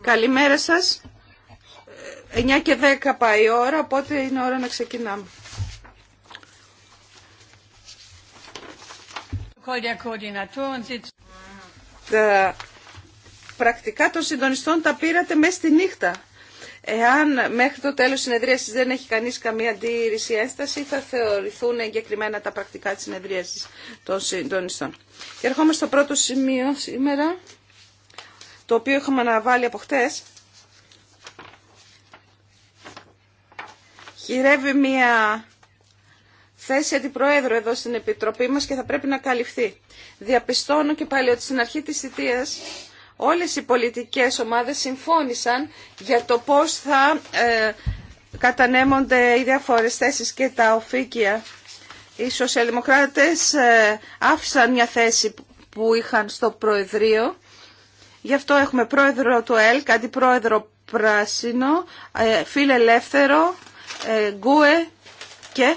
Καλημέρα σας. 9 και 10 πάει η ώρα, οπότε είναι ώρα να ξεκινάμε. Τα πρακτικά των συντονιστών τα πήρατε μέσα στη νύχτα. Εάν μέχρι το τέλος συνεδρίασης δεν έχει κανείς καμία αντίρρηση ένσταση, θα θεωρηθούν εγκεκριμένα τα πρακτικά της συνεδρίασης των συντονιστών. Και ερχόμαστε στο πρώτο σημείο σήμερα το οποίο είχαμε αναβάλει από χτες, χειρεύει μια θέση αντιπροέδρου εδώ στην Επιτροπή μας και θα πρέπει να καλυφθεί. Διαπιστώνω και πάλι ότι στην αρχή της θητείας όλες οι πολιτικές ομάδες συμφώνησαν για το πώς θα ε, κατανέμονται οι διάφορες θέσεις και τα οφήκια. Οι σοσιαλδημοκράτες ε, άφησαν μια θέση που είχαν στο Προεδρείο Γι' αυτό έχουμε πρόεδρο του ΕΛΚ, αντιπρόεδρο Πράσινο, ε, ελεύθερο, ε, γκούε και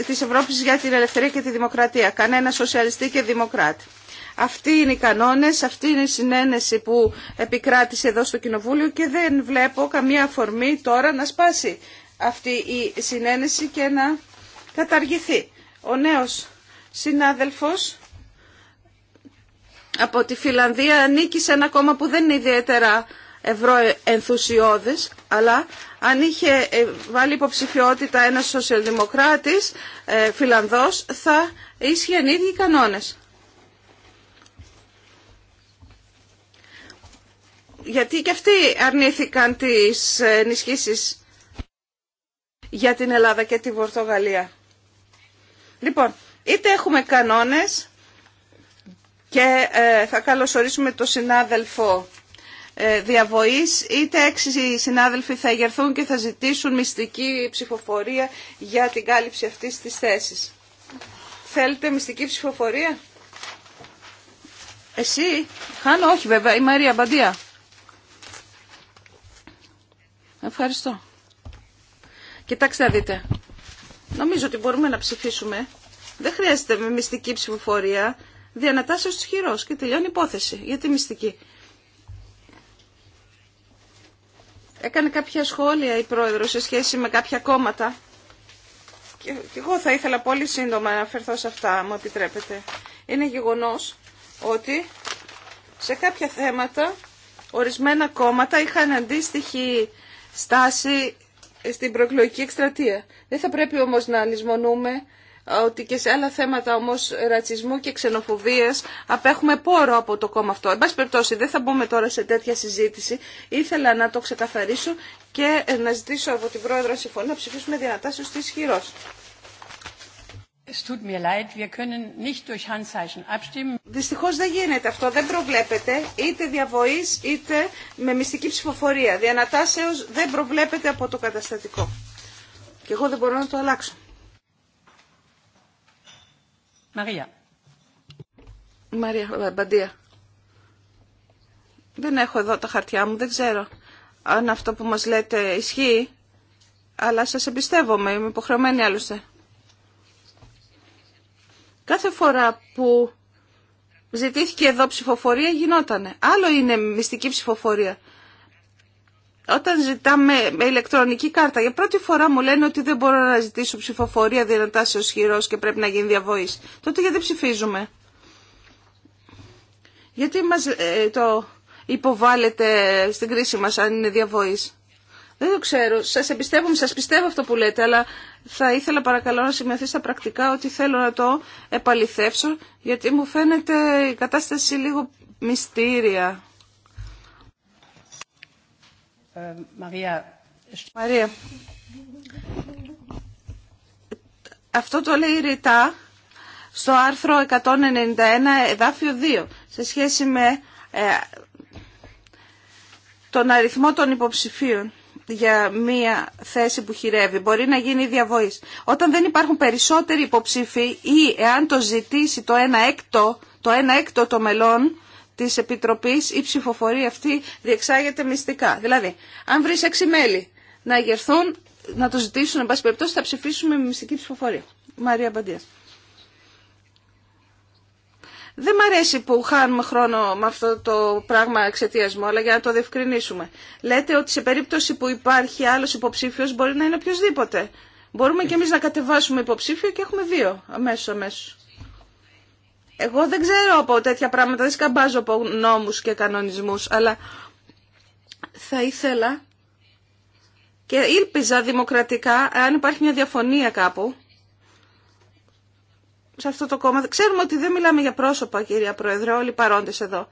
ε, της Ευρώπης για την Ελευθερία και τη Δημοκρατία. Κανένα σοσιαλιστή και δημοκράτη. Αυτοί είναι οι κανόνες, αυτή είναι η συνένεση που επικράτησε εδώ στο Κοινοβούλιο και δεν βλέπω καμία αφορμή τώρα να σπάσει αυτή η συνένεση και να καταργηθεί. Ο νέος συνάδελφος από τη Φιλανδία ανήκει σε ένα κόμμα που δεν είναι ιδιαίτερα ευρωενθουσιώδης, αλλά αν είχε ε, βάλει υποψηφιότητα ένας σοσιαλδημοκράτης, ε, Φιλανδός, θα ίσχυαν οι ίδιοι κανόνες. Γιατί και αυτοί αρνήθηκαν τις ενισχύσεις για την Ελλάδα και τη Βορτογαλία. Λοιπόν, είτε έχουμε κανόνες και ε, θα καλωσορίσουμε το συνάδελφο ε, διαβοής, είτε έξι συνάδελφοι θα εγερθούν και θα ζητήσουν μυστική ψηφοφορία για την κάλυψη αυτής της θέσης. Θέλετε μυστική ψηφοφορία? Εσύ, χάνω, όχι βέβαια, η Μαρία Μπαντία. Ευχαριστώ. Κοιτάξτε να δείτε. Νομίζω ότι μπορούμε να ψηφίσουμε. Δεν χρειάζεται με μυστική ψηφοφορία διανατάσσεως του χειρός και τελειώνει η υπόθεση για μυστική. Έκανε κάποια σχόλια η πρόεδρος σε σχέση με κάποια κόμματα και εγώ θα ήθελα πολύ σύντομα να αναφερθώ σε αυτά, μου επιτρέπετε. Είναι γεγονός ότι σε κάποια θέματα ορισμένα κόμματα είχαν αντίστοιχη στάση στην προεκλογική εκστρατεία. Δεν θα πρέπει όμως να λησμονούμε ότι και σε άλλα θέματα όμω ρατσισμού και ξενοφοβία, απέχουμε πόρο από το κόμμα αυτό. Εν πάση περιπτώσει δεν θα μπούμε τώρα σε τέτοια συζήτηση. Ήθελα να το ξεκαθαρίσω και να ζητήσω από την Πρόεδρο Συμφωνία να ψηφίσουμε διανατάσεις της χειρό. Δυστυχώ δεν γίνεται αυτό, δεν προβλέπεται είτε διαβοή είτε με μυστική ψηφοφορία. Διανατάσεω δεν προβλέπεται από το καταστατικό. Και εγώ δεν μπορώ να το αλλάξω. Μαρία. Μαρία Μπαντία. Δεν έχω εδώ τα χαρτιά μου, δεν ξέρω αν αυτό που μας λέτε ισχύει, αλλά σας εμπιστεύομαι, είμαι υποχρεωμένη άλλωστε. Κάθε φορά που ζητήθηκε εδώ ψηφοφορία γινότανε. Άλλο είναι μυστική ψηφοφορία. Όταν ζητάμε με ηλεκτρονική κάρτα, για πρώτη φορά μου λένε ότι δεν μπορώ να ζητήσω ψηφοφορία δυνατά σε οσχυρό και πρέπει να γίνει διαβοή. Τότε γιατί ψηφίζουμε. Γιατί μας ε, το υποβάλλετε στην κρίση μας αν είναι διαβοής. Δεν το ξέρω. Σας εμπιστεύομαι, σας πιστεύω αυτό που λέτε, αλλά θα ήθελα παρακαλώ να σημειωθεί στα πρακτικά ότι θέλω να το επαληθεύσω, γιατί μου φαίνεται η κατάσταση λίγο μυστήρια. Ε, Μαρία. Αυτό το λέει ρητά στο άρθρο 191 εδάφιο 2 σε σχέση με ε, τον αριθμό των υποψηφίων για μία θέση που χειρεύει. Μπορεί να γίνει διαβοής. Όταν δεν υπάρχουν περισσότεροι υποψήφοι ή εάν το ζητήσει το 1 έκτο, το 1 έκτο των μελών, της Επιτροπής η ψηφοφορία αυτή διεξάγεται μυστικά. Δηλαδή, αν βρεις έξι μέλη να γερθούν, να το ζητήσουν, εν πάση περιπτώσει, θα ψηφίσουμε με μυστική ψηφοφορία. Μαρία Μπαντίας. Δεν μ' αρέσει που χάνουμε χρόνο με αυτό το πράγμα εξαιτία μου, αλλά για να το διευκρινίσουμε. Λέτε ότι σε περίπτωση που υπάρχει άλλο υποψήφιο μπορεί να είναι οποιοδήποτε. Μπορούμε και εμεί να κατεβάσουμε υποψήφιο και έχουμε δύο αμέσω αμέσω. Εγώ δεν ξέρω από τέτοια πράγματα, δεν σκαμπάζω από νόμους και κανονισμούς, αλλά θα ήθελα και ήλπιζα δημοκρατικά, αν υπάρχει μια διαφωνία κάπου, σε αυτό το κόμμα. Ξέρουμε ότι δεν μιλάμε για πρόσωπα, κυρία Πρόεδρε, όλοι παρόντες εδώ.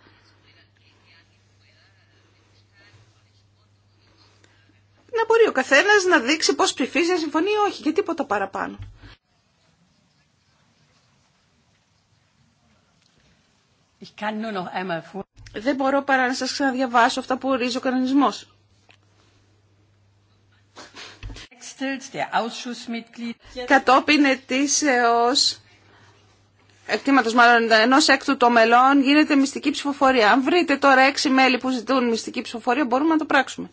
Να μπορεί ο καθένας να δείξει πώς ψηφίζει, να συμφωνεί ή όχι, και τίποτα παραπάνω. Δεν μπορώ παρά να σας ξαναδιαβάσω αυτά που ορίζει ο κανονισμός. Κατόπιν ετήσεως εκτίματος μάλλον ενό έκτου των μελών γίνεται μυστική ψηφοφορία. Αν βρείτε τώρα έξι μέλη που ζητούν μυστική ψηφοφορία μπορούμε να το πράξουμε.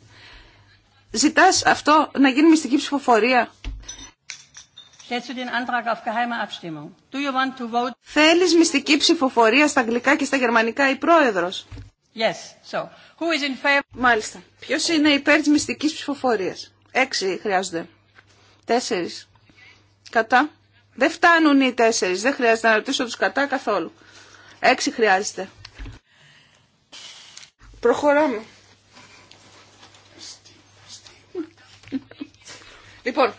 Ζητάς αυτό να γίνει μυστική ψηφοφορία. Θέλεις μυστική ψηφοφορία στα αγγλικά και στα γερμανικά η πρόεδρος. Yes. So, who is in favor... Μάλιστα. Ποιος είναι υπέρ της μυστικής ψηφοφορίας. Έξι χρειάζονται. Τέσσερις. Κατά. Δεν φτάνουν οι τέσσερις. Δεν χρειάζεται να ρωτήσω τους κατά καθόλου. Έξι χρειάζεται. Προχωράμε. Λοιπόν,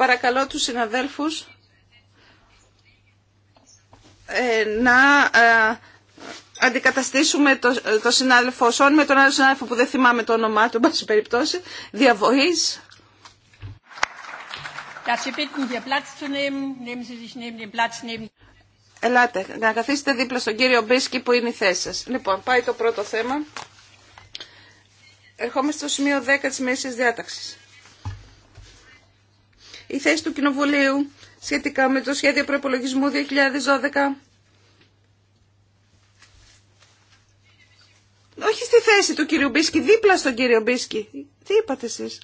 Παρακαλώ τους συναδέλφους ε, να ε, αντικαταστήσουμε το, το συνάδελφο Σόν με τον άλλο συνάδελφο που δεν θυμάμαι το όνομά του, εν περιπτώσει, διαβοής. Ελάτε, να καθίσετε δίπλα στον κύριο Μπίσκι που είναι η θέση σας. Λοιπόν, πάει το πρώτο θέμα. Ερχόμαστε στο σημείο 10 της μέσης διάταξης η θέση του Κοινοβουλίου σχετικά με το σχέδιο προπολογισμού 2012. Όχι στη θέση του κύριου Μπίσκι, δίπλα στον κύριο Μπίσκι. Τι είπατε εσείς.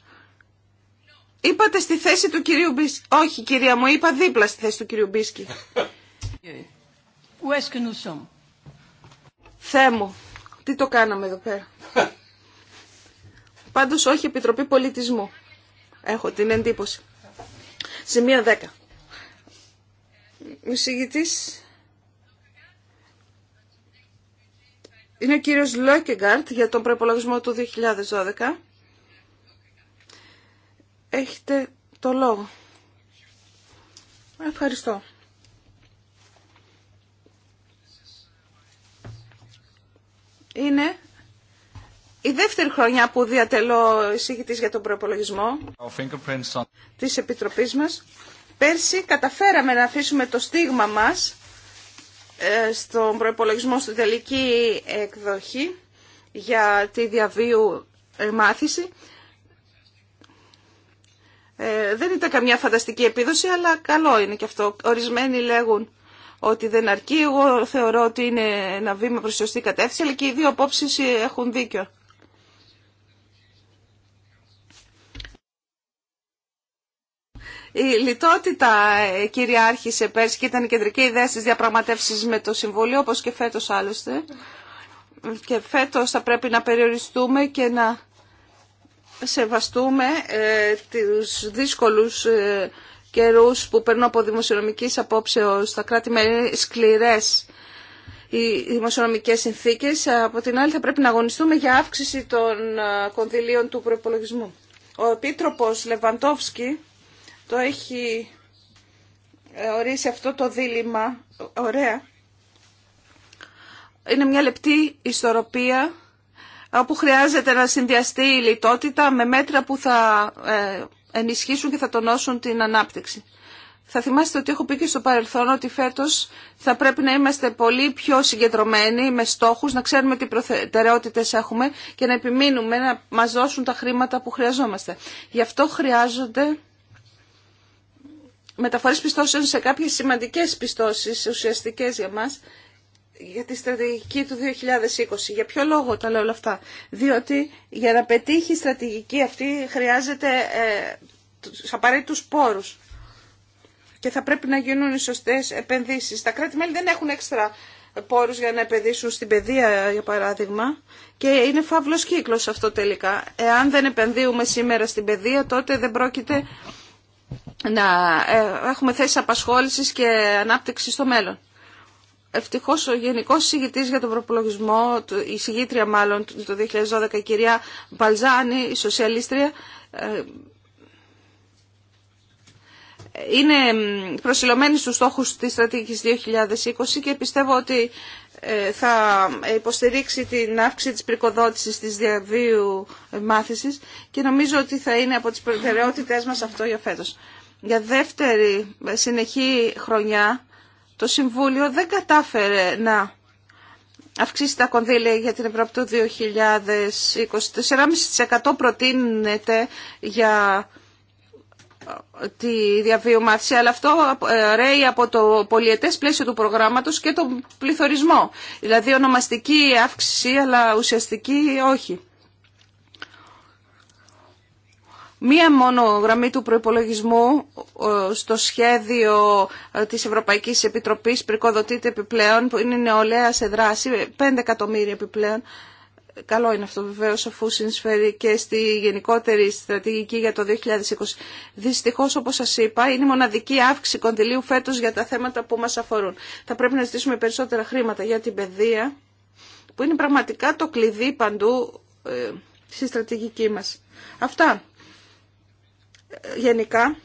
Είπατε στη θέση του κυρίου Μπίσκι. Όχι κυρία μου, είπα δίπλα στη θέση του κυρίου Μπίσκι. Θεέ μου, τι το κάναμε εδώ πέρα. Πάντως όχι Επιτροπή Πολιτισμού. Έχω την εντύπωση. Σημείο 10. Ο εισηγητή είναι ο κύριος Λόκεγκαρτ για τον προπολογισμό του 2012. Έχετε το λόγο. Ευχαριστώ. Είναι η δεύτερη χρονιά που διατελώ εισηγητή για τον προπολογισμό τη επιτροπή μας. Πέρσι καταφέραμε να αφήσουμε το στίγμα μας ε, στον προπολογισμό στην τελική εκδοχή για τη διαβίου ε, μάθηση. Ε, δεν ήταν καμιά φανταστική επίδοση, αλλά καλό είναι και αυτό. Ορισμένοι λέγουν ότι δεν αρκεί. Εγώ θεωρώ ότι είναι ένα βήμα προς σωστή κατεύθυνση, αλλά και οι δύο απόψεις έχουν δίκιο. Η λιτότητα ε, κυριάρχησε πέρσι και ήταν η κεντρική ιδέα στις διαπραγματεύσεις με το Συμβούλιο, όπως και φέτος άλλωστε. Και φέτος θα πρέπει να περιοριστούμε και να σεβαστούμε ε, τους δύσκολους ε, καιρούς που περνούν από δημοσιονομικής απόψεως στα κράτη με σκληρές οι δημοσιονομικές συνθήκες. Από την άλλη θα πρέπει να αγωνιστούμε για αύξηση των ε, κονδυλίων του προπολογισμού. Ο Επίτροπος Λεβαντόφσκι το έχει ε, ορίσει αυτό το δίλημα. Ωραία. Είναι μια λεπτή ιστοροπία όπου χρειάζεται να συνδυαστεί η λιτότητα με μέτρα που θα ε, ενισχύσουν και θα τονώσουν την ανάπτυξη. Θα θυμάστε ότι έχω πει και στο παρελθόν ότι φέτος θα πρέπει να είμαστε πολύ πιο συγκεντρωμένοι με στόχους, να ξέρουμε τι προτεραιότητες έχουμε και να επιμείνουμε να μας δώσουν τα χρήματα που χρειαζόμαστε. Γι' αυτό χρειάζονται μεταφορές πιστώσεων σε κάποιες σημαντικές πιστώσεις ουσιαστικές για μας για τη στρατηγική του 2020. Για ποιο λόγο τα λέω όλα αυτά. Διότι για να πετύχει η στρατηγική αυτή χρειάζεται ε, τους απαραίτητους πόρους και θα πρέπει να γίνουν οι σωστές επενδύσεις. Τα κράτη-μέλη δεν έχουν έξτρα πόρους για να επενδύσουν στην παιδεία, για παράδειγμα, και είναι φαύλος κύκλος αυτό τελικά. Εάν δεν επενδύουμε σήμερα στην παιδεία, τότε δεν πρόκειται να ε, έχουμε θέσει απασχόλησης και ανάπτυξη στο μέλλον. Ευτυχώς ο Γενικός συγητή για τον Προπολογισμό, η Συγήτρια μάλλον το 2012, η κυρία Μπαλζάνη, η σοσιαλίστρια, ε, ε, είναι προσιλωμένη στους στόχους της στρατηγικής 2020 και πιστεύω ότι ε, θα υποστηρίξει την αύξηση της πρικοδότησης της διαβίου μάθησης και νομίζω ότι θα είναι από τις προτεραιότητές μας αυτό για φέτος. Για δεύτερη συνεχή χρονιά το Συμβούλιο δεν κατάφερε να αυξήσει τα κονδύλια για την Ευρώπη του 2020. 4,5% προτείνεται για τη διαβιομάθηση, αλλά αυτό ε, ρέει από το πολιετές πλαίσιο του προγράμματος και τον πληθωρισμό. Δηλαδή ονομαστική αύξηση, αλλά ουσιαστική όχι. Μία μόνο γραμμή του προϋπολογισμού στο σχέδιο ε, της Ευρωπαϊκής Επιτροπής πρικοδοτείται επιπλέον, που είναι νεολαία σε δράση, 5 εκατομμύρια επιπλέον, καλό είναι αυτό βεβαίως αφού συνεισφέρει και στη γενικότερη στρατηγική για το 2020. Δυστυχώς όπως σας είπα είναι η μοναδική αύξηση κονδυλίου φέτος για τα θέματα που μας αφορούν. Θα πρέπει να ζητήσουμε περισσότερα χρήματα για την παιδεία που είναι πραγματικά το κλειδί παντού ε, στη στρατηγική μας. Αυτά ε, γενικά.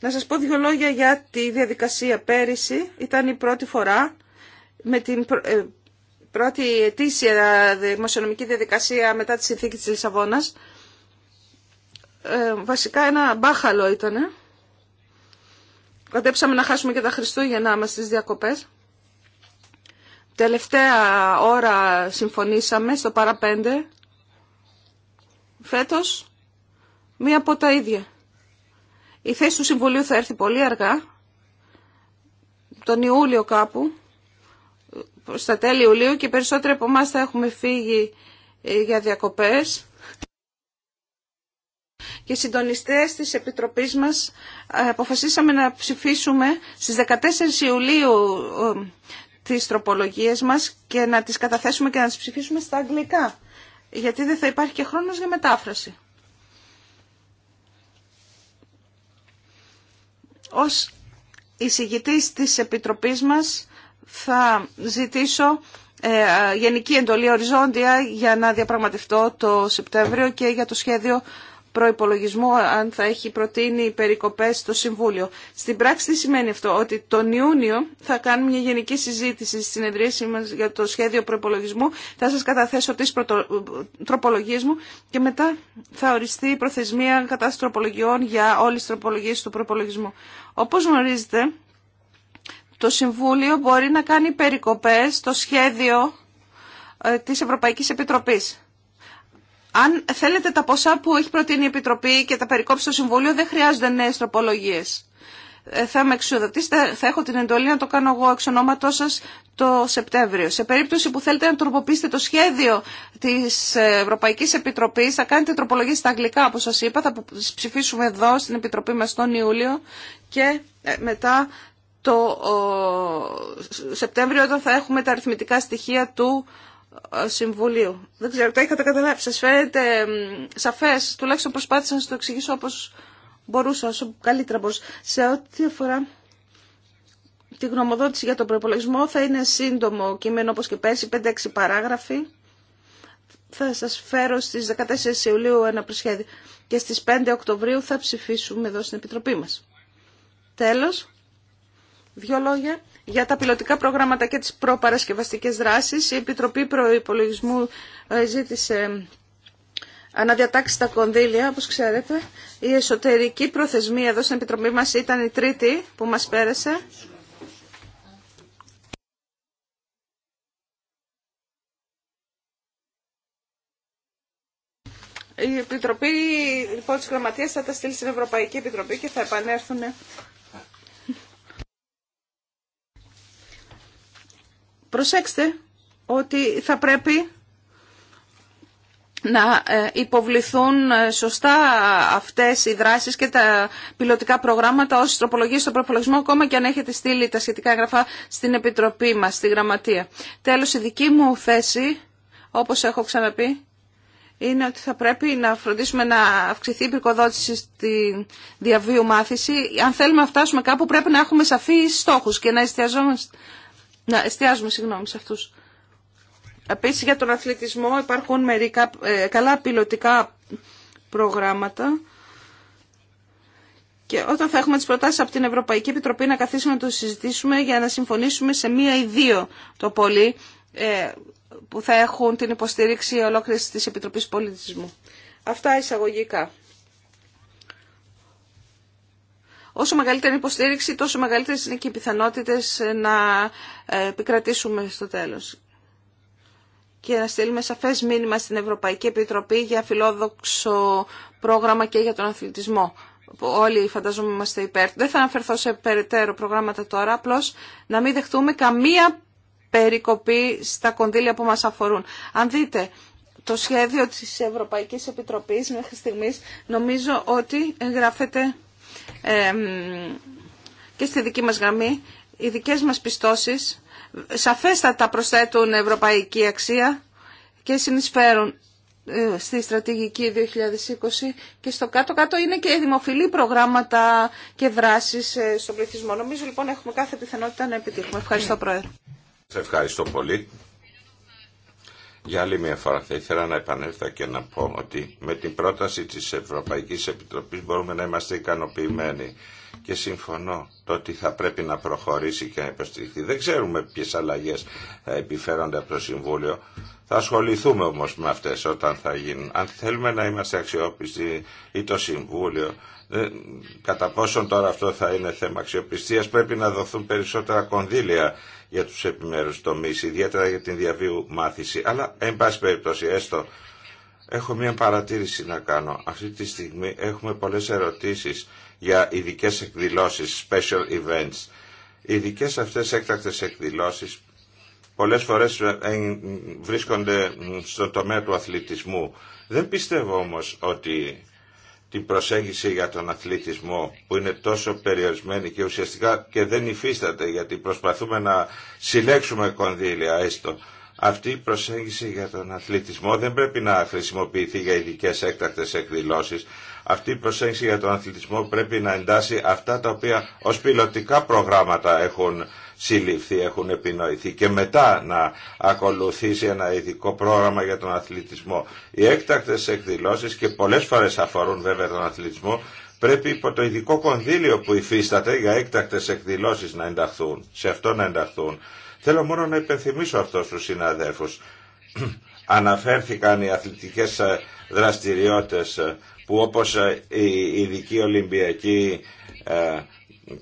Να σας πω δύο λόγια για τη διαδικασία. Πέρυσι ήταν η πρώτη φορά με την ε, πρώτη ετήσια δημοσιονομική διαδικασία μετά τη συνθήκη της Λισαβόνας. Ε, βασικά ένα μπάχαλο ήταν. Κατέψαμε να χάσουμε και τα Χριστούγεννα μας στις διακοπές. Τελευταία ώρα συμφωνήσαμε στο παραπέντε. Φέτος, μία από τα ίδια. Η θέση του Συμβουλίου θα έρθει πολύ αργά, τον Ιούλιο κάπου, στα τέλη Ιουλίου και περισσότεροι από εμά θα έχουμε φύγει ε, για διακοπές και συντονιστές της Επιτροπής μας ε, αποφασίσαμε να ψηφίσουμε στις 14 Ιουλίου ε, τις τροπολογίες μας και να τις καταθέσουμε και να τις ψηφίσουμε στα αγγλικά γιατί δεν θα υπάρχει και χρόνος για μετάφραση. Ως εισηγητής της Επιτροπής μας θα ζητήσω ε, γενική εντολή οριζόντια για να διαπραγματευτώ το Σεπτέμβριο και για το σχέδιο προϋπολογισμού αν θα έχει προτείνει περικοπές στο Συμβούλιο. Στην πράξη τι σημαίνει αυτό, ότι τον Ιούνιο θα κάνουμε μια γενική συζήτηση στη συνεδρίαση μας για το σχέδιο προϋπολογισμού, θα σας καταθέσω τις πρωτο... τροπολογίες μου και μετά θα οριστεί η προθεσμία κατάσταση τροπολογιών για όλες τις τροπολογίες του προϋπολογισμού. Όπως γνωρίζετε, το Συμβούλιο μπορεί να κάνει περικοπές στο σχέδιο ε, της Ευρωπαϊκής Επιτροπής. Αν θέλετε τα ποσά που έχει προτείνει η Επιτροπή και τα περικόψει στο Συμβούλιο, δεν χρειάζονται νέες τροπολογίες. Ε, θα με εξουδοτήσετε, θα έχω την εντολή να το κάνω εγώ εξ ονόματό σα το Σεπτέμβριο. Σε περίπτωση που θέλετε να τροποποιήσετε το σχέδιο της Ευρωπαϊκής Επιτροπής, θα κάνετε τροπολογίες στα αγγλικά, όπω σας είπα. Θα ψηφίσουμε εδώ στην Επιτροπή μα τον Ιούλιο και ε, μετά το Σεπτέμβριο όταν θα έχουμε τα αριθμητικά στοιχεία του ε, Συμβουλίου. Δεν ξέρω, το είχατε καταλάβει. Σας φαίνεται σαφές, τουλάχιστον προσπάθησα να σας το εξηγήσω όπως μπορούσα, όσο καλύτερα μπορούσα. Σε ό,τι αφορά τη γνωμοδότηση για τον προπολογισμό θα είναι σύντομο κείμενο όπως και πέρσι, 5-6 παράγραφοι. Θα σας φέρω στις 14 Ιουλίου ένα προσχέδιο και στις 5 Οκτωβρίου θα ψηφίσουμε εδώ στην Επιτροπή μας. Τέλος, Δύο λόγια για τα πιλωτικά προγράμματα και τις προπαρασκευαστικές δράσεις. Η Επιτροπή Προϋπολογισμού ε, ζήτησε ε, αναδιατάξει τα κονδύλια, όπως ξέρετε. Η εσωτερική προθεσμία εδώ στην Επιτροπή μας ήταν η τρίτη που μας πέρασε. Η Επιτροπή λοιπόν, της Γραμματείας θα τα στείλει στην Ευρωπαϊκή Επιτροπή και θα επανέλθουν Προσέξτε ότι θα πρέπει να ε, υποβληθούν ε, σωστά αυτές οι δράσεις και τα πιλωτικά προγράμματα ως τροπολογίες στον προπολογισμό ακόμα και αν έχετε στείλει τα σχετικά έγγραφα στην Επιτροπή μας, στη Γραμματεία. Τέλος, η δική μου θέση, όπως έχω ξαναπεί, είναι ότι θα πρέπει να φροντίσουμε να αυξηθεί η υπηκοδότηση στη διαβίου μάθηση. Αν θέλουμε να φτάσουμε κάπου πρέπει να έχουμε σαφείς στόχους και να εστιαζόμαστε να εστιάζουμε συγγνώμη σε αυτούς. Επίσης για τον αθλητισμό υπάρχουν μερικά ε, καλά πιλωτικά προγράμματα και όταν θα έχουμε τις προτάσεις από την Ευρωπαϊκή Επιτροπή να καθίσουμε να το συζητήσουμε για να συμφωνήσουμε σε μία ή δύο το πολύ ε, που θα έχουν την υποστήριξη ολόκληρης της Επιτροπής Πολιτισμού. Αυτά εισαγωγικά. Όσο μεγαλύτερη η υποστήριξη, τόσο μεγαλύτερε είναι και οι πιθανότητες ε, να ε, επικρατήσουμε στο τέλος και να στείλουμε σαφέ μήνυμα στην Ευρωπαϊκή Επιτροπή για φιλόδοξο πρόγραμμα και για τον αθλητισμό. Όλοι φανταζόμαστε είμαστε υπέρ. Δεν θα αναφερθώ σε περαιτέρω προγράμματα τώρα, απλώ να μην δεχτούμε καμία περικοπή στα κονδύλια που μας αφορούν. Αν δείτε το σχέδιο της Ευρωπαϊκής Επιτροπής μέχρι στιγμής, νομίζω ότι εγγράφεται και στη δική μας γραμμή, οι δικές μας πιστώσεις σαφέστατα προσθέτουν ευρωπαϊκή αξία και συνεισφέρουν ε, στη στρατηγική 2020 και στο κάτω-κάτω είναι και δημοφιλή προγράμματα και δράσεις ε, στον πληθυσμό. Νομίζω λοιπόν έχουμε κάθε πιθανότητα να επιτύχουμε. Ευχαριστώ Πρόεδρε. Σε ευχαριστώ πολύ. Για άλλη μια φορά θα ήθελα να επανέλθω και να πω ότι με την πρόταση της Ευρωπαϊκής Επιτροπής μπορούμε να είμαστε ικανοποιημένοι και συμφωνώ το ότι θα πρέπει να προχωρήσει και να υποστηριχθεί. Δεν ξέρουμε ποιες αλλαγές θα επιφέρονται από το Συμβούλιο. Θα ασχοληθούμε όμως με αυτές όταν θα γίνουν. Αν θέλουμε να είμαστε αξιόπιστοι ή το Συμβούλιο, ε, κατά πόσον τώρα αυτό θα είναι θέμα αξιοπιστίας, πρέπει να δοθούν περισσότερα κονδύλια για τους επιμέρους τομείς, ιδιαίτερα για την διαβίου μάθηση. Αλλά, εν πάση περιπτώσει, έστω, έχω μια παρατήρηση να κάνω. Αυτή τη στιγμή έχουμε πολλές ερωτήσεις για ειδικέ εκδηλώσεις, special events. Οι ειδικέ αυτές έκτακτες εκδηλώσεις πολλές φορές ε, βρίσκονται στον τομέα του αθλητισμού. Δεν πιστεύω όμως ότι την προσέγγιση για τον αθλητισμό που είναι τόσο περιορισμένη και ουσιαστικά και δεν υφίσταται γιατί προσπαθούμε να συλλέξουμε κονδύλια έστω. Αυτή η προσέγγιση για τον αθλητισμό δεν πρέπει να χρησιμοποιηθεί για ειδικέ έκτακτες εκδηλώσεις. Αυτή η προσέγγιση για τον αθλητισμό πρέπει να εντάσσει αυτά τα οποία ω πιλωτικά προγράμματα έχουν συλληφθεί, έχουν επινοηθεί και μετά να ακολουθήσει ένα ειδικό πρόγραμμα για τον αθλητισμό. Οι έκτακτες εκδηλώσεις και πολλές φορές αφορούν βέβαια τον αθλητισμό πρέπει υπό το ειδικό κονδύλιο που υφίσταται για έκτακτες εκδηλώσεις να ενταχθούν, σε αυτό να ενταχθούν. Θέλω μόνο να υπενθυμίσω αυτό στους συναδέλφους. Αναφέρθηκαν οι αθλητικές ε, δραστηριότητες ε, που όπως η ε, ειδική Ολυμπιακή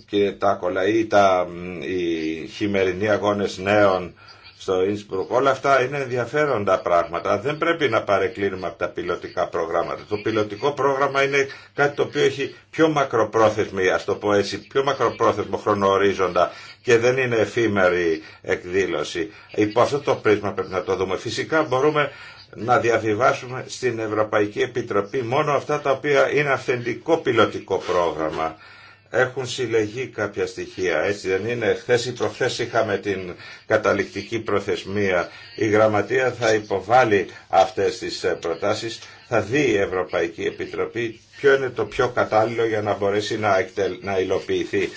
κύριε Τάκολα ή τα, οι χειμερινοί αγώνες νέων στο Ινσπρουκ. Όλα αυτά είναι ενδιαφέροντα πράγματα. Δεν πρέπει να παρεκκλίνουμε από τα πιλωτικά προγράμματα. Το πιλωτικό πρόγραμμα είναι κάτι το οποίο έχει πιο μακροπρόθεσμη, ας το πω έτσι, πιο μακροπρόθεσμο χρονοορίζοντα και δεν είναι εφήμερη εκδήλωση. Υπό αυτό το πρίσμα πρέπει να το δούμε. Φυσικά μπορούμε να διαβιβάσουμε στην Ευρωπαϊκή Επιτροπή μόνο αυτά τα οποία είναι αυθεντικό πιλωτικό πρόγραμμα έχουν συλλεγεί κάποια στοιχεία, έτσι δεν είναι. Χθε ή προχθέ είχαμε την καταληκτική προθεσμία. Η Γραμματεία θα υποβάλει αυτές τις ε, προτάσεις. Θα δει η Ευρωπαϊκή Επιτροπή ποιο είναι το πιο κατάλληλο για να μπορέσει να, να υλοποιηθεί.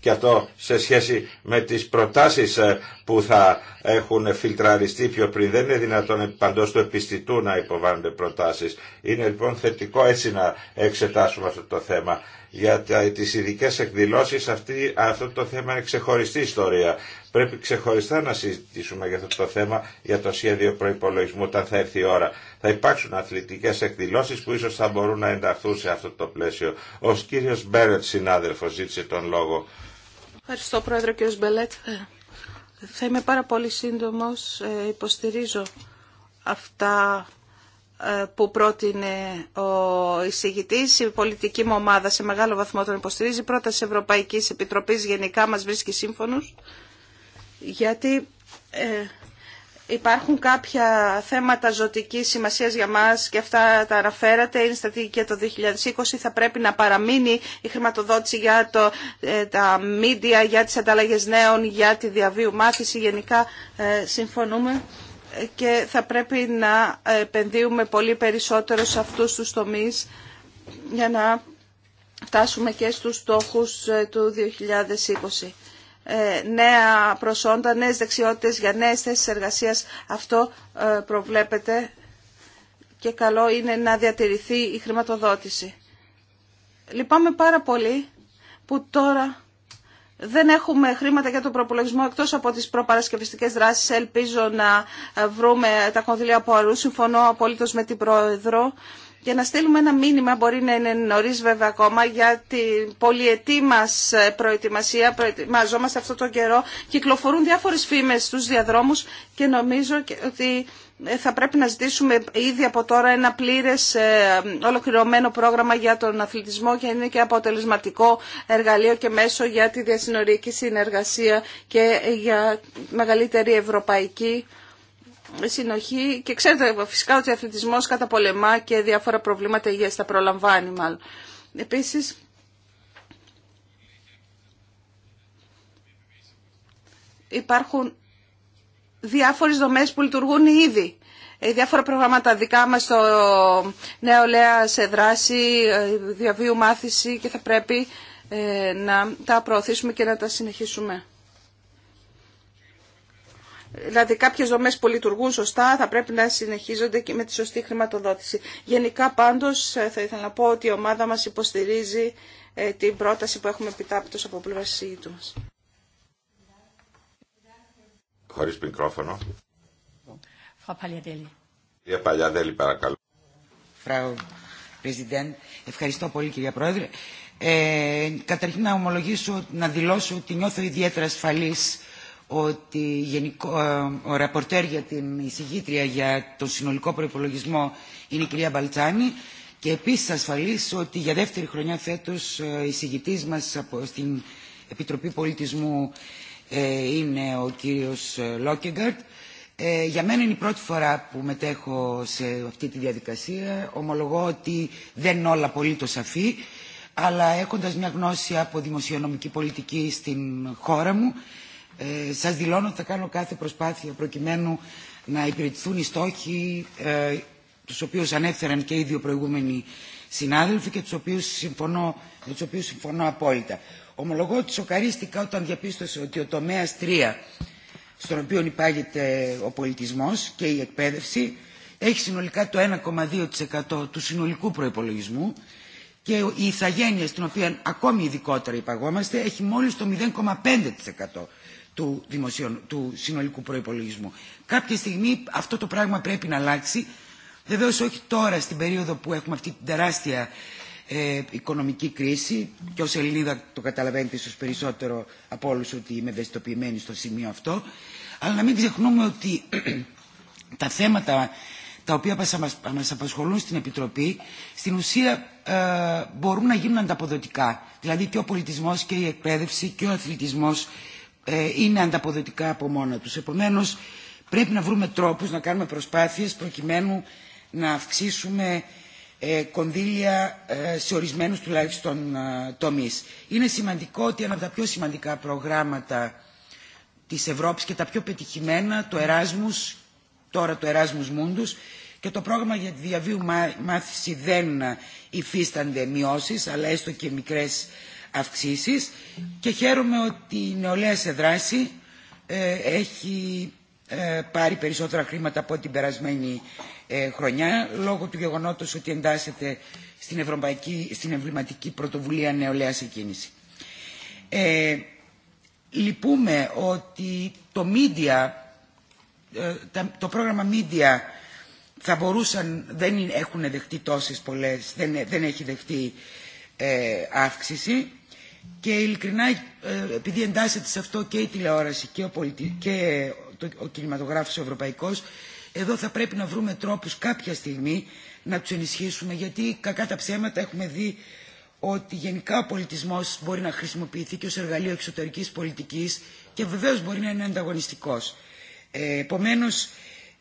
Και αυτό σε σχέση με τις προτάσεις ε, που θα έχουν φιλτραριστεί πιο πριν. Δεν είναι δυνατόν παντός του επιστητού να υποβάλλονται προτάσεις. Είναι λοιπόν θετικό έτσι να εξετάσουμε αυτό το θέμα για τις ειδικέ εκδηλώσεις αυτή, αυτό το θέμα είναι ξεχωριστή ιστορία. Πρέπει ξεχωριστά να συζητήσουμε για αυτό το θέμα για το σχέδιο προϋπολογισμού όταν θα έρθει η ώρα. Θα υπάρξουν αθλητικές εκδηλώσεις που ίσως θα μπορούν να ενταχθούν σε αυτό το πλαίσιο. Ο κύριος Μπέρετ συνάδελφος ζήτησε τον λόγο. Ευχαριστώ πρόεδρε κύριο Μπελέτ. Ε, θα είμαι πάρα πολύ σύντομος. Ε, υποστηρίζω αυτά που πρότεινε ο εισηγητής. Η πολιτική μου ομάδα σε μεγάλο βαθμό τον υποστηρίζει. Η πρόταση Ευρωπαϊκή Επιτροπή γενικά μας βρίσκει σύμφωνο, γιατί ε, υπάρχουν κάποια θέματα ζωτικής σημασίας για μα και αυτά τα αναφέρατε. Είναι στρατηγική το 2020. Θα πρέπει να παραμείνει η χρηματοδότηση για το, ε, τα μίντια, για τι ανταλλαγέ νέων, για τη διαβίου μάθηση. Γενικά ε, συμφωνούμε και θα πρέπει να επενδύουμε πολύ περισσότερο σε αυτούς τους τομείς για να φτάσουμε και στους στόχους ε, του 2020. Ε, νέα προσόντα, νέες δεξιότητες για νέες θέσεις εργασίας, αυτό ε, προβλέπεται και καλό είναι να διατηρηθεί η χρηματοδότηση. Λυπάμαι πάρα πολύ που τώρα δεν έχουμε χρήματα για τον προπολογισμό εκτός από τις προπαρασκευιστικές δράσει. Ελπίζω να βρούμε τα κονδύλια από αλλού. Συμφωνώ απολύτως με την Πρόεδρο. Για να στείλουμε ένα μήνυμα, μπορεί να είναι νωρί βέβαια ακόμα, για την πολυετή μα προετοιμασία. Προετοιμαζόμαστε αυτόν τον καιρό. Κυκλοφορούν διάφορε φήμε στου διαδρόμου και νομίζω ότι θα πρέπει να ζητήσουμε ήδη από τώρα ένα πλήρες ε, ολοκληρωμένο πρόγραμμα για τον αθλητισμό και είναι και αποτελεσματικό εργαλείο και μέσο για τη διασυνορική συνεργασία και για μεγαλύτερη ευρωπαϊκή συνοχή. Και ξέρετε φυσικά ότι ο αθλητισμός καταπολεμά και διάφορα προβλήματα υγείας τα προλαμβάνει μάλλον. Επίσης, υπάρχουν διάφορες δομές που λειτουργούν ήδη. Ε, διάφορα προγράμματα δικά μας στο νεολαία σε δράση, ε, διαβίου μάθηση και θα πρέπει ε, να τα προωθήσουμε και να τα συνεχίσουμε. Δηλαδή κάποιες δομές που λειτουργούν σωστά θα πρέπει να συνεχίζονται και με τη σωστή χρηματοδότηση. Γενικά πάντως θα ήθελα να πω ότι η ομάδα μας υποστηρίζει την πρόταση που έχουμε επιτάπητος από πλευρά του μας μικρόφωνο. Κυρία Παλιαδέλη, παρακαλώ. Φράου ευχαριστώ πολύ κυρία Πρόεδρε. Ε, καταρχήν να ομολογήσω, να δηλώσω ότι νιώθω ιδιαίτερα ασφαλής ότι γενικό, ε, ο ραπορτέρ για την εισηγήτρια για τον συνολικό προϋπολογισμό είναι η κυρία Μπαλτσάνη και επίσης ασφαλής ότι για δεύτερη χρονιά φέτος η ε, εισηγητής μας από, στην Επιτροπή Πολιτισμού ε, είναι ο κύριος ε, Λόκεγκαρτ. Ε, για μένα είναι η πρώτη φορά που μετέχω σε αυτή τη διαδικασία. Ομολογώ ότι δεν είναι όλα πολύ το σαφή, αλλά έχοντας μια γνώση από δημοσιονομική πολιτική στην χώρα μου, σας δηλώνω ότι θα κάνω κάθε προσπάθεια προκειμένου να υπηρετηθούν οι στόχοι τους οποίους ανέφεραν και οι δύο προηγούμενοι συνάδελφοι και τους οποίους συμφωνώ, οποίους συμφωνώ απόλυτα. Ομολογώ ότι σοκαρίστηκα όταν διαπίστωσα ότι ο τομέα 3, στον οποίο υπάγεται ο πολιτισμό και η εκπαίδευση, έχει συνολικά το 1,2% του συνολικού προπολογισμού και η ηθαγένεια, στην οποία ακόμη ειδικότερα υπαγόμαστε, έχει μόλι το 0,5% του, του συνολικού προπολογισμού. Κάποια στιγμή αυτό το πράγμα πρέπει να αλλάξει. Βεβαίω όχι τώρα, στην περίοδο που έχουμε αυτή την τεράστια ε, οικονομική κρίση και ως Ελληνίδα το καταλαβαίνετε ίσως περισσότερο από όλους ότι είμαι ευαισθητοποιημένη στο σημείο αυτό αλλά να μην ξεχνούμε ότι τα θέματα τα οποία μας απασχολούν στην Επιτροπή στην ουσία ε, μπορούν να γίνουν ανταποδοτικά δηλαδή και ο πολιτισμός και η εκπαίδευση και ο αθλητισμός ε, είναι ανταποδοτικά από μόνα τους επομένως πρέπει να βρούμε τρόπους να κάνουμε προσπάθειες προκειμένου να αυξήσουμε ε, κονδύλια ε, σε ορισμένους τουλάχιστον ε, τομείς. Είναι σημαντικό ότι ένα από τα πιο σημαντικά προγράμματα της Ευρώπης και τα πιο πετυχημένα, το Εράσμους, τώρα το Εράσμους Μούντους και το πρόγραμμα για τη διαβίου μάθηση δεν υφίστανται μειώσεις αλλά έστω και μικρές αυξήσεις και χαίρομαι ότι η νεολαία σε δράση έχει ε, πάρει περισσότερα χρήματα από την περασμένη ε, χρονιά λόγω του γεγονότος ότι εντάσσεται στην, ευρωπαϊκή, στην εμβληματική πρωτοβουλία νεολαία σε Ε, λυπούμε ότι το media, ε, το πρόγραμμα Media θα μπορούσαν, δεν έχουν δεχτεί τόσες πολλές, δεν, δεν έχει δεχτεί αύξηση και ειλικρινά επειδή εντάσσεται σε αυτό και η τηλεόραση και ο, πολιτι... και ο κινηματογράφος ο ευρωπαϊκός. Εδώ θα πρέπει να βρούμε τρόπους κάποια στιγμή να τους ενισχύσουμε γιατί κακά τα ψέματα έχουμε δει ότι γενικά ο πολιτισμός μπορεί να χρησιμοποιηθεί και ως εργαλείο εξωτερικής πολιτικής και βεβαίως μπορεί να είναι ανταγωνιστικός. Ε, επομένως,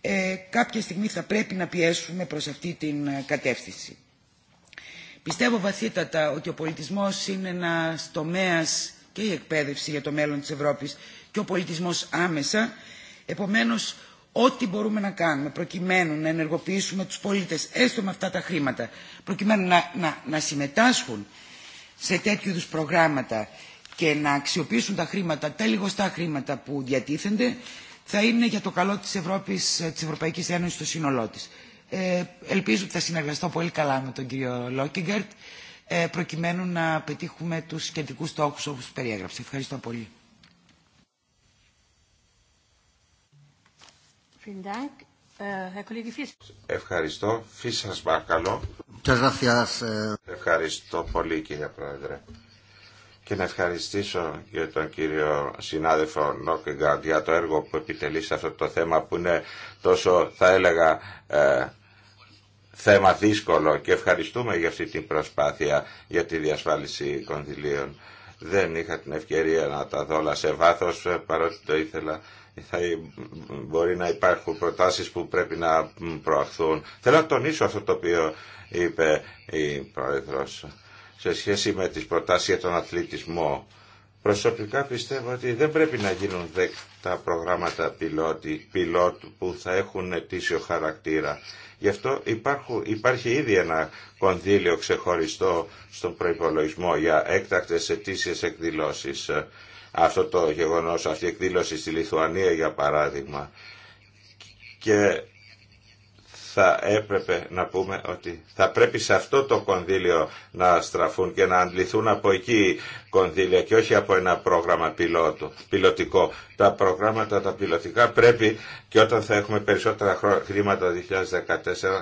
ε, κάποια στιγμή θα πρέπει να πιέσουμε προς αυτή την ε, κατεύθυνση. Πιστεύω βαθύτατα ότι ο πολιτισμός είναι ένα τομέα και η εκπαίδευση για το μέλλον της Ευρώπης και ο πολιτισμός άμεσα Επομένως, ό,τι μπορούμε να κάνουμε προκειμένου να ενεργοποιήσουμε τους πολίτες, έστω με αυτά τα χρήματα, προκειμένου να, να, να συμμετάσχουν σε τέτοιου είδους προγράμματα και να αξιοποιήσουν τα χρήματα, τα λιγοστά χρήματα που διατίθενται, θα είναι για το καλό της, Ευρώπης, ε, της Ευρωπαϊκής Ένωσης στο σύνολό τη. Ε, ελπίζω ότι θα συνεργαστώ πολύ καλά με τον κύριο Λόκιγκαρτ ε, προκειμένου να πετύχουμε τους κεντρικούς στόχους όπως περιέγραψε. Ευχαριστώ πολύ. Ε, ε, Ευχαριστώ. Φύσας παρακαλώ. Ε. Ευχαριστώ πολύ κύριε Πρόεδρε. Και να ευχαριστήσω και τον κύριο συνάδελφο Νόκεγκαντ για το έργο που επιτελεί σε αυτό το θέμα που είναι τόσο θα έλεγα ε, θέμα δύσκολο και ευχαριστούμε για αυτή την προσπάθεια για τη διασφάλιση κονδυλίων. Δεν είχα την ευκαιρία να τα δω όλα σε βάθος παρότι το ήθελα θα μπορεί να υπάρχουν προτάσεις που πρέπει να προαχθούν. Θέλω να τονίσω αυτό το οποίο είπε η Πρόεδρος σε σχέση με τις προτάσεις για τον αθλητισμό. Προσωπικά πιστεύω ότι δεν πρέπει να γίνουν δεκτά προγράμματα πιλότη, πιλότ που θα έχουν αιτήσιο χαρακτήρα. Γι' αυτό υπάρχει ήδη ένα κονδύλιο ξεχωριστό στον προϋπολογισμό για έκτακτες αιτήσιες εκδηλώσεις αυτό το γεγονός, αυτή η εκδήλωση στη Λιθουανία για παράδειγμα. Και θα έπρεπε να πούμε ότι θα πρέπει σε αυτό το κονδύλιο να στραφούν και να αντληθούν από εκεί κονδύλια και όχι από ένα πρόγραμμα πιλότου, πιλωτικό. Τα προγράμματα τα πιλωτικά πρέπει και όταν θα έχουμε περισσότερα χρήματα 2014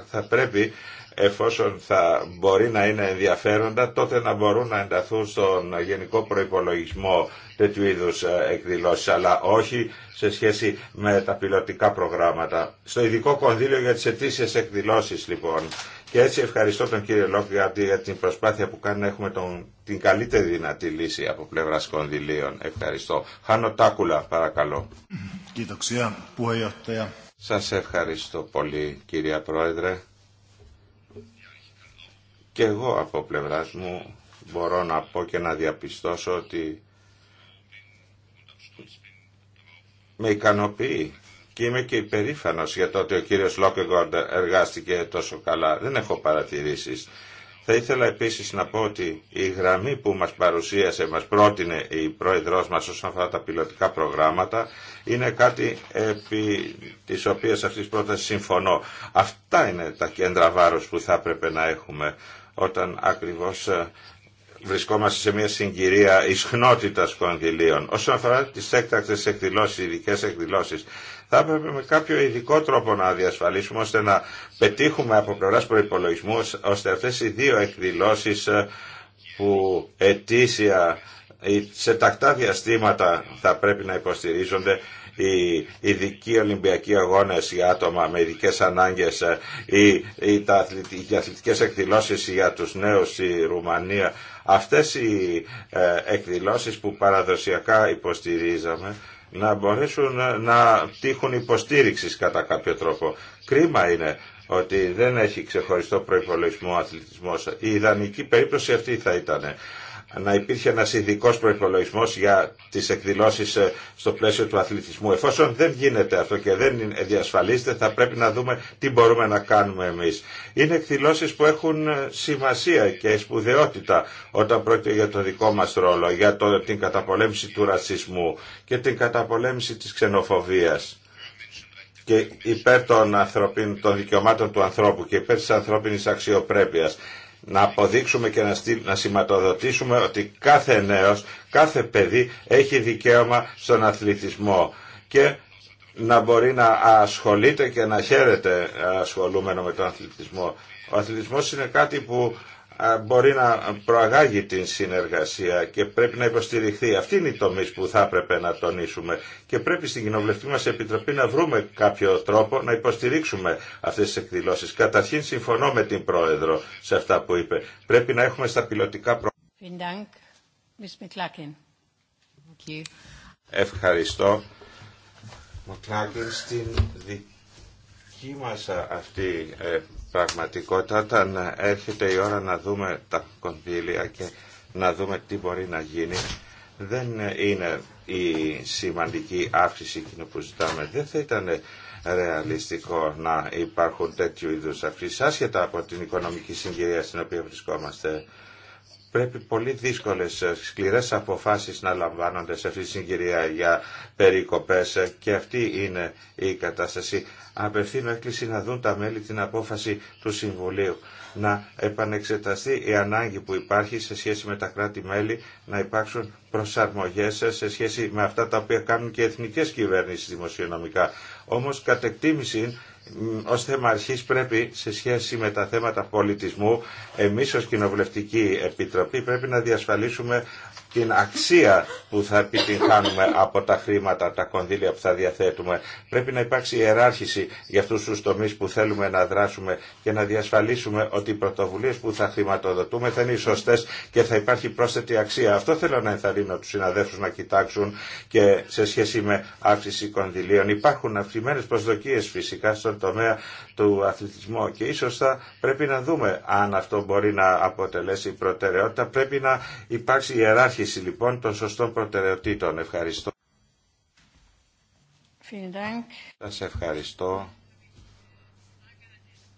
θα πρέπει εφόσον θα μπορεί να είναι ενδιαφέροντα, τότε να μπορούν να ενταθούν στον γενικό προϋπολογισμό τέτοιου είδους ε, εκδηλώσεις, αλλά όχι σε σχέση με τα πιλωτικά προγράμματα. Στο ειδικό κονδύλιο για τις ετήσιες εκδηλώσεις λοιπόν. Και έτσι ευχαριστώ τον κύριο Λόκ για την προσπάθεια που κάνει να έχουμε τον, την καλύτερη δυνατή λύση από πλευρά κονδυλίων. Ευχαριστώ. Χάνω Τάκουλα, παρακαλώ. Σας ευχαριστώ πολύ, κυρία Πρόεδρε. Και εγώ από πλευράς μου μπορώ να πω και να διαπιστώσω ότι με ικανοποιεί και είμαι και υπερήφανος για το ότι ο κύριος Λόκεγκορντ εργάστηκε τόσο καλά. Δεν έχω παρατηρήσεις. Θα ήθελα επίσης να πω ότι η γραμμή που μας παρουσίασε, μας πρότεινε η πρόεδρός μας όσον αφορά τα πιλωτικά προγράμματα, είναι κάτι επί της οποίας αυτής πρότασης συμφωνώ. Αυτά είναι τα κέντρα βάρους που θα έπρεπε να έχουμε όταν ακριβώς ε, βρισκόμαστε σε μια συγκυρία ισχνότητας κονδυλίων. Όσον αφορά τις έκτακτες εκδηλώσεις, ειδικές εκδηλώσεις, θα έπρεπε με κάποιο ειδικό τρόπο να διασφαλίσουμε ώστε να πετύχουμε από πλευρά προπολογισμού ώστε αυτές οι δύο εκδηλώσεις ε, που ετήσια ε, σε τακτά διαστήματα θα πρέπει να υποστηρίζονται οι ειδικοί Ολυμπιακοί αγώνε για άτομα με ειδικέ ανάγκες ή, ε, ή τα οι αθλητικές εκδηλώσεις για τους νέους στη Ρουμανία. Αυτές οι ε, που παραδοσιακά υποστηρίζαμε να μπορέσουν ε, να τύχουν υποστήριξη κατά κάποιο τρόπο. Κρίμα είναι ότι δεν έχει ξεχωριστό προϋπολογισμό ο αθλητισμός. Η ιδανική περίπτωση αυτή θα ήταν να υπήρχε ένας ειδικό προπολογισμό για τις εκδηλώσεις ε, στο πλαίσιο του αθλητισμού. Εφόσον δεν γίνεται αυτό και δεν διασφαλίζεται θα πρέπει να δούμε τι μπορούμε να κάνουμε εμείς. Είναι εκδηλώσεις που έχουν ε, σημασία και σπουδαιότητα όταν πρόκειται για το δικό μας ρόλο, για την καταπολέμηση του ρατσισμού και την καταπολέμηση της ξενοφοβίας και υπέρ των, των δικαιωμάτων του ανθρώπου και υπέρ της ανθρώπινης αξιοπρέπειας να αποδείξουμε και να σηματοδοτήσουμε ότι κάθε νέος, κάθε παιδί έχει δικαίωμα στον αθλητισμό και να μπορεί να ασχολείται και να χαίρεται ε, ασχολούμενο με τον αθλητισμό. Ο αθλητισμός είναι κάτι που μπορεί να προαγάγει την συνεργασία και πρέπει να υποστηριχθεί. Αυτή είναι η τομή που θα έπρεπε να τονίσουμε και πρέπει στην Κοινοβουλευτική μας Επιτροπή να βρούμε κάποιο τρόπο να υποστηρίξουμε αυτές τις εκδηλώσεις. Καταρχήν συμφωνώ με την Πρόεδρο σε αυτά που είπε. Πρέπει να έχουμε στα πιλωτικά Ευχαριστώ. στην δική μας αυτή ε, πραγματικότητα όταν έρχεται η ώρα να δούμε τα κονδύλια και να δούμε τι μπορεί να γίνει δεν είναι η σημαντική αύξηση εκείνη που ζητάμε. Δεν θα ήταν ρεαλιστικό να υπάρχουν τέτοιου είδους αυξήσεις άσχετα από την οικονομική συγκυρία στην οποία βρισκόμαστε πρέπει πολύ δύσκολες ε, σκληρές αποφάσεις να λαμβάνονται σε αυτή τη συγκυρία για περικοπές ε, και αυτή είναι η κατάσταση. Απευθύνω έκκληση να δουν τα μέλη την απόφαση του Συμβουλίου να επανεξεταστεί η ανάγκη που υπάρχει σε σχέση με τα κράτη-μέλη να υπάρξουν προσαρμογές ε, σε σχέση με αυτά τα οποία κάνουν και οι εθνικές κυβέρνησεις δημοσιονομικά. Όμως κατ' εκτίμηση ως θέμα αρχής πρέπει σε σχέση με τα θέματα πολιτισμού εμείς ως Κοινοβουλευτική Επιτροπή πρέπει να διασφαλίσουμε την αξία που θα επιτυγχάνουμε από τα χρήματα, τα κονδύλια που θα διαθέτουμε. Πρέπει να υπάρξει ιεράρχηση για αυτούς τους τομείς που θέλουμε να δράσουμε και να διασφαλίσουμε ότι οι πρωτοβουλίε που θα χρηματοδοτούμε θα είναι σωστέ και θα υπάρχει πρόσθετη αξία. Αυτό θέλω να ενθαρρύνω του συναδέλφου να κοιτάξουν και σε σχέση με αύξηση κονδυλίων. Υπάρχουν αυξημένε προσδοκίε φυσικά στον τομέα του αθλητισμού και ίσως θα πρέπει να δούμε αν αυτό μπορεί να αποτελέσει προτεραιότητα. Πρέπει να υπάρξει ιεράρχηση λοιπόν των σωστών προτεραιοτήτων. Ευχαριστώ. Σα ευχαριστώ.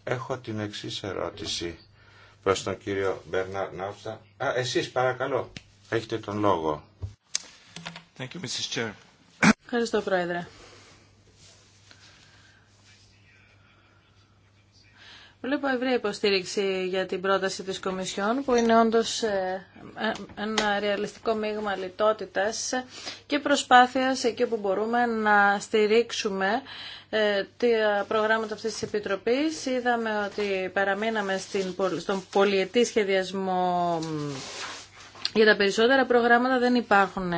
Έχω την εξή ερώτηση προς τον κύριο Μπερνάρ Νάουστα. Α, εσείς παρακαλώ. Έχετε τον λόγο. Thank you, Mrs. Ευχαριστώ, Πρόεδρε. Βλέπω ευρία υποστήριξη για την πρόταση της Κομισιόν που είναι όντως ε, ε, ένα ρεαλιστικό μείγμα λιτότητας και προσπάθειας εκεί που μπορούμε να στηρίξουμε ε, τα προγράμματα αυτής της Επιτροπής. Είδαμε ότι παραμείναμε στον πολιετή σχεδιασμό για τα περισσότερα προγράμματα δεν υπάρχουν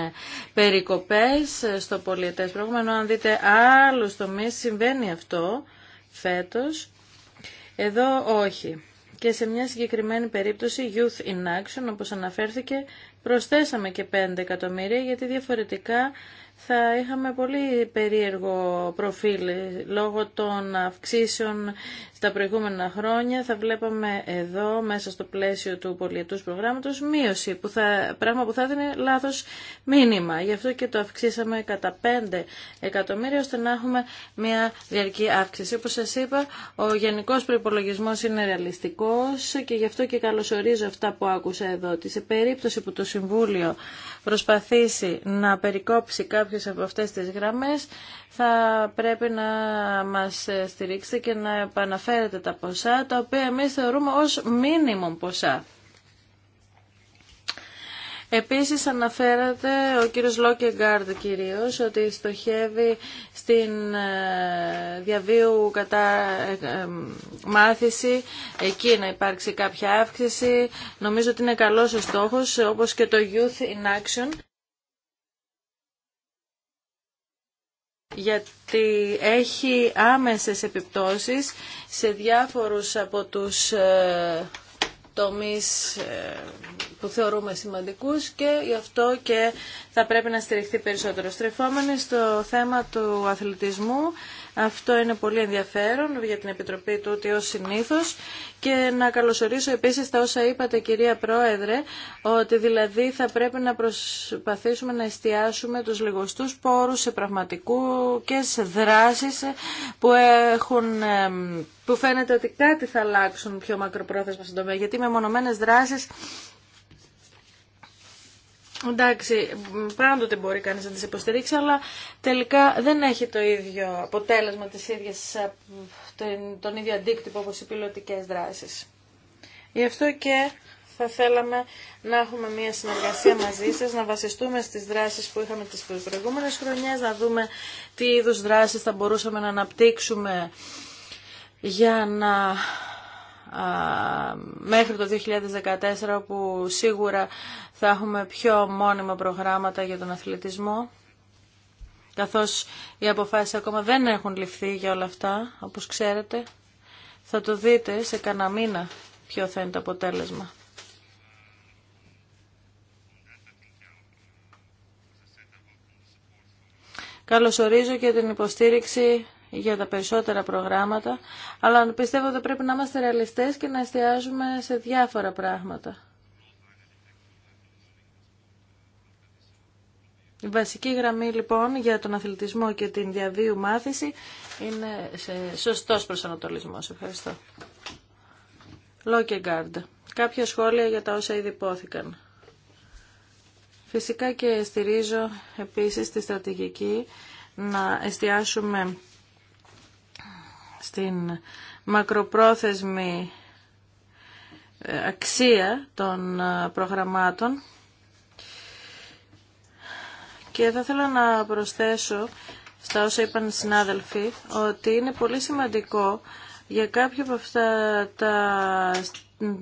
περικοπές στο πολιετές πρόγραμμα, ενώ αν δείτε άλλους τομείς συμβαίνει αυτό φέτος. Εδώ όχι. Και σε μια συγκεκριμένη περίπτωση, Youth in Action, όπως αναφέρθηκε, προσθέσαμε και 5 εκατομμύρια, γιατί διαφορετικά θα είχαμε πολύ περίεργο προφίλ λόγω των αυξήσεων στα προηγούμενα χρόνια. Θα βλέπαμε εδώ μέσα στο πλαίσιο του πολιετούς προγράμματος μείωση, που θα, πράγμα που θα έδινε λάθος μήνυμα. Γι' αυτό και το αυξήσαμε κατά 5 εκατομμύρια ώστε να έχουμε μια διαρκή αύξηση. Όπως σας είπα, ο γενικός προπολογισμό είναι ρεαλιστικός και γι' αυτό και καλωσορίζω αυτά που άκουσα εδώ. Ότι σε περίπτωση που το Συμβούλιο προσπαθήσει να περικόψει κάποιες από αυτές τις γραμμές θα πρέπει να μας στηρίξετε και να επαναφέρετε τα ποσά τα οποία εμείς θεωρούμε ως μίνιμουμ ποσά. Επίσης αναφέρατε ο κύριος Λόκεγκάρντ κυρίως ότι στοχεύει στην ε, διαβίου κατά ε, ε, μάθηση εκεί να υπάρξει κάποια αύξηση. Νομίζω ότι είναι καλός ο στόχος όπως και το Youth in Action. γιατί έχει άμεσες επιπτώσεις σε διάφορους από τους ε, τομείς ε, που θεωρούμε σημαντικούς και γι' αυτό και θα πρέπει να στηριχθεί περισσότερο. Στρεφόμενοι στο θέμα του αθλητισμού, αυτό είναι πολύ ενδιαφέρον για την Επιτροπή τούτη ως συνήθως και να καλωσορίσω επίσης τα όσα είπατε κυρία Πρόεδρε ότι δηλαδή θα πρέπει να προσπαθήσουμε να εστιάσουμε τους λιγοστούς πόρους σε πραγματικού και σε δράσεις που έχουν που φαίνεται ότι κάτι θα αλλάξουν πιο μακροπρόθεσμα στον τομέα γιατί με μονομένες δράσεις Εντάξει, πάντοτε μπορεί κανείς να τις υποστηρίξει, αλλά τελικά δεν έχει το ίδιο αποτέλεσμα της ίδιας, ε, τον ίδιο αντίκτυπο όπως οι πιλωτικές δράσεις. Γι' αυτό και θα θέλαμε να έχουμε μια συνεργασία μαζί σας, να βασιστούμε στις δράσεις που είχαμε τις προηγούμενες χρονιές, να δούμε τι είδους δράσεις θα μπορούσαμε να αναπτύξουμε για να μέχρι το 2014 που σίγουρα θα έχουμε πιο μόνιμα προγράμματα για τον αθλητισμό καθώς οι αποφάσεις ακόμα δεν έχουν ληφθεί για όλα αυτά, όπως ξέρετε. Θα το δείτε σε κανένα μήνα ποιο θα είναι το αποτέλεσμα. Καλωσορίζω και την υποστήριξη για τα περισσότερα προγράμματα, αλλά πιστεύω ότι πρέπει να είμαστε ρεαλιστές και να εστιάζουμε σε διάφορα πράγματα. Η βασική γραμμή λοιπόν για τον αθλητισμό και την διαβίου μάθηση είναι σε σωστός προσανατολισμός. Ευχαριστώ. Λόκεγκάρντ. Κάποια σχόλια για τα όσα ήδη υπόθηκαν. Φυσικά και στηρίζω επίσης τη στρατηγική να εστιάσουμε στην μακροπρόθεσμη ε, αξία των ε, προγραμμάτων και θα ήθελα να προσθέσω στα όσα είπαν οι συνάδελφοι ότι είναι πολύ σημαντικό για κάποια από αυτά τα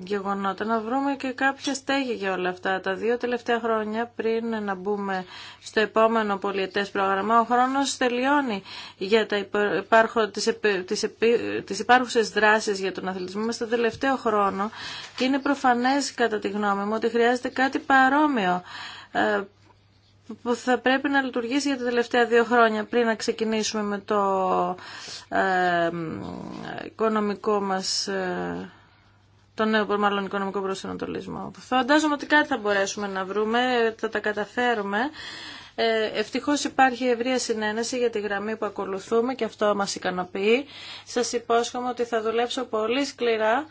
γεγονότα, να βρούμε και κάποια στέγη για όλα αυτά. Τα δύο τελευταία χρόνια πριν να μπούμε στο επόμενο πολιετές πρόγραμμα, ο χρόνος τελειώνει για τα τις, τις, τις υπάρχουσες δράσεις για τον αθλητισμό μας τον τελευταίο χρόνο και είναι προφανές κατά τη γνώμη μου ότι χρειάζεται κάτι παρόμοιο ε, που θα πρέπει να λειτουργήσει για τα τελευταία δύο χρόνια πριν να ξεκινήσουμε με το ε, οικονομικό μας ε, τον νέο μάλλον οικονομικό προσανατολισμό. Φαντάζομαι ότι κάτι θα μπορέσουμε να βρούμε, θα τα καταφέρουμε. Ε, ευτυχώς υπάρχει ευρεία συνένεση για τη γραμμή που ακολουθούμε και αυτό μας ικανοποιεί. Σας υπόσχομαι ότι θα δουλέψω πολύ σκληρά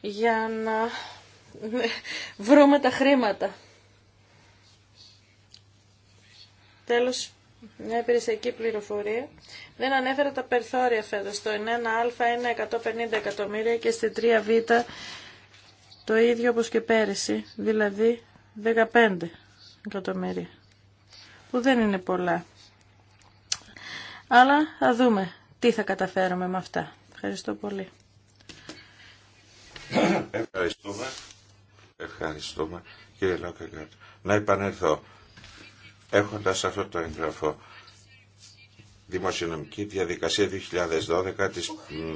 για να βρούμε τα χρήματα. Τέλος, μια υπηρεσιακή πληροφορία. Δεν ανέφερα τα περιθώρια φέτος. Το 1α είναι 150 εκατομμύρια και στη 3β το ίδιο όπως και πέρυσι, δηλαδή 15 εκατομμύρια, που δεν είναι πολλά. Αλλά θα δούμε τι θα καταφέρουμε με αυτά. Ευχαριστώ πολύ. Ευχαριστούμε. Ευχαριστούμε. Κύριε Λόκεγκαρτ, να επανέλθω έχοντας αυτό το εγγραφό δημοσιονομική διαδικασία 2012 της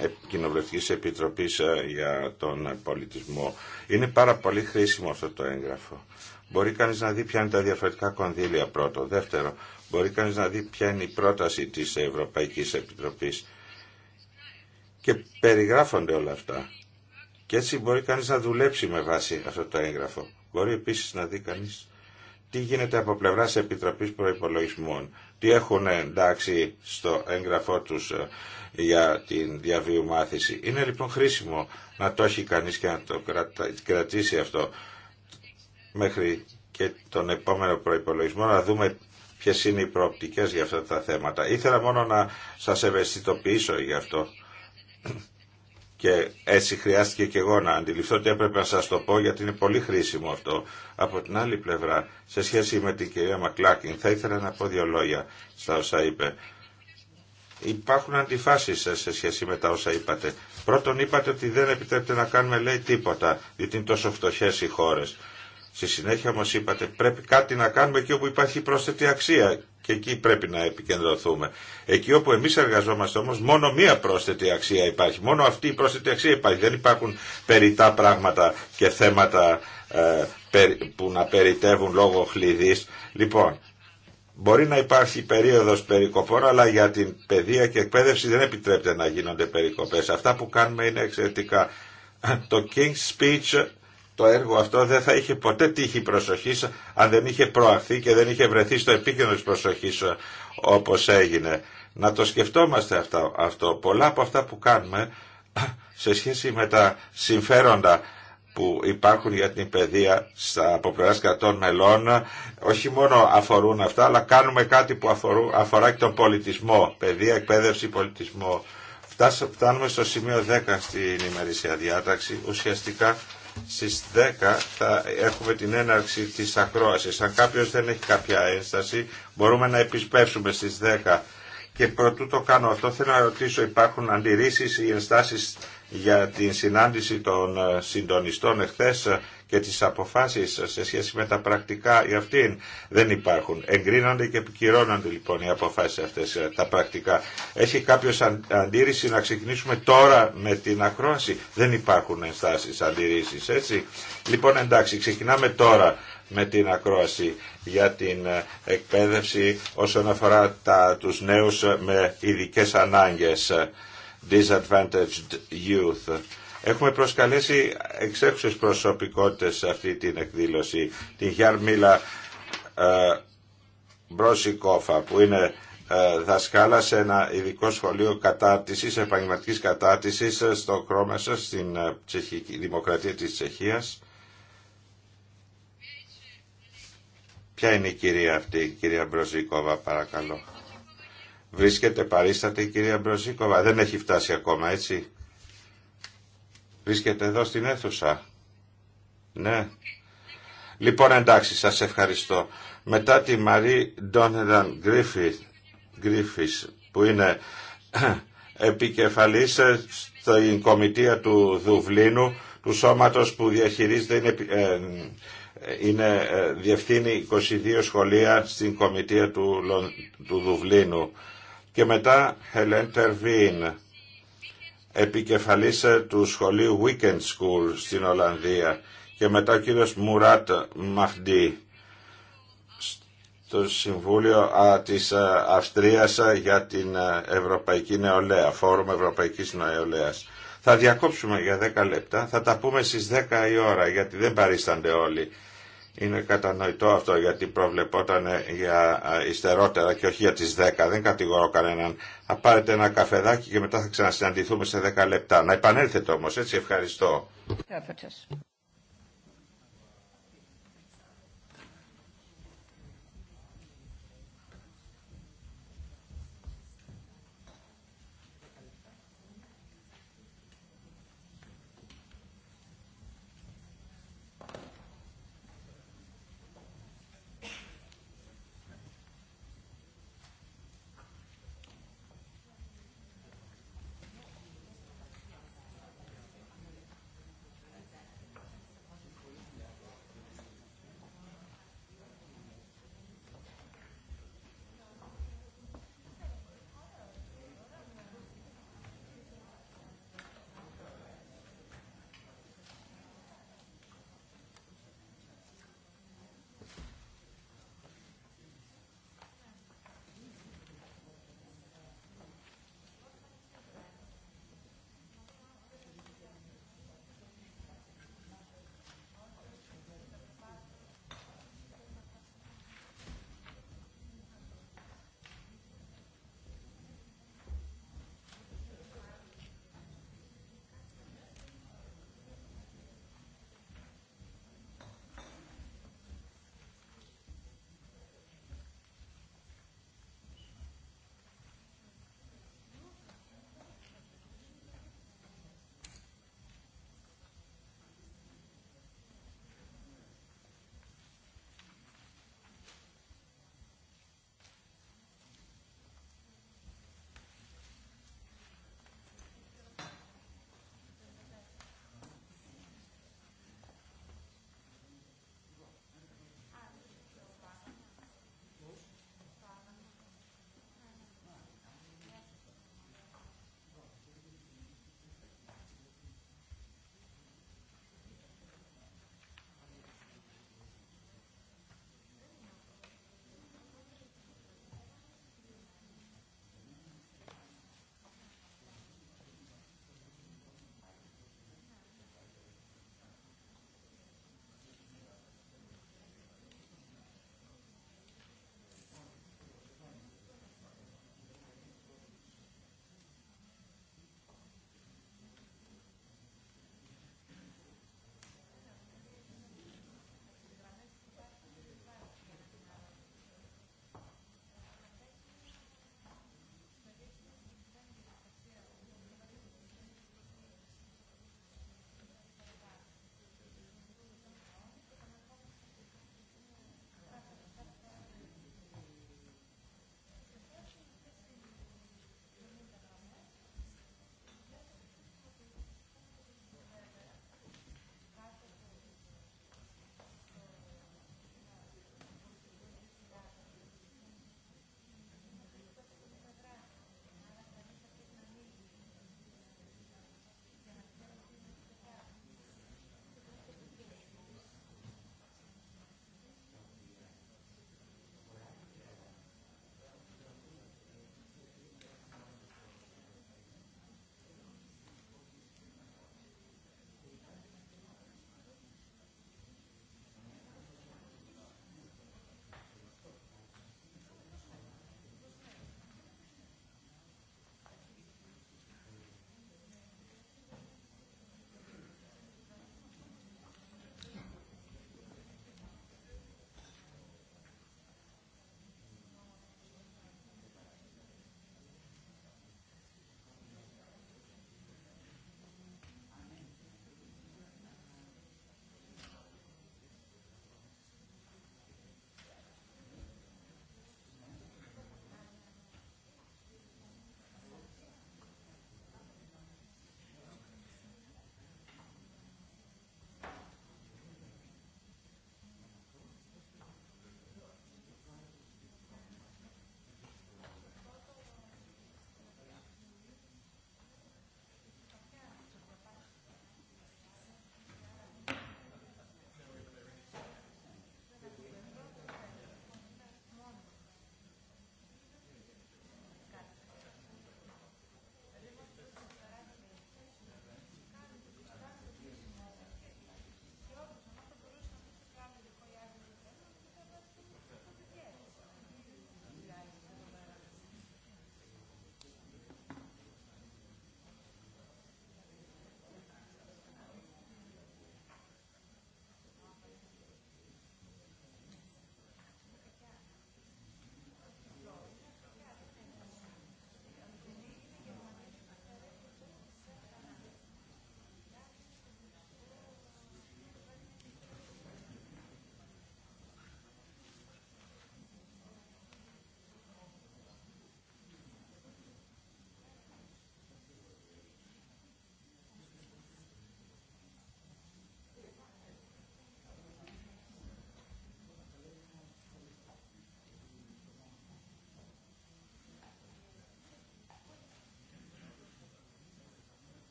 ε, Κοινοβουλευτικής Επιτροπής ε, για τον Πολιτισμό. Είναι πάρα πολύ χρήσιμο αυτό το έγγραφο. Μπορεί κανείς να δει ποια είναι τα διαφορετικά κονδύλια πρώτο. Δεύτερο, μπορεί κανείς να δει ποια είναι η πρόταση της Ευρωπαϊκής Επιτροπής. Και περιγράφονται όλα αυτά. Και έτσι μπορεί κανείς να δουλέψει με βάση αυτό το έγγραφο. Μπορεί επίσης να δει κανείς τι γίνεται από πλευράς Επιτροπής Προϋπολογισμών, τι έχουν εντάξει στο έγγραφό τους ε, για την διαβίου μάθηση. Είναι λοιπόν χρήσιμο να το έχει κανείς και να το κρατήσει αυτό μέχρι και τον επόμενο προϋπολογισμό, να δούμε ποιε είναι οι προοπτικές για αυτά τα θέματα. Ήθελα μόνο να σας ευαισθητοποιήσω γι' αυτό και έτσι χρειάστηκε και εγώ να αντιληφθώ ότι έπρεπε να σας το πω γιατί είναι πολύ χρήσιμο αυτό. Από την άλλη πλευρά, σε σχέση με την κυρία Μακλάκιν, θα ήθελα να πω δύο λόγια στα όσα είπε. Υπάρχουν αντιφάσεις ε, σε σχέση με τα όσα είπατε. Πρώτον είπατε ότι δεν επιτρέπεται να κάνουμε λέει τίποτα, γιατί είναι τόσο φτωχές οι χώρες. Στη συνέχεια όμω είπατε πρέπει κάτι να κάνουμε εκεί όπου υπάρχει πρόσθετη αξία και εκεί πρέπει να επικεντρωθούμε. Εκεί όπου εμείς εργαζόμαστε όμως μόνο μία πρόσθετη αξία υπάρχει. Μόνο αυτή η πρόσθετη αξία υπάρχει. Δεν υπάρχουν περιτά πράγματα και θέματα ε, που να περιτεύουν λόγω χλειδής. Λοιπόν, Μπορεί να υπάρχει περίοδο περικοπών, αλλά για την παιδεία και εκπαίδευση δεν επιτρέπεται να γίνονται περικοπέ. Αυτά που κάνουμε είναι εξαιρετικά. Το King's Speech το έργο αυτό δεν θα είχε ποτέ τύχει προσοχή αν δεν είχε προαχθεί και δεν είχε βρεθεί στο επίκεντρο της προσοχής ε, όπως έγινε. Να το σκεφτόμαστε αυτό. Πολλά από αυτά που κάνουμε σε σχέση με τα συμφέροντα που υπάρχουν για την παιδεία στα αποπλευράς κρατών μελών όχι μόνο αφορούν αυτά αλλά κάνουμε κάτι που αφορά και τον πολιτισμό, παιδεία, εκπαίδευση, πολιτισμό. Φτάνουμε στο σημείο 10 στην ημερήσια διάταξη. Ουσιαστικά στις 10 θα έχουμε την έναρξη της ακρόασης. Αν κάποιος δεν έχει κάποια ένσταση μπορούμε να επισπεύσουμε στις 10. Και προτού το κάνω αυτό θέλω να ρωτήσω υπάρχουν αντιρρήσεις ή ενστάσεις για την συνάντηση των ε, συντονιστών εχθές και τις αποφάσεις σε σχέση με τα πρακτικά για αυτήν δεν υπάρχουν. Εγκρίνονται και επικυρώνονται λοιπόν οι αποφάσεις αυτές ε, τα πρακτικά. Έχει κάποιος αντίρρηση να ξεκινήσουμε τώρα με την ακρόαση. Δεν υπάρχουν ενστάσεις, αντιρρήσεις έτσι. Λοιπόν εντάξει ξεκινάμε τώρα με την ακρόαση για την ε, εκπαίδευση όσον αφορά τα, τους νέους με ειδικές ανάγκες. Disadvantaged youth. Έχουμε προσκαλέσει εξέχουσες προσωπικότητες σε αυτή την εκδήλωση. Την Γιάρμίλα ε, Μπρόσικοφα που είναι ε, δασκάλα σε ένα ειδικό σχολείο κατάρτισης, επαγγελματικής κατάρτισης ε, στο σα στην ε, Δημοκρατία της Τσεχίας. Ποια είναι η κυρία αυτή, η κυρία Μπροζίκοβα, παρακαλώ. Βρίσκεται, παρίσταται η κυρία Μπροζίκοβα. Δεν έχει φτάσει ακόμα, έτσι. Βρίσκεται εδώ στην αίθουσα. Ναι. Λοιπόν εντάξει, σας ευχαριστώ. Μετά τη Μαρή Ντόνεραν Γκρίφης που είναι επικεφαλής ε, στην κομιτεία του Δουβλίνου του σώματος που διαχειρίζεται είναι, ε, ε, είναι διευθύνει 22 σχολεία στην κομιτεία του, του Δουβλίνου. Και μετά Χελέν Τερβίν επικεφαλής ε, του σχολείου Weekend School στην Ολλανδία και μετά ο κύριος Μουράτ Μαχντή στο Συμβούλιο α, της ε, Αυστρίας ε, για την Ευρωπαϊκή Νεολαία, Φόρουμ Ευρωπαϊκής Νεολαίας. Θα διακόψουμε για 10 λεπτά, θα τα πούμε στις 10 η ώρα γιατί δεν παρίστανται όλοι. Είναι κατανοητό αυτό γιατί προβλεπόταν για ιστερότερα και όχι για τις 10. Δεν κατηγορώ κανέναν. Α πάρετε ένα καφεδάκι και μετά θα ξανασυναντηθούμε σε 10 λεπτά. Να επανέλθετε όμως, έτσι ευχαριστώ.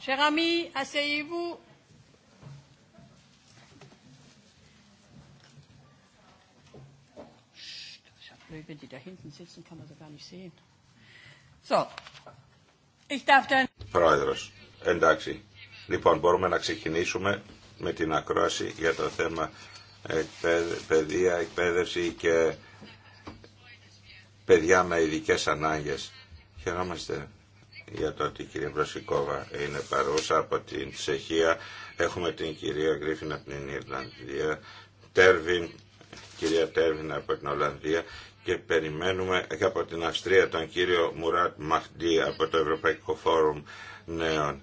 Cher Πρόεδρος, εντάξει. Λοιπόν, μπορούμε να ξεκινήσουμε με την ακρόαση για το θέμα ε, παιδεία, εκπαίδευση και παιδιά με ειδικές ανάγκες. Χαιρόμαστε για το ότι η κυρία Βρασικόβα είναι παρούσα από την Τσεχία. Έχουμε την κυρία Γκρίφιν από την Ιρλανδία, Τέρβιν, κυρία Τέρβιν από την Ολλανδία και περιμένουμε και από την Αυστρία τον κύριο Μουράτ Μαχντή από το Ευρωπαϊκό Φόρουμ Νέων.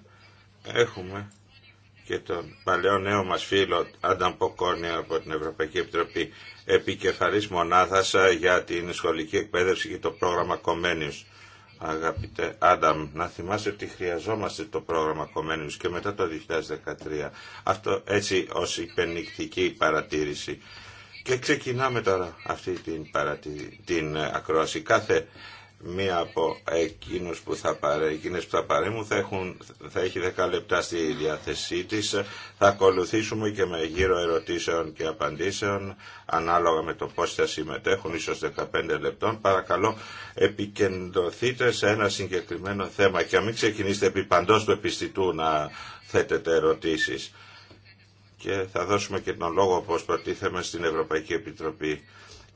Έχουμε και τον παλαιό νέο μας φίλο Άνταν Ποκόνια από την Ευρωπαϊκή Επιτροπή επικεφαλής μονάδας για την σχολική εκπαίδευση και το πρόγραμμα Κομμένιους. Αγαπητέ Άνταμ, να θυμάσαι ότι χρειαζόμαστε το πρόγραμμα Κομμένους και μετά το 2013. Αυτό έτσι ως υπενικτική παρατήρηση. Και ξεκινάμε τώρα αυτή την, την ε, ακρόαση. Κάθε μία από εκείνους που θα εκείνες που θα παρέμουν θα, έχουν, θα έχει 10 λεπτά στη διάθεσή της. Θα ακολουθήσουμε και με γύρο ερωτήσεων και απαντήσεων ανάλογα με το πώς θα συμμετέχουν, ίσως 15 λεπτών. Παρακαλώ επικεντρωθείτε σε ένα συγκεκριμένο θέμα και μην ξεκινήσετε επί παντός του επιστητού να θέτετε ερωτήσεις. Και θα δώσουμε και τον λόγο όπως προτίθεμε στην Ευρωπαϊκή Επιτροπή.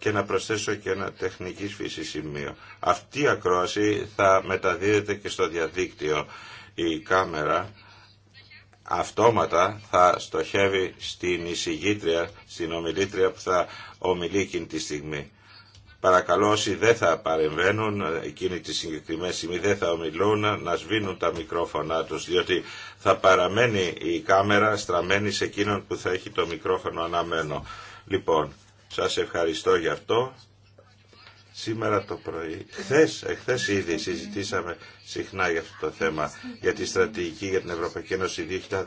Και να προσθέσω και ένα τεχνικής φύσης σημείο. Αυτή η ακρόαση θα μεταδίδεται και στο διαδίκτυο. Η κάμερα αυτόματα θα στοχεύει στην εισηγήτρια, στην ομιλήτρια που θα ομιλεί εκείνη τη στιγμή. Παρακαλώ όσοι δεν θα παρεμβαίνουν εκείνη τη συγκεκριμένη στιγμή, δεν θα ομιλούν, να σβήνουν τα μικρόφωνά τους, διότι θα παραμένει η κάμερα στραμμένη σε εκείνον που θα έχει το μικρόφωνο αναμένο. Λοιπόν, σας ευχαριστώ για αυτό. Σήμερα το πρωί, χθες, εχθές ήδη συζητήσαμε συχνά για αυτό το θέμα, για τη στρατηγική για την Ευρωπαϊκή Ένωση 2020,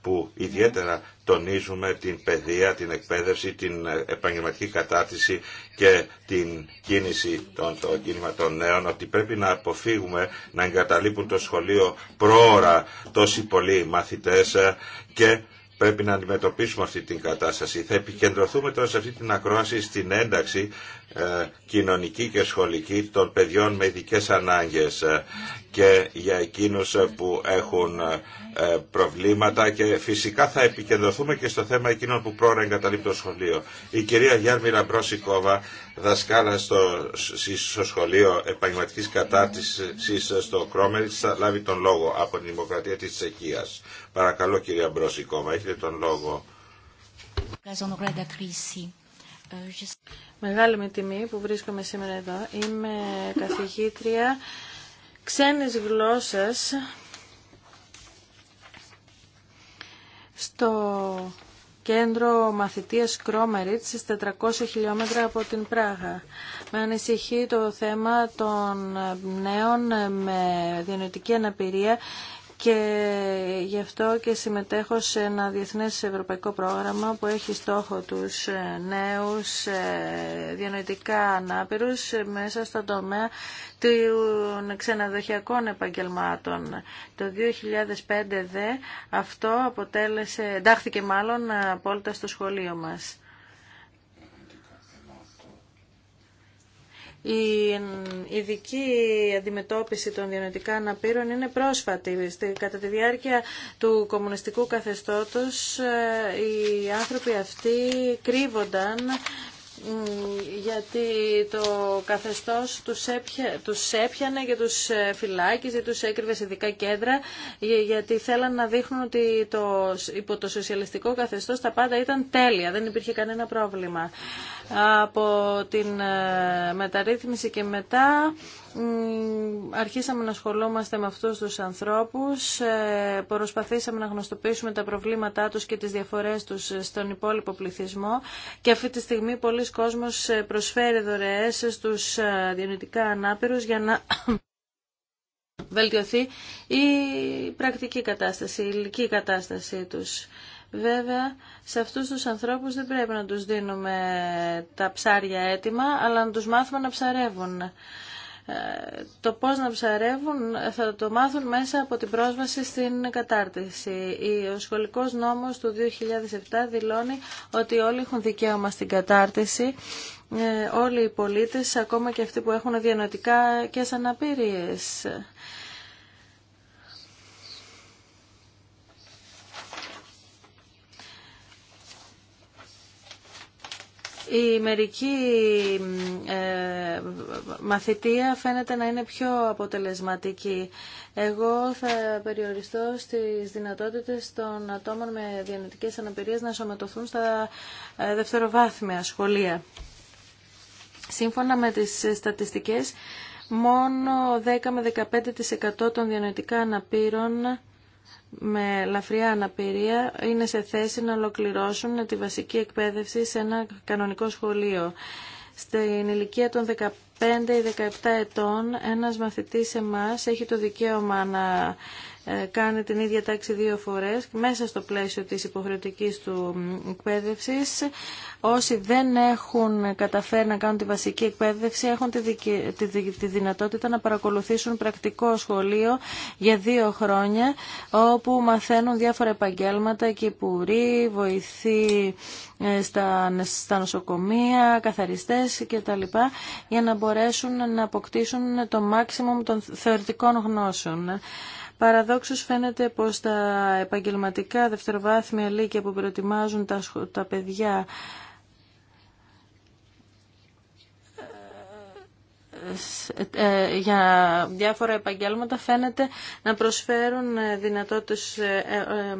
που ιδιαίτερα τονίζουμε την παιδεία, την εκπαίδευση, την επαγγελματική κατάρτιση και την κίνηση των, το κίνημα των νέων, ότι πρέπει να αποφύγουμε να εγκαταλείπουν το σχολείο πρόωρα τόσοι πολλοί μαθητές και πρέπει να αντιμετωπίσουμε αυτή την κατάσταση. Θα επικεντρωθούμε τώρα σε αυτή την ακρόαση στην ένταξη ε, κοινωνική και σχολική των παιδιών με ειδικέ ανάγκες και για εκείνους που έχουν ε, προβλήματα και φυσικά θα επικεντρωθούμε και στο θέμα εκείνων που πρόωρα εγκαταλείπει το σχολείο. Η κυρία Γιάννη Λαμπρόσικόβα δασκάλα στο, στο σχολείο επαγγελματικής κατάρτισης στο Κρόμεριτς, θα λάβει τον λόγο από την Δημοκρατία τη Τσεχία. Παρακαλώ κυρία Μπρόσικοβα, έχετε τον λόγο. Μεγάλη με τιμή που βρίσκομαι σήμερα εδώ. Είμαι καθηγήτρια Ξένες γλώσσες στο κέντρο μαθητείας Κρόμεριτς, στις 400 χιλιόμετρα από την Πράγα. Με ανησυχεί το θέμα των νέων με διανοητική αναπηρία και γι' αυτό και συμμετέχω σε ένα διεθνές ευρωπαϊκό πρόγραμμα που έχει στόχο τους ε, νέους ε, διανοητικά ανάπηρους ε, μέσα στο τομέα των ξενοδοχειακών επαγγελμάτων. Το 2005 δε αυτό αποτέλεσε, εντάχθηκε μάλλον απόλυτα στο σχολείο μας. Η ειδική αντιμετώπιση των διανοητικά αναπήρων είναι πρόσφατη. Κατά τη διάρκεια του κομμουνιστικού καθεστώτος ε, οι άνθρωποι αυτοί κρύβονταν γιατί το καθεστώς τους, τους έπιανε και τους ε, φυλάκιζε, τους έκρυβε σε ειδικά κέντρα γιατί θέλαν να δείχνουν ότι το, υπό το σοσιαλιστικό καθεστώς τα πάντα ήταν τέλεια, δεν υπήρχε κανένα πρόβλημα. Από την ε, μεταρρύθμιση και μετά αρχίσαμε να ασχολούμαστε με αυτούς τους ανθρώπους, ε, προσπαθήσαμε να γνωστοποιήσουμε τα προβλήματά τους και τις διαφορές τους στον υπόλοιπο πληθυσμό και αυτή τη στιγμή πολλοί κόσμος ε, προσφέρει δωρεές στους ε, διανοητικά ανάπηρους για να βελτιωθεί η πρακτική κατάσταση, η υλική κατάστασή τους. Βέβαια, σε αυτούς τους ανθρώπους δεν πρέπει να τους δίνουμε τα ψάρια έτοιμα, αλλά να τους μάθουμε να ψαρεύουν το πώς να ψαρεύουν θα το μάθουν μέσα από την πρόσβαση στην κατάρτιση. Ο σχολικός νόμος του 2007 δηλώνει ότι όλοι έχουν δικαίωμα στην κατάρτιση ε, όλοι οι πολίτες, ακόμα και αυτοί που έχουν διανοητικά και σαν απειρίες. η μερική ε, μαθητεία φαίνεται να είναι πιο αποτελεσματική. Εγώ θα περιοριστώ στις δυνατότητες των ατόμων με διανοητικές αναπηρίες να σωματωθούν στα ε, δευτεροβάθμια σχολεία. Σύμφωνα με τις στατιστικές, μόνο 10 με 15% των διανοητικά αναπήρων με λαφριά αναπηρία είναι σε θέση να ολοκληρώσουν τη βασική εκπαίδευση σε ένα κανονικό σχολείο. Στην ηλικία των 15 ή 17 ετών ένας μαθητής εμάς έχει το δικαίωμα να ε, κάνει την ίδια τάξη δύο φορές μέσα στο πλαίσιο της υποχρεωτικής του εκπαίδευσης όσοι δεν έχουν καταφέρει να κάνουν τη βασική εκπαίδευση έχουν τη, δυνατότητα να παρακολουθήσουν πρακτικό σχολείο για δύο χρόνια όπου μαθαίνουν διάφορα επαγγέλματα, κυπουροί, βοηθοί ε, στα, στα νοσοκομεία, καθαριστές κτλ. για να μπορέσουν να αποκτήσουν το μάξιμο των θεωρητικών γνώσεων. Παραδόξως φαίνεται πως τα επαγγελματικά δευτεροβάθμια λύκεια που προετοιμάζουν τα, παιδιά για διάφορα επαγγέλματα φαίνεται να προσφέρουν δυνατότητες ε, ε, ε,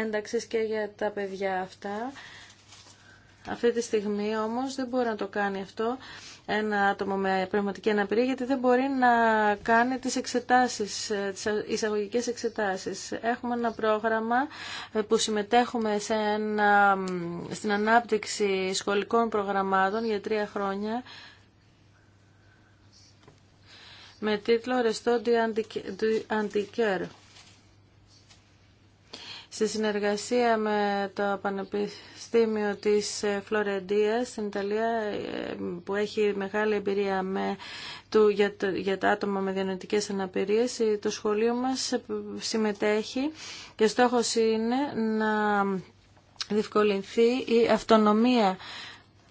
ένταξης και για τα παιδιά αυτά. Αυτή τη στιγμή όμως δεν μπορεί να το κάνει αυτό ένα άτομο με πνευματική αναπηρία γιατί δεν μπορεί να κάνει τις εξετάσεις, τις εισαγωγικές εξετάσεις. Έχουμε ένα πρόγραμμα που συμμετέχουμε σε στην ανάπτυξη σχολικών προγραμμάτων για τρία χρόνια με τίτλο «Ρεστό du Antiquaire» Σε συνεργασία με το Πανεπιστήμιο της ε, Φλωρεντίας στην Ιταλία ε, που έχει μεγάλη εμπειρία με, του, για, για τα άτομα με διανοητικές αναπηρίες το σχολείο μας συμμετέχει και στόχος είναι να διευκολυνθεί η αυτονομία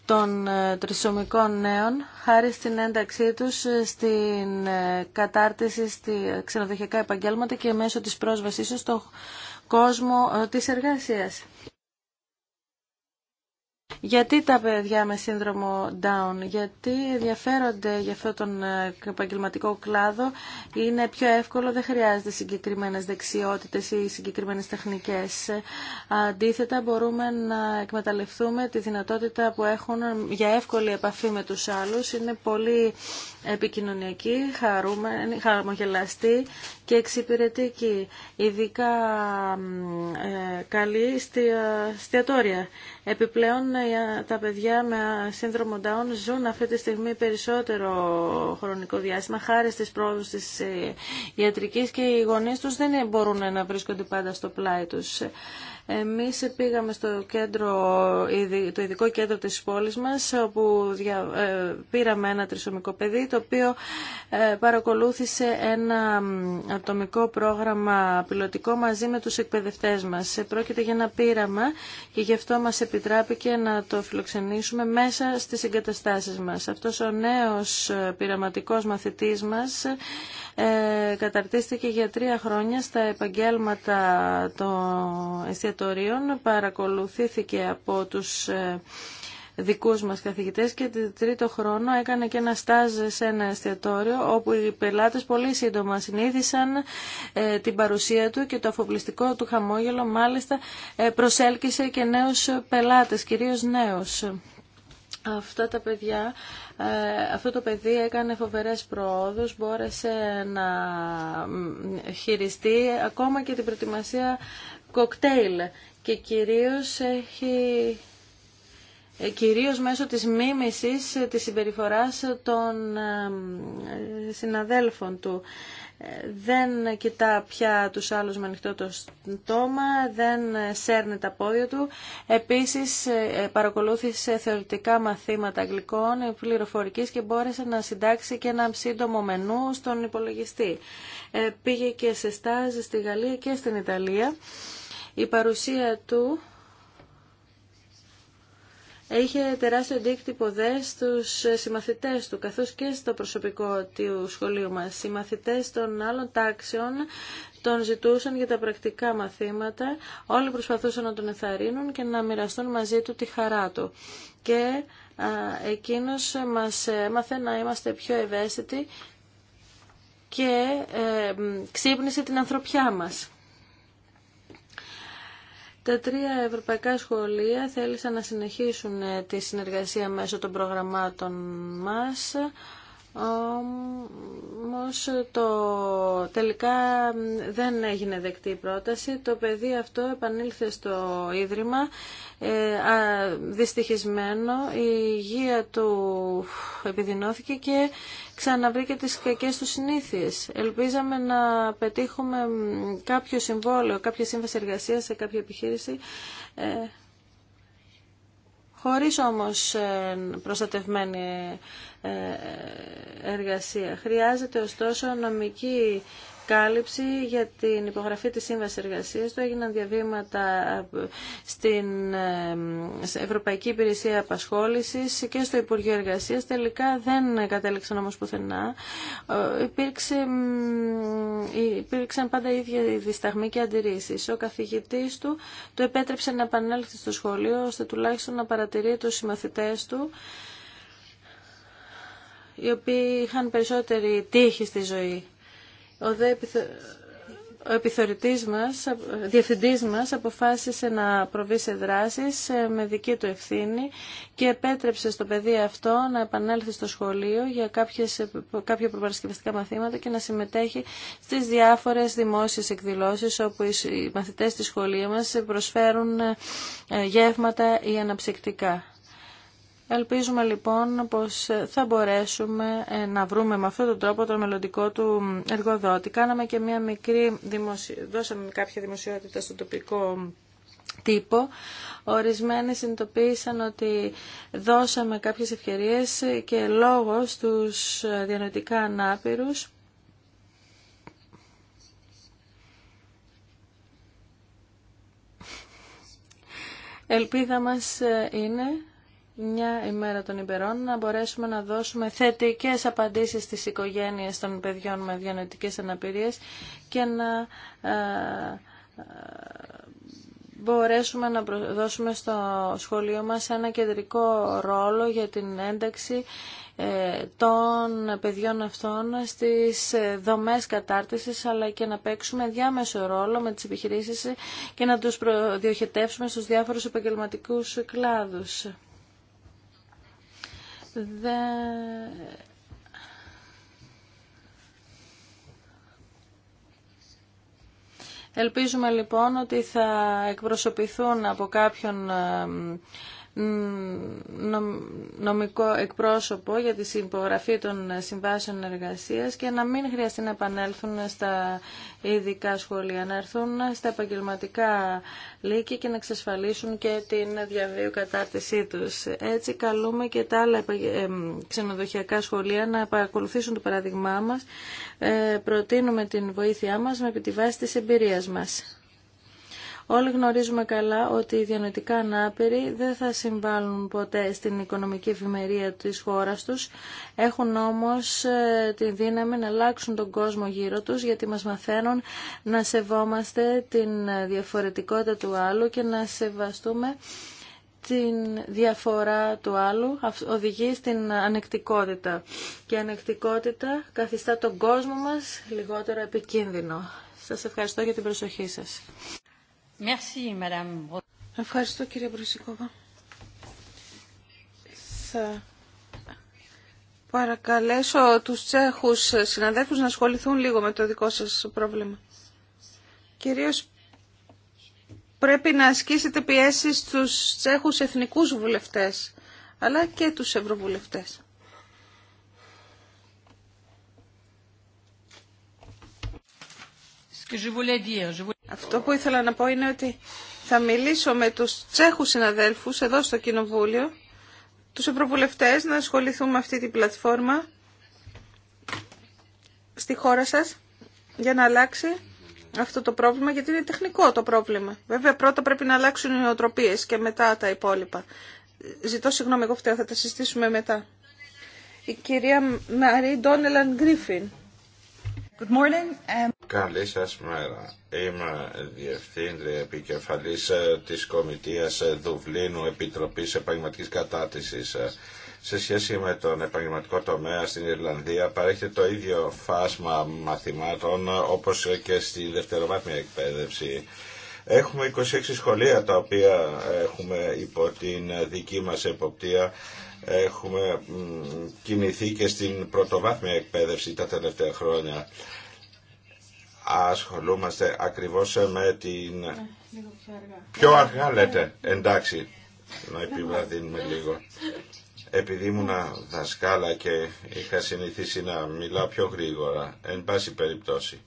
των ε, τρισομικών νέων χάρη στην ένταξή τους ε, στην ε, κατάρτιση στη ξενοδοχειακά επαγγέλματα και μέσω της πρόσβασής τους στον κόσμο της εργασίας. Γιατί τα παιδιά με σύνδρομο Down, γιατί ενδιαφέρονται για αυτόν τον ε, επαγγελματικό κλάδο, είναι πιο εύκολο, δεν χρειάζεται συγκεκριμένες δεξιότητες ή συγκεκριμένες τεχνικές. Αντίθετα, μπορούμε να εκμεταλλευτούμε τη δυνατότητα που έχουν για εύκολη επαφή με τους άλλους. Είναι πολύ επικοινωνιακή, χαρούμενη, χαρμογελαστή και εξυπηρετική, ειδικά ε, καλή στη εστιατόρια. Επιπλέον, τα παιδιά με σύνδρομο Down ζουν αυτή τη στιγμή περισσότερο χρονικό διάστημα χάρη στις πρόοδους της ε, ιατρικής και οι γονείς τους δεν μπορούν να βρίσκονται πάντα στο πλάι τους. Εμείς πήγαμε στο κέντρο, το ειδικό κέντρο της πόλης μας, όπου ε, πήραμε ένα τρισομικό παιδί, το οποίο ε, παρακολούθησε ένα ατομικό πρόγραμμα πιλωτικό μαζί με τους εκπαιδευτές μας. Ε, πρόκειται για ένα πείραμα και γι' αυτό μας επιτράπηκε να το φιλοξενήσουμε μέσα στις εγκαταστάσεις μας. Αυτός ο νέος πειραματικός μαθητής μας καταρτίστηκε για τρία χρόνια στα επαγγέλματα των εστιατορίων παρακολουθήθηκε από τους ε, δικούς μας καθηγητές και την τρίτο χρόνο έκανε και ένα στάζ σε ένα εστιατόριο όπου οι πελάτες πολύ σύντομα συνήθισαν ε, την παρουσία του και το αφοπλιστικό του χαμόγελο μάλιστα ε, προσέλκυσε και νέους πελάτες, κυρίως νέους. Αυτά τα παιδιά, αυτό το παιδί έκανε φοβερές προόδους, μπόρεσε να χειριστεί ακόμα και την προετοιμασία κοκτέιλ και κυρίως έχει ε, κυρίως μέσω της μίμησης ε, της συμπεριφοράς των ε, συναδέλφων του. Δεν κοιτά πια τους άλλους με ανοιχτό το στόμα, δεν σέρνει τα πόδια του. Επίσης παρακολούθησε θεωρητικά μαθήματα αγγλικών, πληροφορικής και μπόρεσε να συντάξει και ένα σύντομο μενού στον υπολογιστή. Πήγε και σε στάζ στη Γαλλία και στην Ιταλία η παρουσία του είχε τεράστιο αντίκτυπο δε στους συμμαθητές του, καθώς και στο προσωπικό του σχολείου μας. Οι μαθητές των άλλων τάξεων τον ζητούσαν για τα πρακτικά μαθήματα, όλοι προσπαθούσαν να τον εθαρρύνουν και να μοιραστούν μαζί του τη χαρά του. Και α, εκείνος μας έμαθε να είμαστε πιο ευαίσθητοι και ε, ξύπνησε την ανθρωπιά μας. Τα τρία ευρωπαϊκά σχολεία θέλησαν να συνεχίσουν τη συνεργασία μέσω των προγραμμάτων μας. Όμω, το τελικά δεν έγινε δεκτή η πρόταση. Το παιδί αυτό επανήλθε στο Ίδρυμα ε, α, δυστυχισμένο, η υγεία του επιδεινώθηκε και ξαναβρήκε τις κακές του συνήθειες. Ελπίζαμε να πετύχουμε κάποιο συμβόλαιο, κάποια σύμβαση εργασίας σε κάποια επιχείρηση. Ε, χωρίς όμως ε, προστατευμένη ε, ε, εργασία. Χρειάζεται ωστόσο νομική κάλυψη για την υπογραφή της Σύμβασης Εργασίας Το Έγιναν διαβήματα ε, στην ε, Ευρωπαϊκή Υπηρεσία Απασχόλησης και στο Υπουργείο Εργασίας. Τελικά δεν κατέληξαν όμως πουθενά. Ε, υπήρξε, υπήρξαν πάντα ίδια ίδιοι δισταγμοί και αντιρρήσεις. Ο καθηγητής του το επέτρεψε να επανέλθει στο σχολείο ώστε τουλάχιστον να παρατηρεί τους συμμαθητές του οι οποίοι είχαν περισσότερη τύχη στη ζωή ο δε ο επιθεωρητής μας, διευθυντής αποφάσισε να προβεί σε δράσεις ε, με δική του ευθύνη και επέτρεψε στο παιδί αυτό να επανέλθει στο σχολείο για κάποιες, κάποια προπαρασκευαστικά μαθήματα και να συμμετέχει στις διάφορες δημόσιες εκδηλώσεις όπου οι μαθητές της σχολείου μας προσφέρουν ε, γεύματα ή αναψυκτικά. Ελπίζουμε λοιπόν πως θα μπορέσουμε ε, να βρούμε με αυτόν τον τρόπο το μελλοντικό του εργοδότη. Κάναμε και μια μικρή δημοσιο... δώσαμε κάποια δημοσιότητα στο τοπικό τύπο. Ορισμένοι συνειδητοποίησαν ότι δώσαμε κάποιες ευκαιρίες και λόγο στους διανοητικά ανάπηρους Ελπίδα μας ε, είναι μια ημέρα των υπερών να μπορέσουμε να δώσουμε θετικές απαντήσεις στις οικογένειες των παιδιών με διανοητικές αναπηρίες και να ε, ε, μπορέσουμε να δώσουμε στο σχολείο μας ένα κεντρικό ρόλο για την ένταξη ε, των παιδιών αυτών στις δομές κατάρτισης αλλά και να παίξουμε διάμεσο ρόλο με τις επιχειρήσεις και να τους διοχετεύσουμε στους διάφορους επαγγελματικούς κλάδους. Ελπίζουμε λοιπόν ότι θα εκπροσωπηθούν από κάποιον ε, νομικό εκπρόσωπο για τη συμπογραφή των συμβάσεων εργασίας και να μην χρειαστεί να επανέλθουν στα ειδικά σχολεία, να έρθουν στα επαγγελματικά λύκη και να εξασφαλίσουν και την διαβίου κατάρτισή τους. Έτσι καλούμε και τα άλλα ε, ξενοδοχειακά σχολεία να παρακολουθήσουν το παράδειγμά μας, ε, προτείνουμε την βοήθειά μας με τη βάση της εμπειρίας μας. Όλοι γνωρίζουμε καλά ότι οι διανοητικά ανάπηροι δεν θα συμβάλλουν ποτέ στην οικονομική ευημερία της χώρας τους. Έχουν όμως ε, τη δύναμη να αλλάξουν τον κόσμο γύρω τους γιατί μας μαθαίνουν να σεβόμαστε την διαφορετικότητα του άλλου και να σεβαστούμε την διαφορά του άλλου οδηγεί στην ανεκτικότητα και η ανεκτικότητα καθιστά τον κόσμο μας λιγότερο επικίνδυνο. Σας ευχαριστώ για την προσοχή σας. Ευχαριστώ κύριε Μπροσικόβα. Θα παρακαλέσω τους Τσέχους συναδέλφους να ασχοληθούν λίγο με το δικό σας πρόβλημα. Κυρίως πρέπει να ασκήσετε πιέσεις στους Τσέχους εθνικούς βουλευτές, αλλά και τους ευρωβουλευτές. Αυτό που ήθελα να πω είναι ότι θα μιλήσω με τους Τσέχους συναδέλφους εδώ στο Κοινοβούλιο, τους ευρωβουλευτές, να ασχοληθούμε με αυτή την πλατφόρμα στη χώρα σας για να αλλάξει αυτό το πρόβλημα, γιατί είναι τεχνικό το πρόβλημα. Βέβαια, πρώτα πρέπει να αλλάξουν οι νοοτροπίες και μετά τα υπόλοιπα. Ζητώ συγγνώμη, εγώ φταίω, θα τα συζητήσουμε μετά. Η κυρία Μαρή Ντόνελαν Γκρίφιν. Good morning. Καλή σας μέρα. Είμαι Διευθύντρια Επικεφαλής ε, της Κομιτείας ε, Δουβλίνου Επιτροπής Επαγγελματικής Κατάτησης. Ε, σε σχέση με τον επαγγελματικό τομέα στην Ιρλανδία παρέχεται το ίδιο φάσμα μαθημάτων όπως και στη δευτεροβάθμια εκπαίδευση. Έχουμε 26 σχολεία τα οποία έχουμε υπό την δική μας εποπτεία έχουμε κινηθεί και στην πρωτοβάθμια εκπαίδευση τα τελευταία χρόνια ασχολούμαστε ακριβώς με την... Ε, πιο αργά. Ε, ε, λέτε. Εντάξει. Να επιβραδύνουμε λίγο. Επειδή ήμουνα δασκάλα και είχα συνηθίσει να μιλάω πιο γρήγορα, εν πάση περιπτώσει,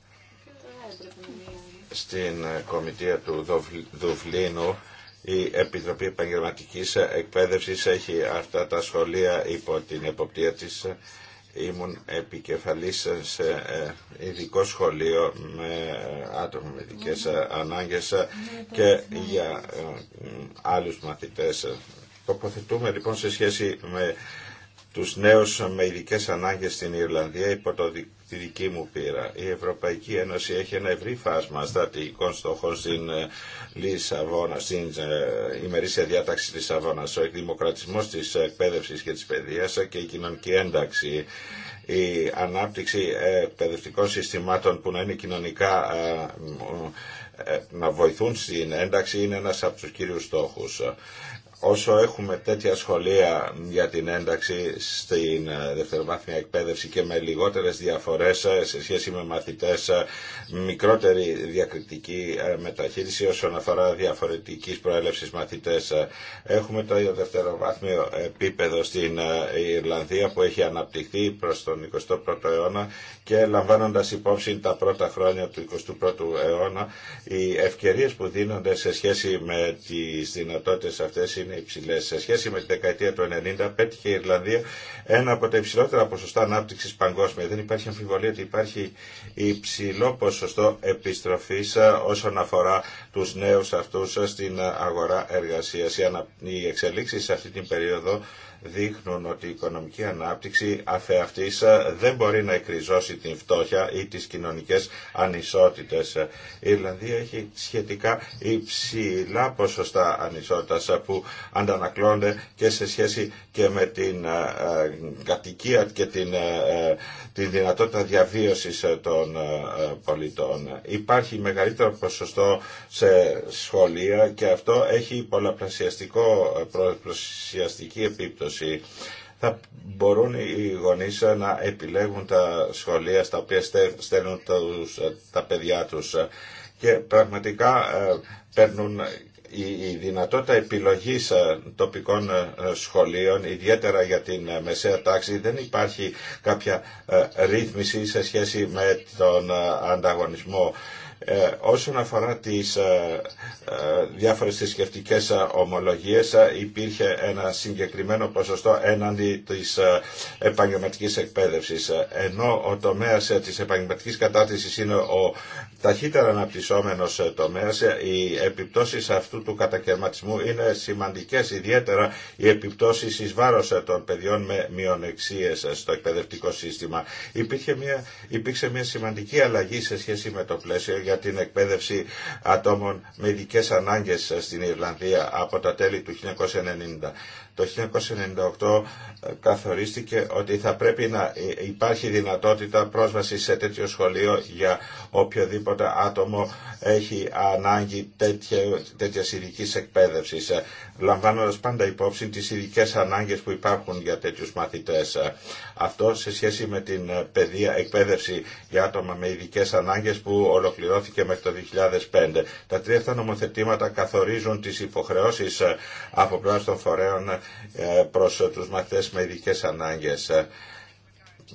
στην κομιτεία του Δουβλίνου η Επιτροπή Επαγγελματικής Εκπαίδευσης έχει αυτά τα σχολεία υπό την εποπτεία της ήμουν επικεφαλής σε ε, ειδικό σχολείο με ε, άτομα με ειδικές ε, ανάγκες και για άλλους μαθητές. Τοποθετούμε λοιπόν σε σχέση με τους νέους με ειδικέ ανάγκες στην Ιρλανδία υπό το, τη δική μου πείρα. Η Ευρωπαϊκή Ένωση έχει ένα ευρύ φάσμα στρατηγικών στόχων στην ε, Λισαβόνα, στην ε, ημερήσια διάταξη της Σαβόνας, ο εκδημοκρατισμός της εκπαίδευσης και της παιδείας και η κοινωνική ένταξη η ανάπτυξη ε, εκπαιδευτικών συστημάτων που να είναι κοινωνικά να βοηθούν στην ένταξη είναι ένας από τους κύριους στόχους όσο έχουμε τέτοια σχολεία για την ένταξη στην ε, δευτεροβάθμια εκπαίδευση και με λιγότερες διαφορές ε, σε σχέση με μαθητές, ε, μικρότερη διακριτική μεταχείριση όσον αφορά διαφορετικής προέλευσης μαθητές. Έχουμε το δευτεροβάθμιο επίπεδο στην Ιρλανδία που έχει αναπτυχθεί προς τον 21ο αιώνα και λαμβάνοντας υπόψη τα πρώτα χρόνια του 21ου αιώνα οι ευκαιρίες που δίνονται σε σχέση με τις δυνατότητες αυτές είναι υψηλέ. Σε σχέση με τη δεκαετία του 90 πέτυχε η Ιρλανδία ένα από τα υψηλότερα ποσοστά ανάπτυξη παγκόσμια. Δεν υπάρχει αμφιβολία ότι υπάρχει υψηλό ποσοστό επιστροφή ε, όσον αφορά του νέου αυτού ε, στην ε, αγορά εργασία. Οι εξελίξει σε αυτή την περίοδο δείχνουν ότι η οικονομική ανάπτυξη αφεαυτής ε, δεν μπορεί να εκριζώσει την φτώχεια ή τις κοινωνικές ανισότητες. Η Ιρλανδία έχει σχετικά υψηλά ποσοστά ανισότητας ε, που αντανακλώνται και σε σχέση και με την ε, κατοικία και την, την δυνατότητα διαβίωσης των πολιτών. Υπάρχει μεγαλύτερο ποσοστό σε σχολεία και αυτό έχει πολλαπλασιαστικό, πολλαπλασιαστική επίπτωση θα μπορούν οι γονείς να επιλέγουν τα σχολεία στα οποία στέλνουν ε, τα παιδιά τους και πραγματικά ε, παίρνουν η δυνατότητα επιλογής ε, τοπικών σχολείων, ιδιαίτερα για την μεσαία τάξη, δεν υπάρχει κάποια ρύθμιση σε σχέση με τον ανταγωνισμό ε, όσον αφορά τις ε, ε, διάφορες θρησκευτικέ ομολογίες υπήρχε ένα συγκεκριμένο ποσοστό έναντι της επαγγελματικής εκπαίδευσης. Ενώ ο τομέας της επαγγελματικής κατάρτισης είναι ο ταχύτερα αναπτυσσόμενος τομέας, οι επιπτώσεις αυτού του κατακαιρματισμού είναι σημαντικές, ιδιαίτερα οι επιπτώσεις εις βάρος των παιδιών με μειονεξίες στο εκπαιδευτικό σύστημα. Υπήρχε μια, υπήρξε μια σημαντική αλλαγή σε σχέση με το πλαίσιο για την εκπαίδευση ατόμων με ειδικέ ανάγκες στην Ιρλανδία από τα τέλη του 1990. Το 1998 ε, καθορίστηκε ότι θα πρέπει να υπάρχει δυνατότητα πρόσβαση σε τέτοιο σχολείο για οποιοδήποτε άτομο έχει ανάγκη τέτοια ειδική εκπαίδευση, ε, λαμβάνοντα πάντα υπόψη τι ειδικέ ανάγκε που υπάρχουν για τέτοιου μαθητέ. Ε. Αυτό σε σχέση με την παιδεία εκπαίδευση για άτομα με ειδικέ ανάγκε που ολοκληρώθηκε ολοκληρώθηκε μέχρι το 2005. Τα τρία αυτά νομοθετήματα καθορίζουν τις υποχρεώσεις ε, από πλευρά των φορέων ε, προς ε, τους μαθητές με ειδικέ ανάγκες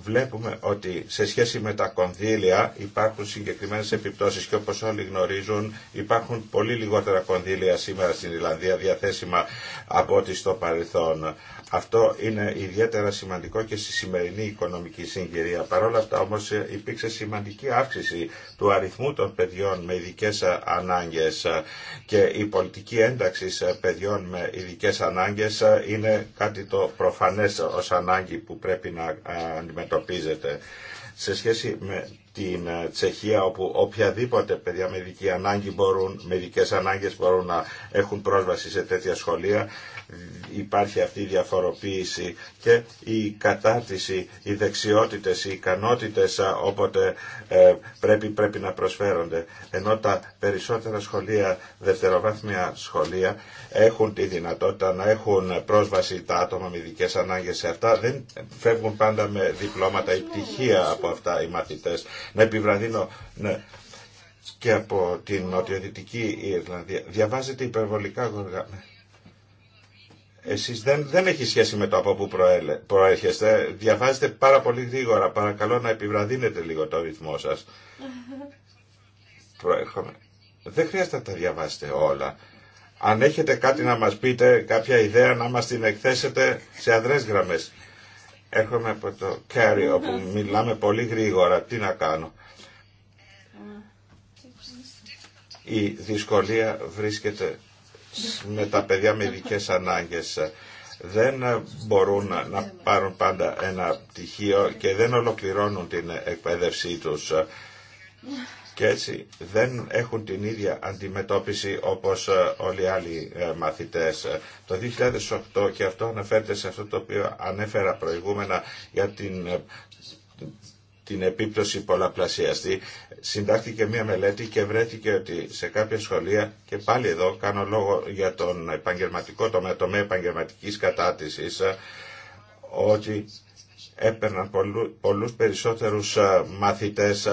βλέπουμε ότι σε σχέση με τα κονδύλια υπάρχουν συγκεκριμένες επιπτώσεις και όπως όλοι γνωρίζουν υπάρχουν πολύ λιγότερα κονδύλια σήμερα στην Ιρλανδία διαθέσιμα από ό,τι στο παρελθόν. Αυτό είναι ιδιαίτερα σημαντικό και στη σημερινή οικονομική συγκυρία. Παρ' αυτά όμως υπήρξε σημαντική αύξηση του αριθμού των παιδιών με ειδικέ ανάγκες και η πολιτική ένταξη παιδιών με ειδικέ ανάγκες είναι κάτι το προφανές ως ανάγκη που πρέπει να ε, αντιμετωπίζεται. Σε σχέση με την ε, Τσεχία όπου οποιαδήποτε παιδιά με ανάγκη με ειδικές ανάγκες μπορούν να έχουν πρόσβαση σε τέτοια σχολεία. Ε, υπάρχει αυτή η διαφοροποίηση και η κατάρτιση, οι δεξιότητες, οι ικανότητες όποτε ε, πρέπει, πρέπει να προσφέρονται. Ενώ τα περισσότερα σχολεία, δευτεροβάθμια σχολεία έχουν τη δυνατότητα να έχουν πρόσβαση τα άτομα με ειδικέ ανάγκες σε αυτά. Δεν φεύγουν πάντα με διπλώματα ή πτυχία από αυτά οι μαθητές. Να επιβραδύνω ναι, και από την νοτιοδυτική Ιρλανδία. Διαβάζεται υπερβολικά γοργά. Εσείς δεν, δεν έχει σχέση με το από πού προέρχεστε. Διαβάζετε πάρα πολύ γρήγορα. Παρακαλώ να επιβραδύνετε λίγο το ρυθμό σας. Προέρχομαι. Δεν χρειάζεται να τα διαβάσετε όλα. Αν έχετε κάτι να μας πείτε, κάποια ιδέα να μας την εκθέσετε σε αδρές γραμμές. Έρχομαι από το Κέρι όπου μιλάμε πολύ γρήγορα. Τι να κάνω. Η δυσκολία βρίσκεται με τα παιδιά με ειδικέ ανάγκε, δεν μπορούν να πάρουν πάντα ένα πτυχίο και δεν ολοκληρώνουν την εκπαίδευσή τους και έτσι δεν έχουν την ίδια αντιμετώπιση όπως όλοι οι άλλοι ε, μαθητές. Το 2008 και αυτό αναφέρεται σε αυτό το οποίο ανέφερα προηγούμενα για την ε, την επίπτωση πολλαπλασιαστή. Συντάχθηκε μία μελέτη και βρέθηκε ότι σε κάποια σχολεία, και πάλι εδώ κάνω λόγο για τον επαγγελματικό τομέα, τομέα επαγγελματικής κατάτησης, ότι έπαιρναν πολλού, πολλούς περισσότερους μαθητές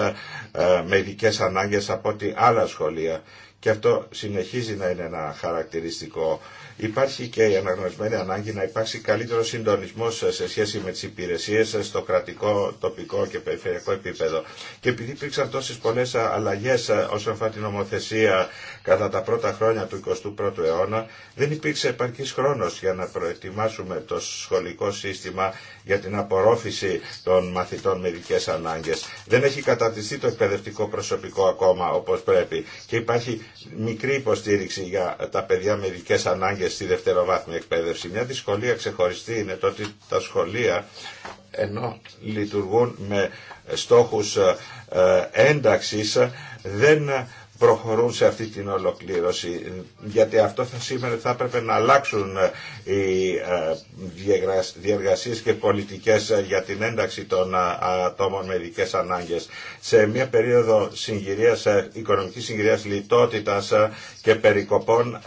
με ειδικέ ανάγκες από ότι άλλα σχολεία. Και αυτό συνεχίζει να είναι ένα χαρακτηριστικό Υπάρχει και η αναγνωρισμένη ανάγκη να υπάρξει καλύτερο συντονισμό σε σχέση με τι υπηρεσίε στο κρατικό, τοπικό και περιφερειακό επίπεδο. Και επειδή υπήρξαν τόσε πολλέ αλλαγέ όσον αφορά την νομοθεσία κατά τα πρώτα χρόνια του 21ου αιώνα, δεν υπήρξε επαρκή χρόνο για να προετοιμάσουμε το σχολικό σύστημα για την απορρόφηση των μαθητών με ειδικέ ανάγκε. Δεν έχει καταρτιστεί το εκπαιδευτικό προσωπικό ακόμα όπω πρέπει και υπάρχει μικρή υποστήριξη για τα παιδιά με ειδικέ ανάγκε στη δευτεροβάθμια εκπαίδευση. Μια δυσκολία ξεχωριστή είναι το ότι τα σχολεία ενώ λειτουργούν με στόχους ε, ένταξης δεν προχωρούν σε αυτή την ολοκλήρωση. Γιατί αυτό θα σήμερα θα έπρεπε να αλλάξουν ε, οι ε, διεργασίες και πολιτικές ε, για την ένταξη των ατόμων με ειδικέ ανάγκες. Σε μια περίοδο συγκυρίας, οικονομικής συγκυρίας λιτότητας και περικοπών,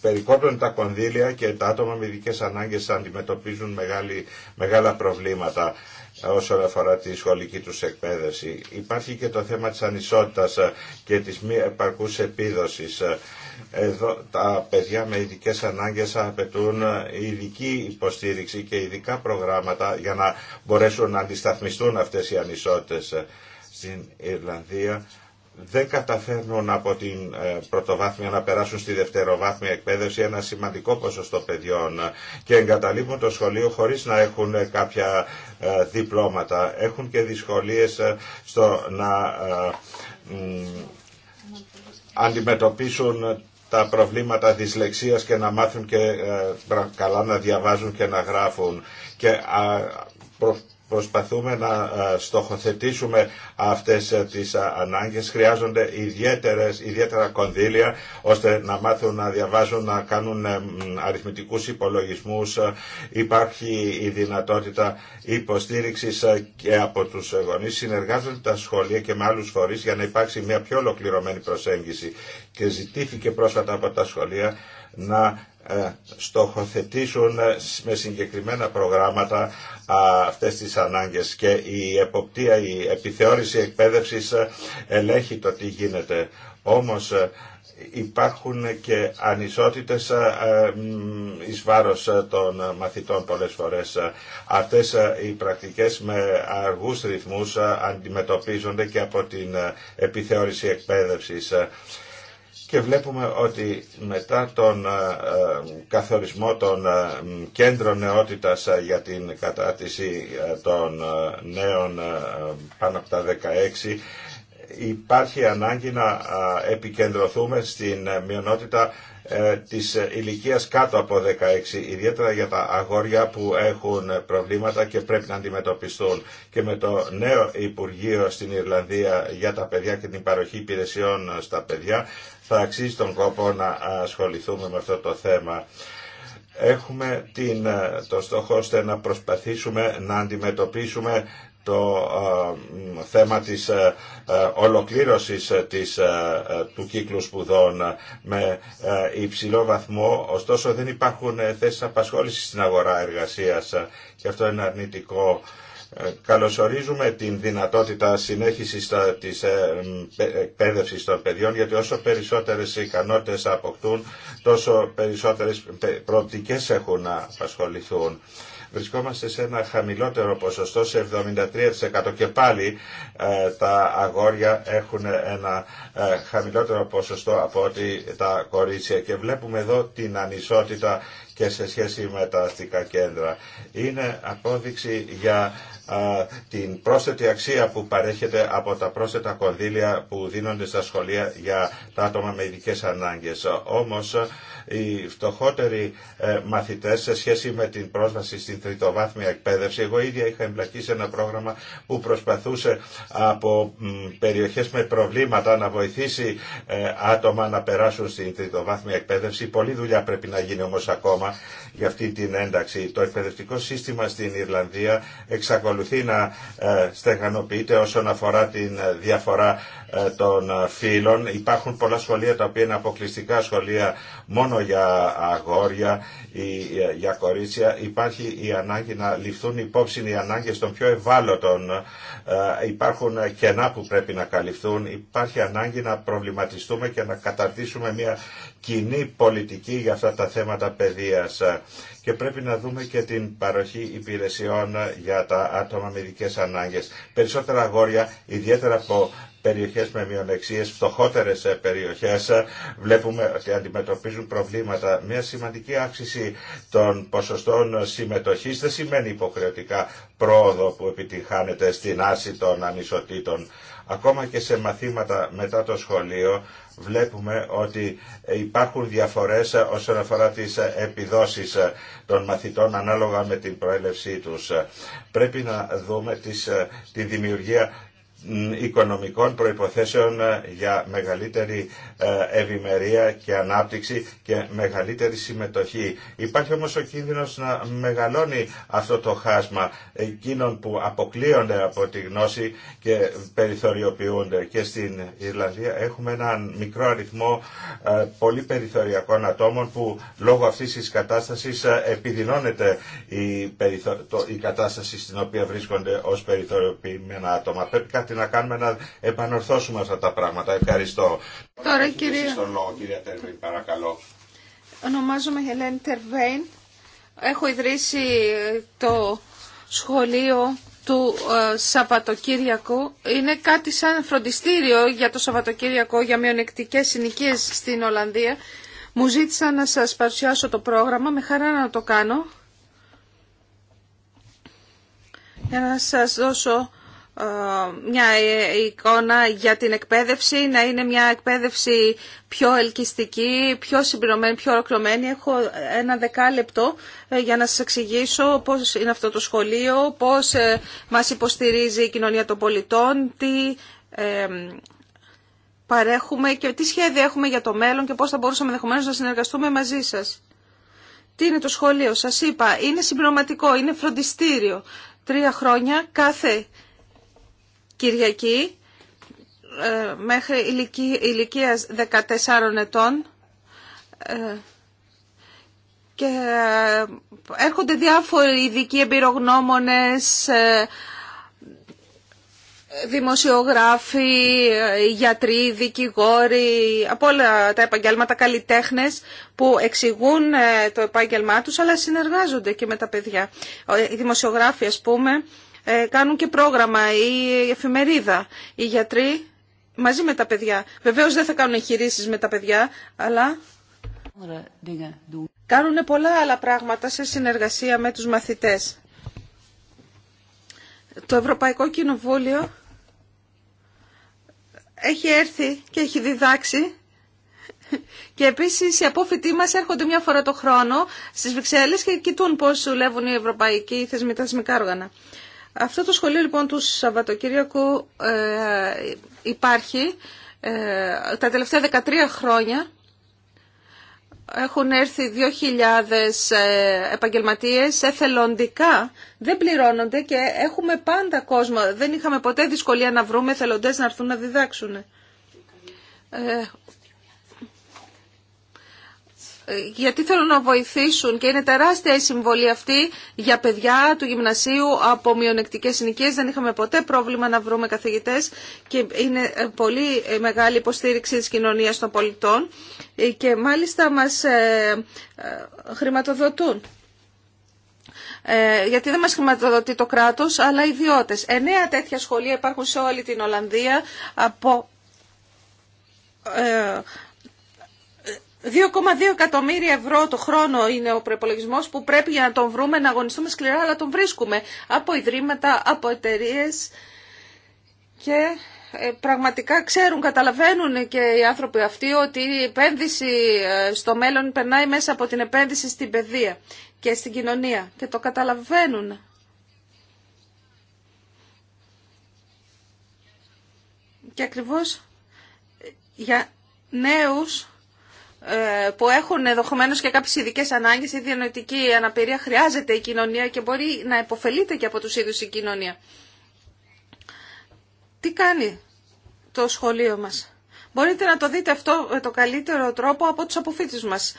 περικόπτουν τα κονδύλια και τα άτομα με ειδικέ ανάγκες αντιμετωπίζουν μεγάλη, μεγάλα προβλήματα όσον αφορά τη σχολική τους εκπαίδευση. Υπάρχει και το θέμα της ανισότητας ε, και της μη επαρκούς επίδοσης. Ε, εδώ τα παιδιά με ειδικέ ανάγκες απαιτούν ε, ειδική υποστήριξη και ειδικά προγράμματα για να μπορέσουν να αντισταθμιστούν αυτές οι ανισότητες στην Ιρλανδία δεν καταφέρνουν από την ε, πρωτοβάθμια να περάσουν στη δευτεροβάθμια εκπαίδευση ένα σημαντικό ποσοστό παιδιών και εγκαταλείπουν το σχολείο χωρίς να έχουν κάποια ε, διπλώματα. Έχουν και δυσκολίες ε, στο να αντιμετωπίσουν τα προβλήματα δυσλεξίας και να μάθουν και καλά να διαβάζουν και να γράφουν. Και προσπαθούμε να ε, στοχοθετήσουμε αυτές ε, τις ε, ανάγκες. Χρειάζονται ιδιαίτερες, ιδιαίτερα κονδύλια ώστε να μάθουν να διαβάζουν, να κάνουν αριθμητικούς υπολογισμούς. Υπάρχει η δυνατότητα υποστήριξης και από τους γονείς. Συνεργάζονται τα σχολεία και με άλλους φορείς για να υπάρξει μια πιο ολοκληρωμένη προσέγγιση. Και ζητήθηκε πρόσφατα από τα σχολεία να ε, στοχοθετήσουν ε, με συγκεκριμένα προγράμματα αυτές τις ανάγκες και η εποπτεία, η επιθεώρηση εκπαίδευσης ε, ελέγχει το τι γίνεται. Όμως υπάρχουν και ανισότητες εις βάρος των μαθητών πολλές φορές. Αυτές οι πρακτικές με αργούς ρυθμούς αντιμετωπίζονται και από την επιθεώρηση εκπαίδευσης και βλέπουμε ότι μετά τον ε, ε, καθορισμό των ε, κέντρων νεότητας για την κατάρτιση των νέων πάνω από τα 16 υπάρχει ανάγκη να επικεντρωθούμε στην μειονότητα ε, της ηλικίας κάτω από 16, ιδιαίτερα για τα αγόρια που έχουν προβλήματα και πρέπει να αντιμετωπιστούν. Και με το νέο Υπουργείο στην Ιρλανδία για τα παιδιά και την παροχή υπηρεσιών στα παιδιά θα αξίζει τον κόπο να ασχοληθούμε με αυτό το θέμα. Έχουμε την, ε, το στόχο ώστε να προσπαθήσουμε να αντιμετωπίσουμε το ε, θέμα της ε, ε, ολοκλήρωσης της, του κύκλου σπουδών με υψηλό βαθμό, ωστόσο δεν υπάρχουν θέσεις απασχόλησης στην αγορά εργασίας και αυτό είναι αρνητικό. Καλωσορίζουμε την δυνατότητα συνέχισης της εκπαίδευσης των παιδιών γιατί όσο περισσότερες ικανότητες αποκτούν τόσο περισσότερες προοπτικές έχουν να απασχοληθούν βρισκόμαστε σε ένα χαμηλότερο ποσοστό, σε 73% και πάλι ε, τα αγόρια έχουν ένα ε, χαμηλότερο ποσοστό από ότι τα κορίτσια και βλέπουμε εδώ την ανισότητα και σε σχέση με τα αστικά κέντρα. Είναι απόδειξη για ε, την πρόσθετη αξία που παρέχεται από τα πρόσθετα κονδύλια που δίνονται στα σχολεία για τα άτομα με ειδικές ανάγκες. Όμως οι φτωχότεροι ε, μαθητές σε σχέση με την πρόσβαση στην τριτοβάθμια εκπαίδευση. Εγώ ίδια είχα εμπλακεί σε ένα πρόγραμμα που προσπαθούσε από περιοχές με προβλήματα να βοηθήσει ε, άτομα να περάσουν στην τριτοβάθμια εκπαίδευση. Πολλή δουλειά πρέπει να γίνει όμως ακόμα για αυτή την ένταξη. Το εκπαιδευτικό σύστημα στην Ιρλανδία εξακολουθεί να ε, στεγανοποιείται όσον αφορά την διαφορά των φύλων. Υπάρχουν πολλά σχολεία τα οποία είναι αποκλειστικά σχολεία μόνο για αγόρια ή για κορίτσια. Υπάρχει η ανάγκη να ληφθούν υπόψη οι ανάγκες των πιο ευάλωτων. Ε, υπάρχουν κενά που πρέπει να καλυφθούν. Υπάρχει ανάγκη να προβληματιστούμε και να καταρτήσουμε μια κοινή πολιτική για αυτά τα θέματα παιδείας και πρέπει να δούμε και την παροχή υπηρεσιών για τα άτομα με ειδικές ανάγκες. Περισσότερα αγόρια, ιδιαίτερα από περιοχές με μειονεξίες, φτωχότερες ε, περιοχές ε, βλέπουμε ότι αντιμετωπίζουν προβλήματα. Μια σημαντική αύξηση των ποσοστών συμμετοχής δεν σημαίνει υποχρεωτικά πρόοδο που επιτυγχάνεται στην άση των ανισοτήτων. Ακόμα και σε μαθήματα μετά το σχολείο βλέπουμε ότι υπάρχουν διαφορές ε, όσον αφορά τις επιδόσεις των μαθητών ανάλογα με την προέλευσή τους. Πρέπει να δούμε τη δημιουργία οικονομικών προϋποθέσεων ε, για μεγαλύτερη ε, ευημερία και ανάπτυξη και μεγαλύτερη συμμετοχή. Υπάρχει όμως ο κίνδυνος να μεγαλώνει αυτό το χάσμα εκείνων που αποκλείονται από τη γνώση και περιθωριοποιούνται. Και στην Ιρλανδία έχουμε έναν μικρό αριθμό ε, πολύ περιθωριακών ατόμων που λόγω αυτής της κατάστασης επιδεινώνεται η, κατάσταση στην οποία βρίσκονται ως περιθωριοποιημένα άτομα. Πρέπει να κάνουμε να επανορθώσουμε αυτά τα πράγματα. Ευχαριστώ. Τώρα κύριε... λόγο, Τερβέιν, παρακαλώ. Ονομάζομαι Ελένη Τερβέιν. Έχω ιδρύσει ε, το σχολείο του ε, Σαββατοκύριακου. Είναι κάτι σαν φροντιστήριο για το Σαββατοκύριακο για μειονεκτικέ συνοικίες στην Ολλανδία. Μου ζήτησαν να σας παρουσιάσω το πρόγραμμα, με χαρά να το κάνω. Για να σας δώσω ε, μια ε, εικόνα για την εκπαίδευση, να είναι μια εκπαίδευση πιο ελκυστική, πιο συμπληρωμένη, πιο ολοκληρωμένη. Έχω ένα δεκάλεπτο ε, για να σας εξηγήσω πώς είναι αυτό το σχολείο, πώς μας υποστηρίζει η κοινωνία των πολιτών, τι παρέχουμε και τι σχέδια έχουμε για το μέλλον και πώς θα μπορούσαμε ενδεχομένω να συνεργαστούμε μαζί σας. Τι είναι το σχολείο, σας είπα, είναι συμπληρωματικό, είναι φροντιστήριο. Τρία χρόνια κάθε Κυριακή ε, μέχρι ηλικίας 14 ετών ε, και ε, έρχονται διάφοροι ειδικοί εμπειρογνώμονες, δημοσιογράφοι, γιατροί, δικηγόροι, από όλα τα επαγγέλματα, καλλιτέχνες που εξηγούν το επάγγελμά τους αλλά συνεργάζονται και με τα παιδιά. Οι δημοσιογράφοι ας πούμε ε, κάνουν και πρόγραμμα ή εφημερίδα. Οι γιατροί μαζί με τα παιδιά. Βεβαίως δεν θα κάνουν εγχειρήσει με τα παιδιά, αλλά κάνουν πολλά άλλα πράγματα σε συνεργασία με τους μαθητές. Το Ευρωπαϊκό Κοινοβούλιο έχει έρθει και έχει διδάξει και επίσης οι απόφοιτοί μας έρχονται μια φορά το χρόνο στις Βρυξέλλες και κοιτούν πώς δουλεύουν οι ευρωπαϊκοί θεσμικά όργανα. Αυτό το σχολείο λοιπόν του Σαββατοκύριακου ε, υπάρχει ε, τα τελευταία 13 χρόνια. Έχουν έρθει 2.000 ε, επαγγελματίες εθελοντικά, δεν πληρώνονται και έχουμε πάντα κόσμο. Δεν είχαμε ποτέ δυσκολία να βρούμε εθελοντές να έρθουν να διδάξουν. Ε, γιατί θέλουν να βοηθήσουν και είναι τεράστια η συμβολή αυτή για παιδιά του γυμνασίου από μειονεκτικέ συνοικίε. Δεν είχαμε ποτέ πρόβλημα να βρούμε καθηγητέ και είναι πολύ μεγάλη υποστήριξη τη κοινωνία των πολιτών και μάλιστα μα ε, ε, χρηματοδοτούν. Ε, γιατί δεν μας χρηματοδοτεί το κράτος, αλλά ιδιώτες. Εννέα τέτοια σχολεία υπάρχουν σε όλη την Ολλανδία από 2,2 εκατομμύρια ευρώ το χρόνο είναι ο προπολογισμό που πρέπει για να τον βρούμε, να αγωνιστούμε σκληρά, αλλά τον βρίσκουμε από ιδρύματα, από εταιρείε και ε, πραγματικά ξέρουν, καταλαβαίνουν και οι άνθρωποι αυτοί ότι η επένδυση ε, στο μέλλον περνάει μέσα από την επένδυση στην παιδεία και στην κοινωνία και το καταλαβαίνουν. Και ακριβώς ε, για νέους ε, που έχουν ενδεχομένω και κάποιε ειδικέ ανάγκε ή διανοητική αναπηρία χρειάζεται η κοινωνία και μπορεί να υποφελείται και από του ίδιου η κοινωνία. Τι κάνει το σχολείο μας. Μπορείτε να το δείτε αυτό με το καλύτερο τρόπο από τους αποφύτου μας.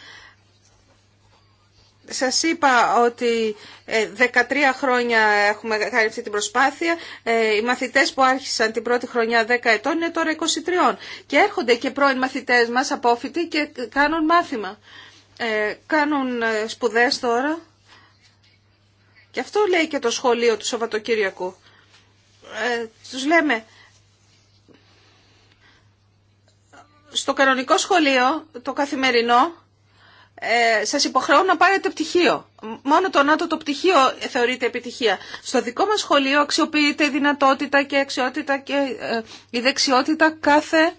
Σας είπα ότι 13 ε, χρόνια έχουμε κάνει αυτή την προσπάθεια. Ε, οι μαθητές που άρχισαν την πρώτη χρονιά 10 ετών είναι τώρα 23. Και έρχονται και πρώην μαθητές μας, απόφοιτοι, και κάνουν μάθημα. Ε, κάνουν σπουδές τώρα. Και αυτό λέει και το σχολείο του Σαββατοκύριακου. Τους λέμε... Στο κανονικό σχολείο, το καθημερινό, ε, σας υποχρεώ να πάρετε πτυχίο. Μόνο το ΝΑΤΟ το πτυχίο θεωρείται επιτυχία. Στο δικό μας σχολείο αξιοποιείται η δυνατότητα και η αξιότητα και ε, η δεξιότητα κάθε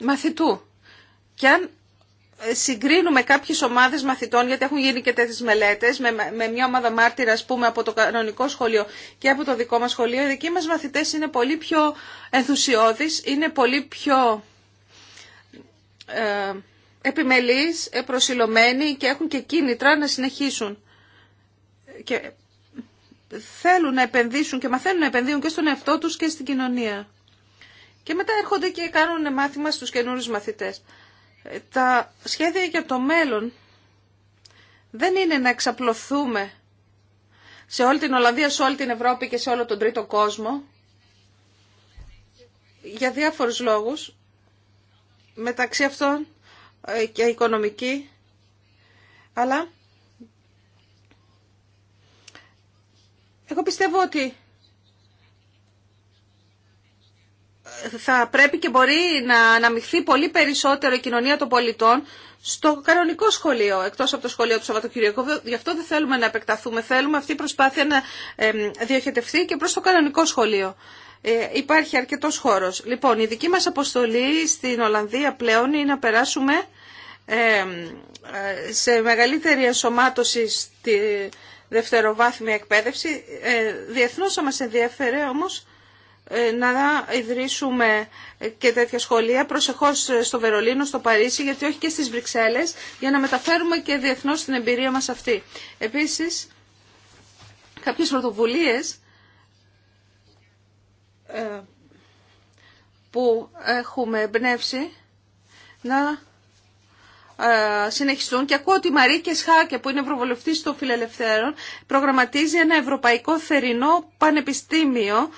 μαθητού. Και αν ε, συγκρίνουμε κάποιες ομάδες μαθητών, γιατί έχουν γίνει και τέτοιες μελέτες, με, με μια ομάδα μάρτυρα, ας πούμε, από το κανονικό σχολείο και από το δικό μας σχολείο, οι δικοί μας μαθητές είναι πολύ πιο ενθουσιώδεις, είναι πολύ πιο ε, επιμελείς, ε, προσιλωμένοι και έχουν και κίνητρα να συνεχίσουν. Και θέλουν να επενδύσουν και μαθαίνουν να επενδύουν και στον εαυτό τους και στην κοινωνία. Και μετά έρχονται και κάνουν μάθημα στους καινούριους μαθητές. Ε, τα σχέδια για το μέλλον δεν είναι να εξαπλωθούμε σε όλη την Ολλανδία, σε όλη την Ευρώπη και σε όλο τον τρίτο κόσμο για διάφορους λόγους μεταξύ αυτών ε, και οικονομική, αλλά εγώ πιστεύω ότι ε, θα πρέπει και μπορεί να αναμειχθεί πολύ περισσότερο η κοινωνία των πολιτών στο κανονικό σχολείο, εκτός από το σχολείο του Σαββατοκυριακού. Γι' αυτό δεν θέλουμε να επεκταθούμε. Θέλουμε αυτή η προσπάθεια να ε, διοχετευτεί και προς το κανονικό σχολείο. Ε, υπάρχει αρκετός χώρος. Λοιπόν, η δική μας αποστολή στην Ολλανδία πλέον είναι να περάσουμε ε, ε, σε μεγαλύτερη ενσωμάτωση στη δευτεροβάθμια εκπαίδευση. Διεθνώς θα μας ενδιαφέρε όμως να ιδρύσουμε και τέτοια σχολεία προσεχώς στο Βερολίνο, στο Παρίσι, γιατί όχι και στις Βρυξέλλες, για να μεταφέρουμε και διεθνώς την εμπειρία μας αυτή. Επίσης, κάποιες πρωτοβουλίες ε, που έχουμε εμπνεύσει να ε, συνεχιστούν και ακούω ότι η Μαρή που είναι ευρωβολευτής των Φιλελευθέρων προγραμματίζει ένα ευρωπαϊκό θερινό πανεπιστήμιο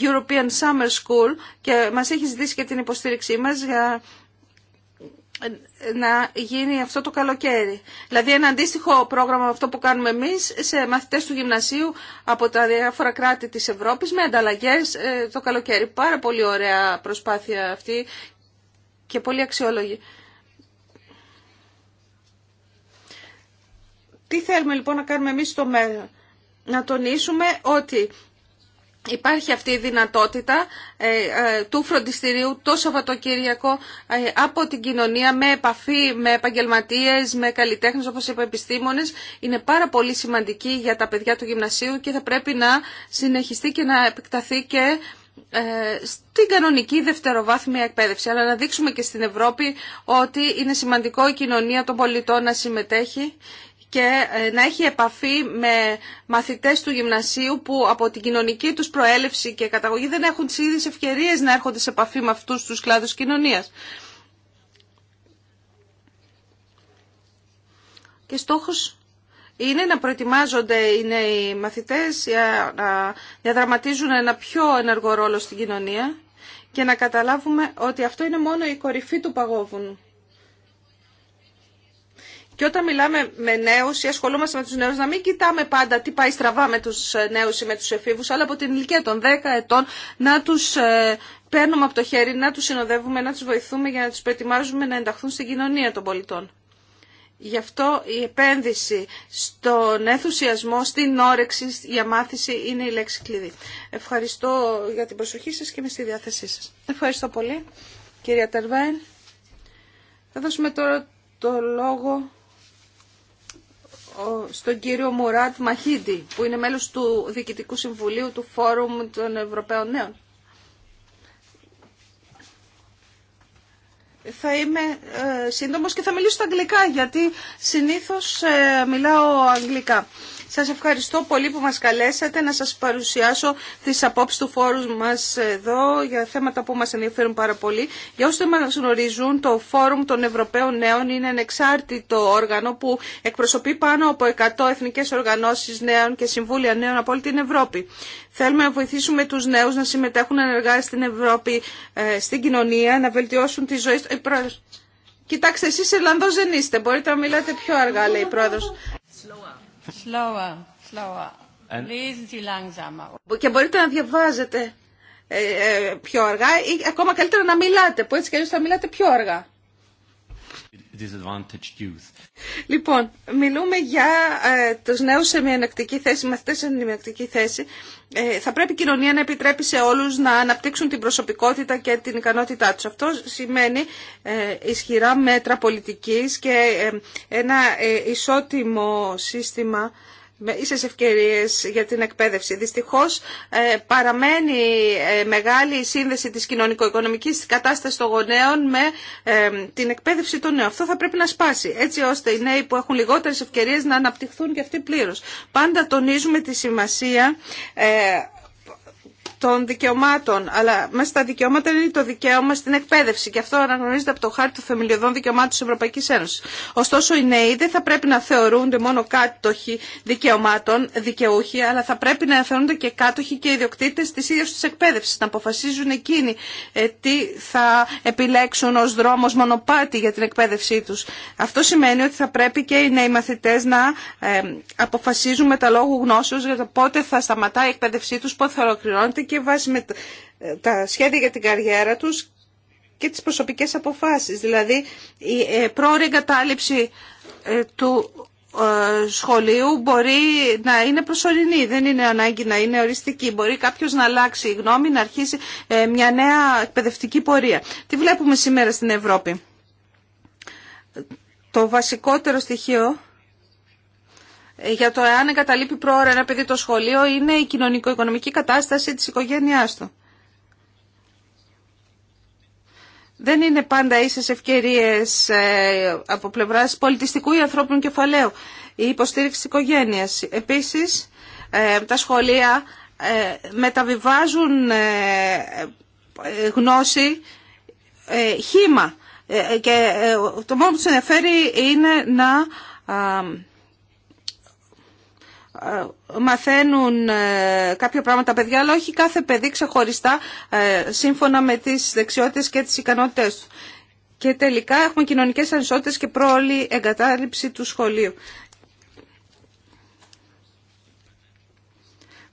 European Summer School και μας έχει ζητήσει και την υποστήριξή μας για να γίνει αυτό το καλοκαίρι. Δηλαδή ένα αντίστοιχο πρόγραμμα αυτό που κάνουμε εμείς σε μαθητές του γυμνασίου από τα διάφορα κράτη της Ευρώπης με ανταλλαγές ε, το καλοκαίρι. Πάρα πολύ ωραία προσπάθεια αυτή και πολύ αξιόλογη. Τι θέλουμε λοιπόν να κάνουμε εμείς στο μέλλον. Να τονίσουμε ότι Υπάρχει αυτή η δυνατότητα ε, ε, του φροντιστηρίου το Σαββατοκύριακο ε, από την κοινωνία με επαφή με επαγγελματίες, με καλλιτέχνες όπως είπα επιστήμονες. Είναι πάρα πολύ σημαντική για τα παιδιά του γυμνασίου και θα πρέπει να συνεχιστεί και να επεκταθεί και στην κανονική δευτεροβάθμια εκπαίδευση. Αλλά να δείξουμε και στην Ευρώπη ότι είναι σημαντικό η κοινωνία των πολιτών να συμμετέχει και ε, να έχει επαφή με μαθητές του γυμνασίου που από την κοινωνική τους προέλευση και καταγωγή δεν έχουν τις ίδιες ευκαιρίες να έρχονται σε επαφή με αυτούς τους κλάδους κοινωνίας. Και στόχος είναι να προετοιμάζονται οι νέοι μαθητές για να διαδραματίζουν ένα πιο ενεργό ρόλο στην κοινωνία και να καταλάβουμε ότι αυτό είναι μόνο η κορυφή του παγόβουνου. Και όταν μιλάμε με νέου, ή ασχολούμαστε με του νέου, να μην κοιτάμε πάντα τι πάει στραβά με του ε, νέου ή με του εφήβους, αλλά από την ηλικία των 10 ετών να τους ε, παίρνουμε από το χέρι, να του συνοδεύουμε, να του βοηθούμε για να του προετοιμάζουμε να ενταχθούν στην κοινωνία των πολιτών. Γι' αυτό η επένδυση στον ενθουσιασμό, στην όρεξη για μάθηση είναι η λέξη κλειδί. Ευχαριστώ για την προσοχή σας και με στη διάθεσή σας. Ευχαριστώ πολύ, κυρία Τερβάιν. Θα δώσουμε τώρα το λόγο στον κύριο Μουράτ Μαχίδη, που είναι μέλος του Διοικητικού Συμβουλίου του Φόρουμ των Ευρωπαίων Νέων. Θα είμαι ε, σύντομος και θα μιλήσω στα αγγλικά, γιατί συνήθως ε, μιλάω αγγλικά. Σας ευχαριστώ πολύ που μας καλέσατε να σας παρουσιάσω τις απόψεις του φόρου μας εδώ για θέματα που μας ενδιαφέρουν πάρα πολύ. Για όσους δεν μας γνωρίζουν, το Φόρουμ των Ευρωπαίων Νέων είναι ένα εξάρτητο όργανο που εκπροσωπεί πάνω από 100 εθνικές οργανώσεις νέων και συμβούλια νέων από όλη την Ευρώπη. Θέλουμε να βοηθήσουμε τους νέους να συμμετέχουν ενεργά στην Ευρώπη, ε, στην κοινωνία, να βελτιώσουν τη ζωή... Ε, Κοιτάξτε, εσείς Ιρλανδός δεν είστε. Μπορείτε να μιλάτε πιο αργά, λέει η πρόεδρος. Slower, slower. Και μπορείτε να διαβάζετε ε, ε, πιο αργά ή ακόμα καλύτερα να μιλάτε, που έτσι και αλλιώς θα μιλάτε πιο αργά youth. Λοιπόν, μιλούμε για ε, τους νέους σε μειονεκτική θέση, μαθητές σε μειονεκτική θέση. Ε, θα πρέπει η κοινωνία να επιτρέπει σε όλους να αναπτύξουν την προσωπικότητα και την ικανότητά τους. Αυτό σημαίνει ε, ισχυρά μέτρα πολιτικής και ε, ένα ισότιμο σύστημα με ίσες ευκαιρίες για την εκπαίδευση. Δυστυχώς ε, παραμένει ε, μεγάλη η σύνδεση της κοινωνικο-οικονομικής κατάστασης των γονέων με ε, την εκπαίδευση των νέων. Αυτό θα πρέπει να σπάσει, έτσι ώστε οι νέοι που έχουν λιγότερες ευκαιρίες να αναπτυχθούν και αυτοί πλήρως. Πάντα τονίζουμε τη σημασία των δικαιωμάτων, αλλά μέσα στα δικαιώματα είναι το δικαίωμα στην εκπαίδευση και αυτό αναγνωρίζεται από το χάρτη των θεμελιωδών δικαιωμάτων τη Ευρωπαϊκή Ένωση. Ωστόσο οι νέοι δεν θα πρέπει να θεωρούνται μόνο κάτοχοι δικαιωμάτων, δικαιούχοι, αλλά θα πρέπει να θεωρούνται και κάτοχοι και ιδιοκτήτε τη ίδια τη εκπαίδευση, να αποφασίζουν εκείνοι ε, τι θα επιλέξουν ω δρόμο μονοπάτι για την εκπαίδευσή του. Αυτό σημαίνει ότι θα πρέπει και οι νέοι μαθητέ να ε, αποφασίζουν με τα λόγου γνώσεω για το πότε θα σταματάει η εκπαίδευσή του πότε θα ολοκληρώνεται και βάση με τα σχέδια για την καριέρα τους και τις προσωπικές αποφάσεις. Δηλαδή η ε, πρόορη εγκατάλειψη ε, του ε, σχολείου μπορεί να είναι προσωρινή, δεν είναι ανάγκη να είναι οριστική. Μπορεί κάποιος να αλλάξει η γνώμη, να αρχίσει μια νέα εκπαιδευτική πορεία. Τι βλέπουμε σήμερα στην Ευρώπη. Το βασικότερο στοιχείο για το εάν εγκαταλείπει πρόωρα ένα παιδί το σχολείο είναι η κοινωνικο-οικονομική κατάσταση της οικογένειάς του. Δεν είναι πάντα ίσες ευκαιρίες ε, από πλευράς πολιτιστικού ή ανθρώπινου κεφαλαίου η υποστήριξη της οικογένειας. Επίσης, ε, τα σχολεία ε, μεταβιβάζουν γνώση χήμα και το μόνο που τους ενδιαφέρει είναι να ε, μαθαίνουν ε, κάποια πράγματα παιδιά, αλλά όχι κάθε παιδί ξεχωριστά ε, σύμφωνα με τις δεξιότητες και τις ικανότητες του. Και τελικά έχουμε κοινωνικές ανισότητες και πρόλη εγκατάλειψη του σχολείου.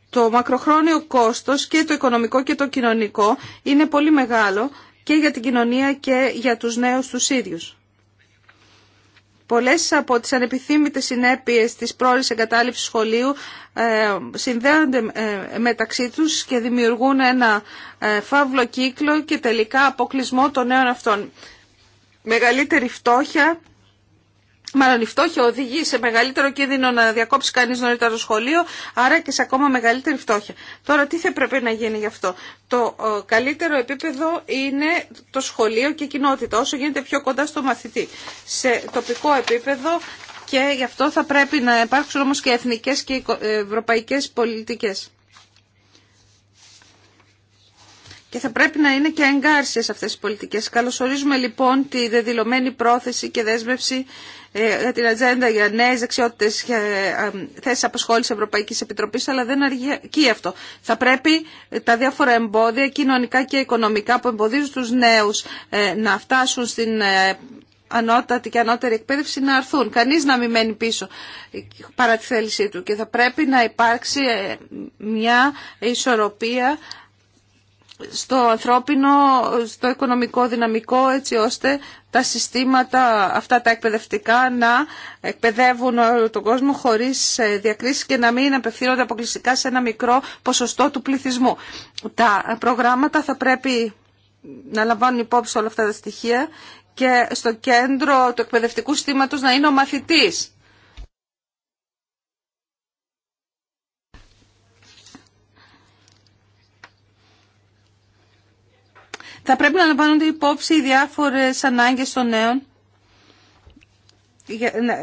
Το μακροχρόνιο κόστος και το οικονομικό και το κοινωνικό είναι πολύ μεγάλο και για την κοινωνία και για τους νέους τους ίδιους. Πολλέ από τις ανεπιθύμητε συνέπειε της πρώτη εγκατάλειψη σχολείου ε, συνδέονται ε, μεταξύ τους και δημιουργούν ένα ε, φαύλο κύκλο και τελικά αποκλεισμό των νέων αυτών. Μεγαλύτερη φτώχεια, Μάλλον η φτώχεια οδηγεί σε μεγαλύτερο κίνδυνο να διακόψει κανεί νωρίτερα το σχολείο, άρα και σε ακόμα μεγαλύτερη φτώχεια. Τώρα, τι θα πρέπει να γίνει γι' αυτό. Το ε, καλύτερο επίπεδο είναι το σχολείο και η κοινότητα, όσο γίνεται πιο κοντά στο μαθητή. Σε τοπικό επίπεδο και γι' αυτό θα πρέπει να υπάρξουν όμω και εθνικέ και ε, ευρωπαϊκέ πολιτικέ. και θα πρέπει να είναι και εγκάρσιες αυτές οι πολιτικές. Καλωσορίζουμε λοιπόν τη δεδηλωμένη πρόθεση και δέσμευση για ε, ε, την ατζέντα για νέε δεξιότητε και ε, θέσει απασχόληση Ευρωπαϊκή Επιτροπή, αλλά δεν αργεί αυτό. Θα πρέπει τα διάφορα εμπόδια κοινωνικά και οικονομικά που εμποδίζουν του νέου να φτάσουν στην ανώτατη και ανώτερη εκπαίδευση να αρθούν. Κανείς να μην μένει πίσω παρά τη θέλησή του. Και θα πρέπει να υπάρξει μια ισορροπία στο ανθρώπινο, στο οικονομικό δυναμικό έτσι ώστε τα συστήματα αυτά τα εκπαιδευτικά να εκπαιδεύουν όλο τον κόσμο χωρίς ε, διακρίσεις και να μην απευθύνονται αποκλειστικά σε ένα μικρό ποσοστό του πληθυσμού. Τα προγράμματα θα πρέπει να λαμβάνουν υπόψη όλα αυτά τα στοιχεία και στο κέντρο του εκπαιδευτικού συστήματος να είναι ο μαθητής Θα πρέπει να λαμβάνονται υπόψη οι διάφορες ανάγκες των νέων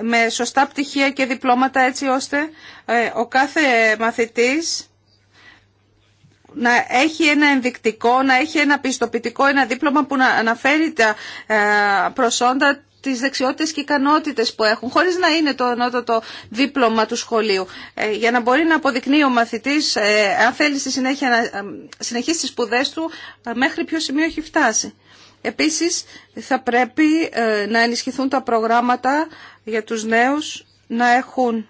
με σωστά πτυχία και διπλώματα έτσι ώστε ε, ο κάθε μαθητής να έχει ένα ενδεικτικό, να έχει ένα πιστοποιητικό, ένα δίπλωμα που να αναφέρει τα ε, προσόντα τις δεξιότητες και ικανότητες που έχουν, χωρίς να είναι το ανώτατο δίπλωμα του σχολείου. Ε, για να μπορεί να αποδεικνύει ο μαθητής, ε, αν θέλει στη συνέχεια να ε, συνεχίσει τις σπουδές του, μέχρι ποιο σημείο έχει φτάσει. Επίσης, θα πρέπει να ενισχυθούν τα προγράμματα για τους νέους να έχουν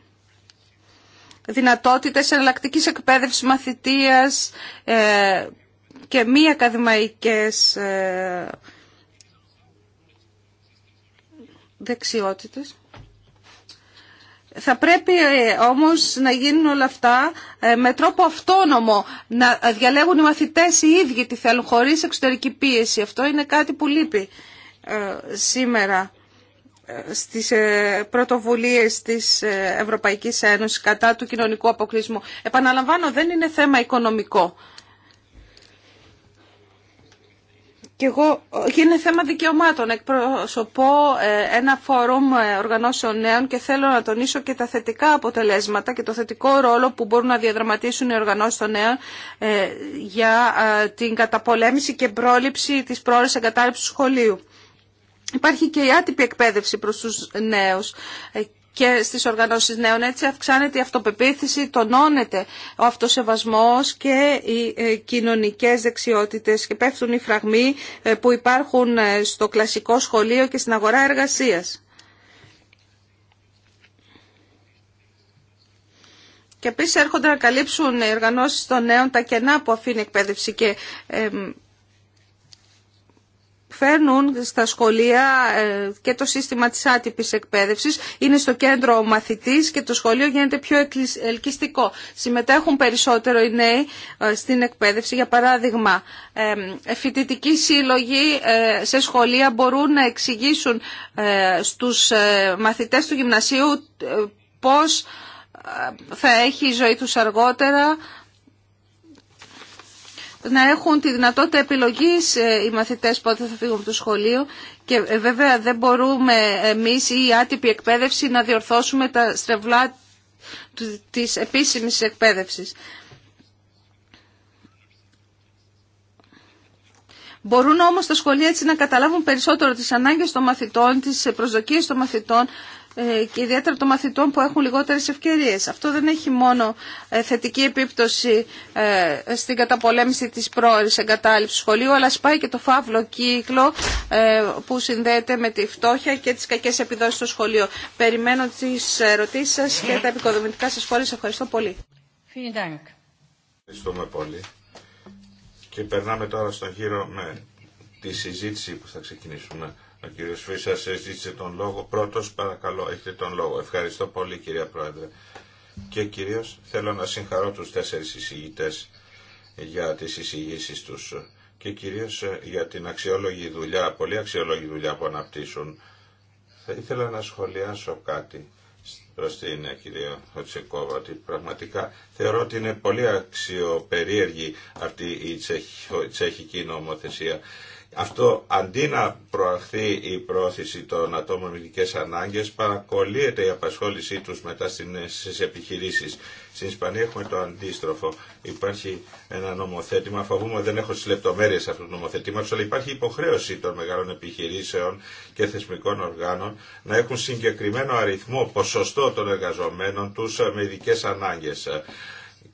δυνατότητες εναλλακτικής εκπαίδευσης μαθητείας και μη ακαδημαϊκές δεξιότητες. Θα πρέπει ε, όμως να γίνουν όλα αυτά ε, με τρόπο αυτόνομο, να διαλέγουν οι μαθητές οι ίδιοι τι θέλουν, χωρίς εξωτερική πίεση. Αυτό είναι κάτι που λείπει ε, σήμερα στις πρωτοβουλίες της Ευρωπαϊκής Ένωσης κατά του κοινωνικού αποκλεισμού. Επαναλαμβάνω, δεν είναι θέμα οικονομικό. Και εγώ, είναι θέμα δικαιωμάτων, εκπροσωπώ ε, ένα φόρουμ ε, οργανώσεων νέων και θέλω να τονίσω και τα θετικά αποτελέσματα και το θετικό ρόλο που μπορούν να διαδραματίσουν οι οργανώσεις των νέων ε, για την καταπολέμηση και πρόληψη της πρόορης εγκατάλειψης του σχολείου. Υπάρχει και η άτυπη εκπαίδευση προς τους νέους και στις οργανώσεις νέων. Έτσι αυξάνεται η αυτοπεποίθηση, τονώνεται ο αυτοσεβασμός και οι ε, κοινωνικές δεξιότητες και πέφτουν οι φραγμοί ε, που υπάρχουν ε, στο κλασικό σχολείο και στην αγορά εργασίας. Και επίση έρχονται να καλύψουν οι οργανώσει των νέων τα κενά που αφήνει η εκπαίδευση και φέρνουν στα σχολεία ε, και το σύστημα της άτυπης εκπαίδευσης είναι στο κέντρο ο μαθητής και το σχολείο γίνεται πιο ελκυστικό. Συμμετέχουν περισσότερο οι νέοι ε, στην εκπαίδευση. Για παράδειγμα, ε, φοιτητικοί σύλλογοι σε σχολεία μπορούν να εξηγήσουν στους μαθητές του γυμνασίου πώς θα έχει η ζωή τους αργότερα, να έχουν τη δυνατότητα επιλογής ε, οι μαθητές πότε θα φύγουν από το σχολείο και ε, βέβαια δεν μπορούμε εμείς ή η άτυπη εκπαίδευση να διορθώσουμε τα στρεβλά της επίσημης εκπαίδευσης. Μπορούν όμως τα σχολεία έτσι να καταλάβουν περισσότερο τις ανάγκες των μαθητών, τις προσδοκίες των μαθητών ε, και ιδιαίτερα των μαθητών που έχουν λιγότερες ευκαιρίες. Αυτό δεν έχει μόνο ε, θετική επίπτωση ε, στην καταπολέμηση της πρόορης εγκατάλειψης σχολείου, αλλά σπάει και το φαύλο κύκλο που συνδέεται με τη φτώχεια και τις κακές επιδόσεις στο σχολείο. Περιμένω τις ερωτήσεις σας και τα επικοδομητικά σας σχόλια. ευχαριστώ πολύ. Ευχαριστούμε πολύ. Και περνάμε τώρα στο γύρο με τη συζήτηση που θα ξεκινήσουμε. Ο κύριος Φίσα ζήτησε τον λόγο. Πρώτος παρακαλώ έχετε τον λόγο. Ευχαριστώ πολύ κυρία Πρόεδρε. Και κυρίως θέλω να συγχαρώ τους τέσσερις εισηγητές για τις εισηγήσεις τους και κυρίως για την αξιόλογη δουλειά, πολύ αξιόλογη δουλειά που αναπτύσσουν. Θα ήθελα να σχολιάσω κάτι προς την ε, κυρία Χωτσικόβα, ότι πραγματικά θεωρώ ότι είναι πολύ αξιοπερίεργη αυτή η τσεχική νομοθεσία αυτό αντί να προαχθεί η πρόθεση των ατόμων με ειδικές ανάγκες παρακολύεται η απασχόλησή τους μετά στις επιχειρήσεις. Στην Ισπανία έχουμε το αντίστροφο. Υπάρχει ένα νομοθέτημα, φοβούμαι δεν έχω τις λεπτομέρειες αυτού του νομοθετήματος, αλλά υπάρχει υποχρέωση των μεγάλων επιχειρήσεων και θεσμικών οργάνων να έχουν συγκεκριμένο αριθμό, ποσοστό των εργαζομένων τους με ειδικές ανάγκες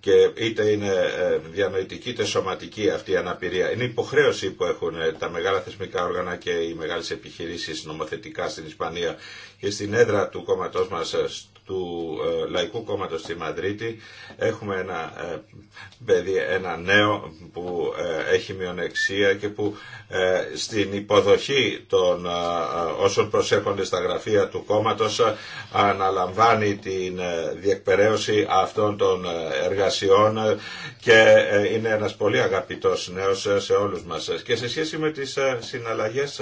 και είτε είναι ε, διανοητική είτε σωματική αυτή η αναπηρία. Είναι υποχρέωση που έχουν ε, τα μεγάλα θεσμικά όργανα και οι μεγάλες επιχειρήσεις νομοθετικά στην Ισπανία και στην έδρα του κόμματός μας ε, του ε, Λαϊκού Κόμματος στη Μαδρίτη έχουμε ένα ε, παιδί, ένα νέο που ε, έχει μειονεξία και που στην υποδοχή των όσων προσέρχονται στα γραφεία του κόμματος αναλαμβάνει την διεκπαιρέωση αυτών των εργασιών και είναι ένας πολύ αγαπητός νέος σε όλους μας και σε σχέση με τις συναλλαγές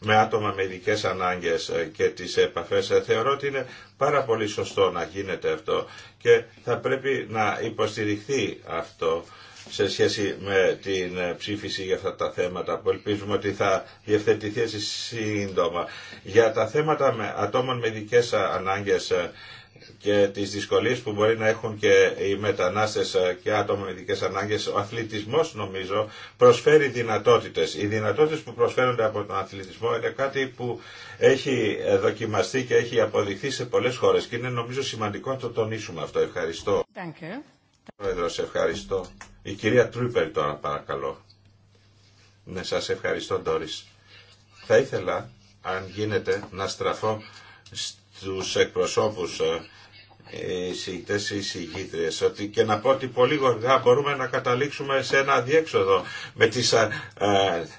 με άτομα με ειδικέ ανάγκες και τις επαφές θεωρώ ότι είναι πάρα πολύ σωστό να γίνεται αυτό και θα πρέπει να υποστηριχθεί αυτό σε σχέση με την ψήφιση για αυτά τα θέματα που ελπίζουμε ότι θα διευθετηθεί σύντομα. Για τα θέματα με ατόμων με ειδικέ ανάγκες και τις δυσκολίες που μπορεί να έχουν και οι μετανάστες ε, και άτομα με ειδικές ανάγκες, ο αθλητισμός νομίζω προσφέρει δυνατότητες. Οι δυνατότητες που προσφέρονται από τον αθλητισμό είναι κάτι που έχει ε, δοκιμαστεί και έχει αποδειχθεί σε πολλές χώρες και είναι νομίζω σημαντικό να το τονίσουμε αυτό. Ευχαριστώ. Thank ευχαριστώ. Η κυρία Τρούπερ τώρα παρακαλώ. Ναι, σας ευχαριστώ Ντόρις. Θα ήθελα, αν γίνεται, να στραφώ στους εκπροσώπους ε, εισηγητές ή ότι και να πω ότι πολύ γοργά μπορούμε να καταλήξουμε σε ένα διέξοδο με τις ε, ε,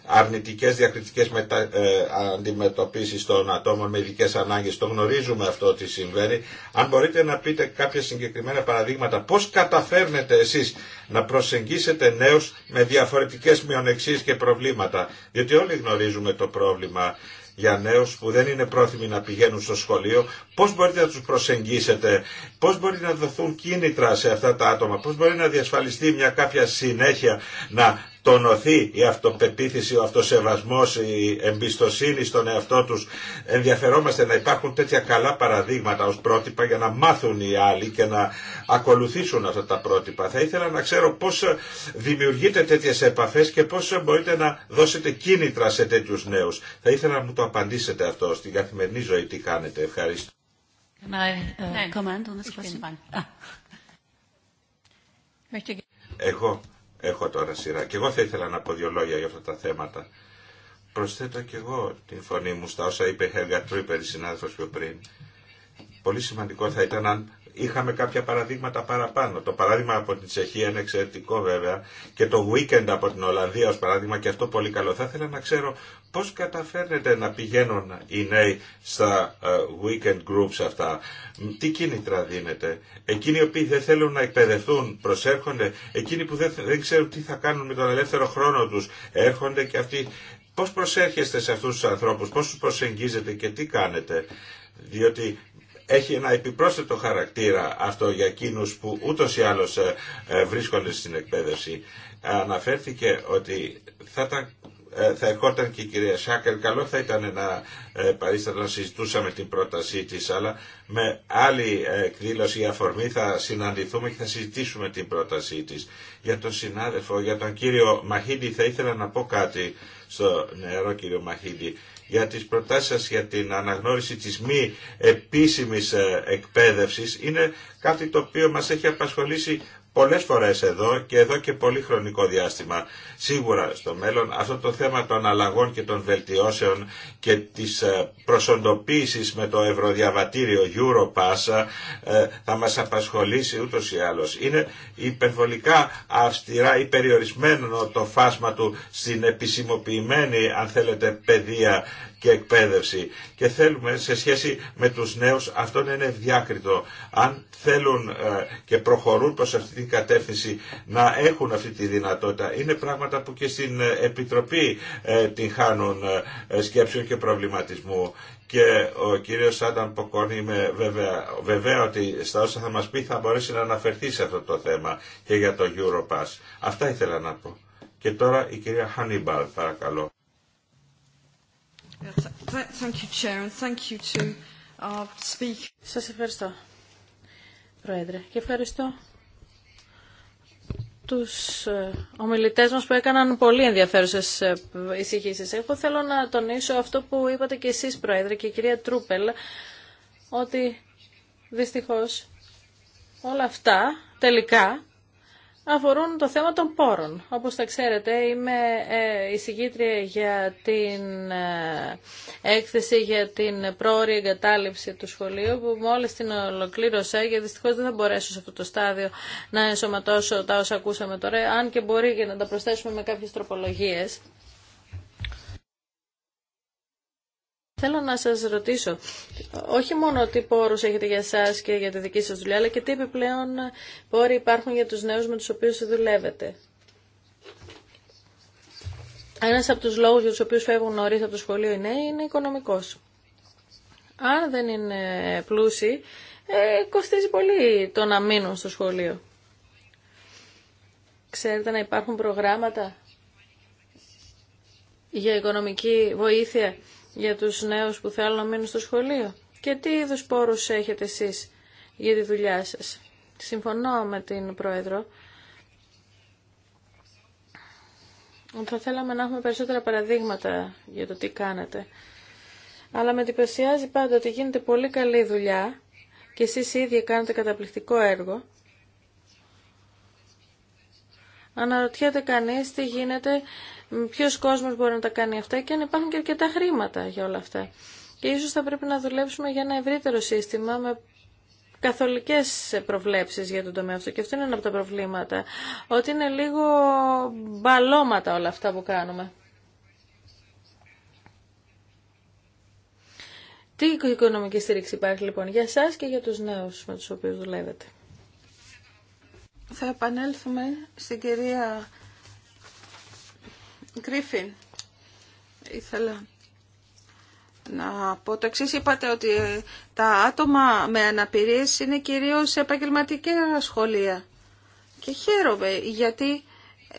αρνητικές διακριτικές μετα... Ε, αντιμετωπίσεις των ατόμων με ειδικέ ανάγκες. Το γνωρίζουμε αυτό ότι συμβαίνει. Αν μπορείτε να πείτε κάποια συγκεκριμένα παραδείγματα πώς καταφέρνετε εσείς να προσεγγίσετε νέους με διαφορετικές μειονεξίες και προβλήματα. Διότι όλοι γνωρίζουμε το πρόβλημα για νέους που δεν είναι πρόθυμοι να πηγαίνουν στο σχολείο, πώς μπορείτε να τους προσεγγίσετε, πώς μπορεί να δοθούν κίνητρα σε αυτά τα άτομα, πώς μπορεί να διασφαλιστεί μια κάποια συνέχεια να τονωθεί η αυτοπεποίθηση, ο αυτοσεβασμός, η εμπιστοσύνη στον εαυτό τους. Ενδιαφερόμαστε να υπάρχουν τέτοια καλά παραδείγματα ως πρότυπα για να μάθουν οι άλλοι και να ακολουθήσουν αυτά τα πρότυπα. Θα ήθελα να ξέρω πώς δημιουργείτε τέτοιες επαφές και πώς μπορείτε να δώσετε κίνητρα σε τέτοιους νέους. Θα ήθελα να μου το απαντήσετε αυτό στην καθημερινή ζωή τι κάνετε. Ευχαριστώ. Uh, ναι. ah. Εγώ έχω τώρα σειρά. Και εγώ θα ήθελα να πω δύο λόγια για αυτά τα θέματα. Προσθέτω και εγώ την φωνή μου στα όσα είπε η Χέλγα Τρούπερ, η συνάδελφος πιο πριν. Πολύ σημαντικό θα ήταν αν είχαμε κάποια παραδείγματα παραπάνω. Το παράδειγμα από την Τσεχία είναι εξαιρετικό βέβαια και το weekend από την Ολλανδία ως παράδειγμα και αυτό πολύ καλό. Θα ήθελα να ξέρω πώς καταφέρνετε να πηγαίνουν οι νέοι στα ε, weekend groups αυτά. Τι κίνητρα δίνετε. Εκείνοι οι οποίοι δεν θέλουν να εκπαιδευτούν προσέρχονται. Εκείνοι που δεν, ξέρουν τι θα κάνουν με τον ελεύθερο χρόνο τους έρχονται και αυτοί Πώς προσέρχεστε σε αυτούς τους ανθρώπους, πώς τους προσεγγίζετε και τι κάνετε. Διότι έχει ένα επιπρόσθετο χαρακτήρα αυτό για εκείνους που ούτως ή άλλως ε, ε, βρίσκονται στην εκπαίδευση. Αναφέρθηκε ότι ε, θα ερχόταν και η κυρία Σάκερ. Καλό θα ήταν να παρίστατα να συζητούσαμε την πρότασή της, αλλά με άλλη εκδήλωση ή αφορμή θα συναντηθούμε και θα συζητήσουμε την πρότασή της. Για τον συνάδελφο, για τον κύριο Μαχίδη θα ήθελα να πω κάτι στο νεαρό κύριο Μαχίδη για τις προτάσεις σας για την αναγνώριση της μη επίσημης ε, εκπαίδευσης είναι κάτι το οποίο μας έχει απασχολήσει πολλές φορές εδώ και εδώ και πολύ χρονικό διάστημα. Σίγουρα στο μέλλον αυτό το θέμα των αλλαγών και των βελτιώσεων και της ε, προσοντοποίησης με το ευρωδιαβατήριο Europass ε, θα μας απασχολήσει ούτως ή άλλως. Είναι υπερβολικά αυστηρά ή περιορισμένο το φάσμα του στην επισημοποιημένη αν θέλετε παιδεία και εκπαίδευση. Και θέλουμε σε σχέση με τους νέους αυτό να είναι διάκριτο Αν θέλουν ε, και προχωρούν προς αυτή την κατεύθυνση να έχουν αυτή τη δυνατότητα. Είναι πράγματα που και στην ε, Επιτροπή ε, την χάνουν σκέψεων και προβληματισμού και ο κύριος Σάνταν Ποκόνη είμαι βέβαια, ότι στα όσα θα μας πει θα μπορέσει να αναφερθεί σε αυτό το θέμα και για το Europass. Αυτά ήθελα να πω. Και τώρα η κυρία Χανίμπαλ παρακαλώ. Σας ευχαριστώ, Πρόεδρε, και ευχαριστώ τους ε, ομιλητές μας που έκαναν πολύ ενδιαφέρουσες ε, εισηγήσεις. Εγώ θέλω να τονίσω αυτό που είπατε και εσείς, Πρόεδρε, και η κυρία Τρούπελ, ότι δυστυχώς όλα αυτά τελικά αφορούν το θέμα των πόρων. Όπως τα ξέρετε, είμαι ε, εισηγήτρια για την ε, έκθεση για την πρόορη εγκατάλειψη του σχολείου που μόλις την ολοκλήρωσα γιατί δυστυχώς δεν θα μπορέσω σε αυτό το στάδιο να ενσωματώσω τα όσα ακούσαμε τώρα αν και μπορεί και να τα προσθέσουμε με κάποιες τροπολογίες. Θέλω να σας ρωτήσω, όχι μόνο τι πόρους έχετε για σας και για τη δική σας δουλειά, αλλά και τι επιπλέον πόροι υπάρχουν για τους νέους με τους οποίους δουλεύετε. Ένας από τους λόγους για τους οποίους φεύγουν νωρίς από το σχολείο οι νέοι είναι οικονομικός. Αν δεν είναι πλούσιοι, ε, κοστίζει πολύ το να μείνουν στο σχολείο. Ξέρετε να υπάρχουν προγράμματα για οικονομική βοήθεια για τους νέους που θέλουν να μείνουν στο σχολείο. Και τι είδους πόρους έχετε εσείς για τη δουλειά σας. Συμφωνώ με την Πρόεδρο. Θα θέλαμε να έχουμε περισσότερα παραδείγματα για το τι κάνετε. Αλλά με εντυπωσιάζει πάντα ότι γίνεται πολύ καλή δουλειά και εσείς οι ίδιοι κάνετε καταπληκτικό έργο. Αναρωτιέται κανείς τι γίνεται Ποιος κόσμος μπορεί να τα κάνει αυτά και αν υπάρχουν και αρκετά χρήματα για όλα αυτά. Και ίσως θα πρέπει να δουλέψουμε για ένα ευρύτερο σύστημα με καθολικές προβλέψεις για τον τομέα αυτό και αυτό είναι ένα από τα προβλήματα ότι είναι λίγο μπαλώματα όλα αυτά που κάνουμε Τι οικονομική στήριξη υπάρχει λοιπόν για εσά και για τους νέους με τους οποίους δουλεύετε Θα επανέλθουμε στην κυρία Γκρίφιν, ήθελα να πω το εξής. Είπατε ότι τα άτομα με αναπηρίες είναι κυρίως σε επαγγελματικά σχολεία. Και χαίρομαι γιατί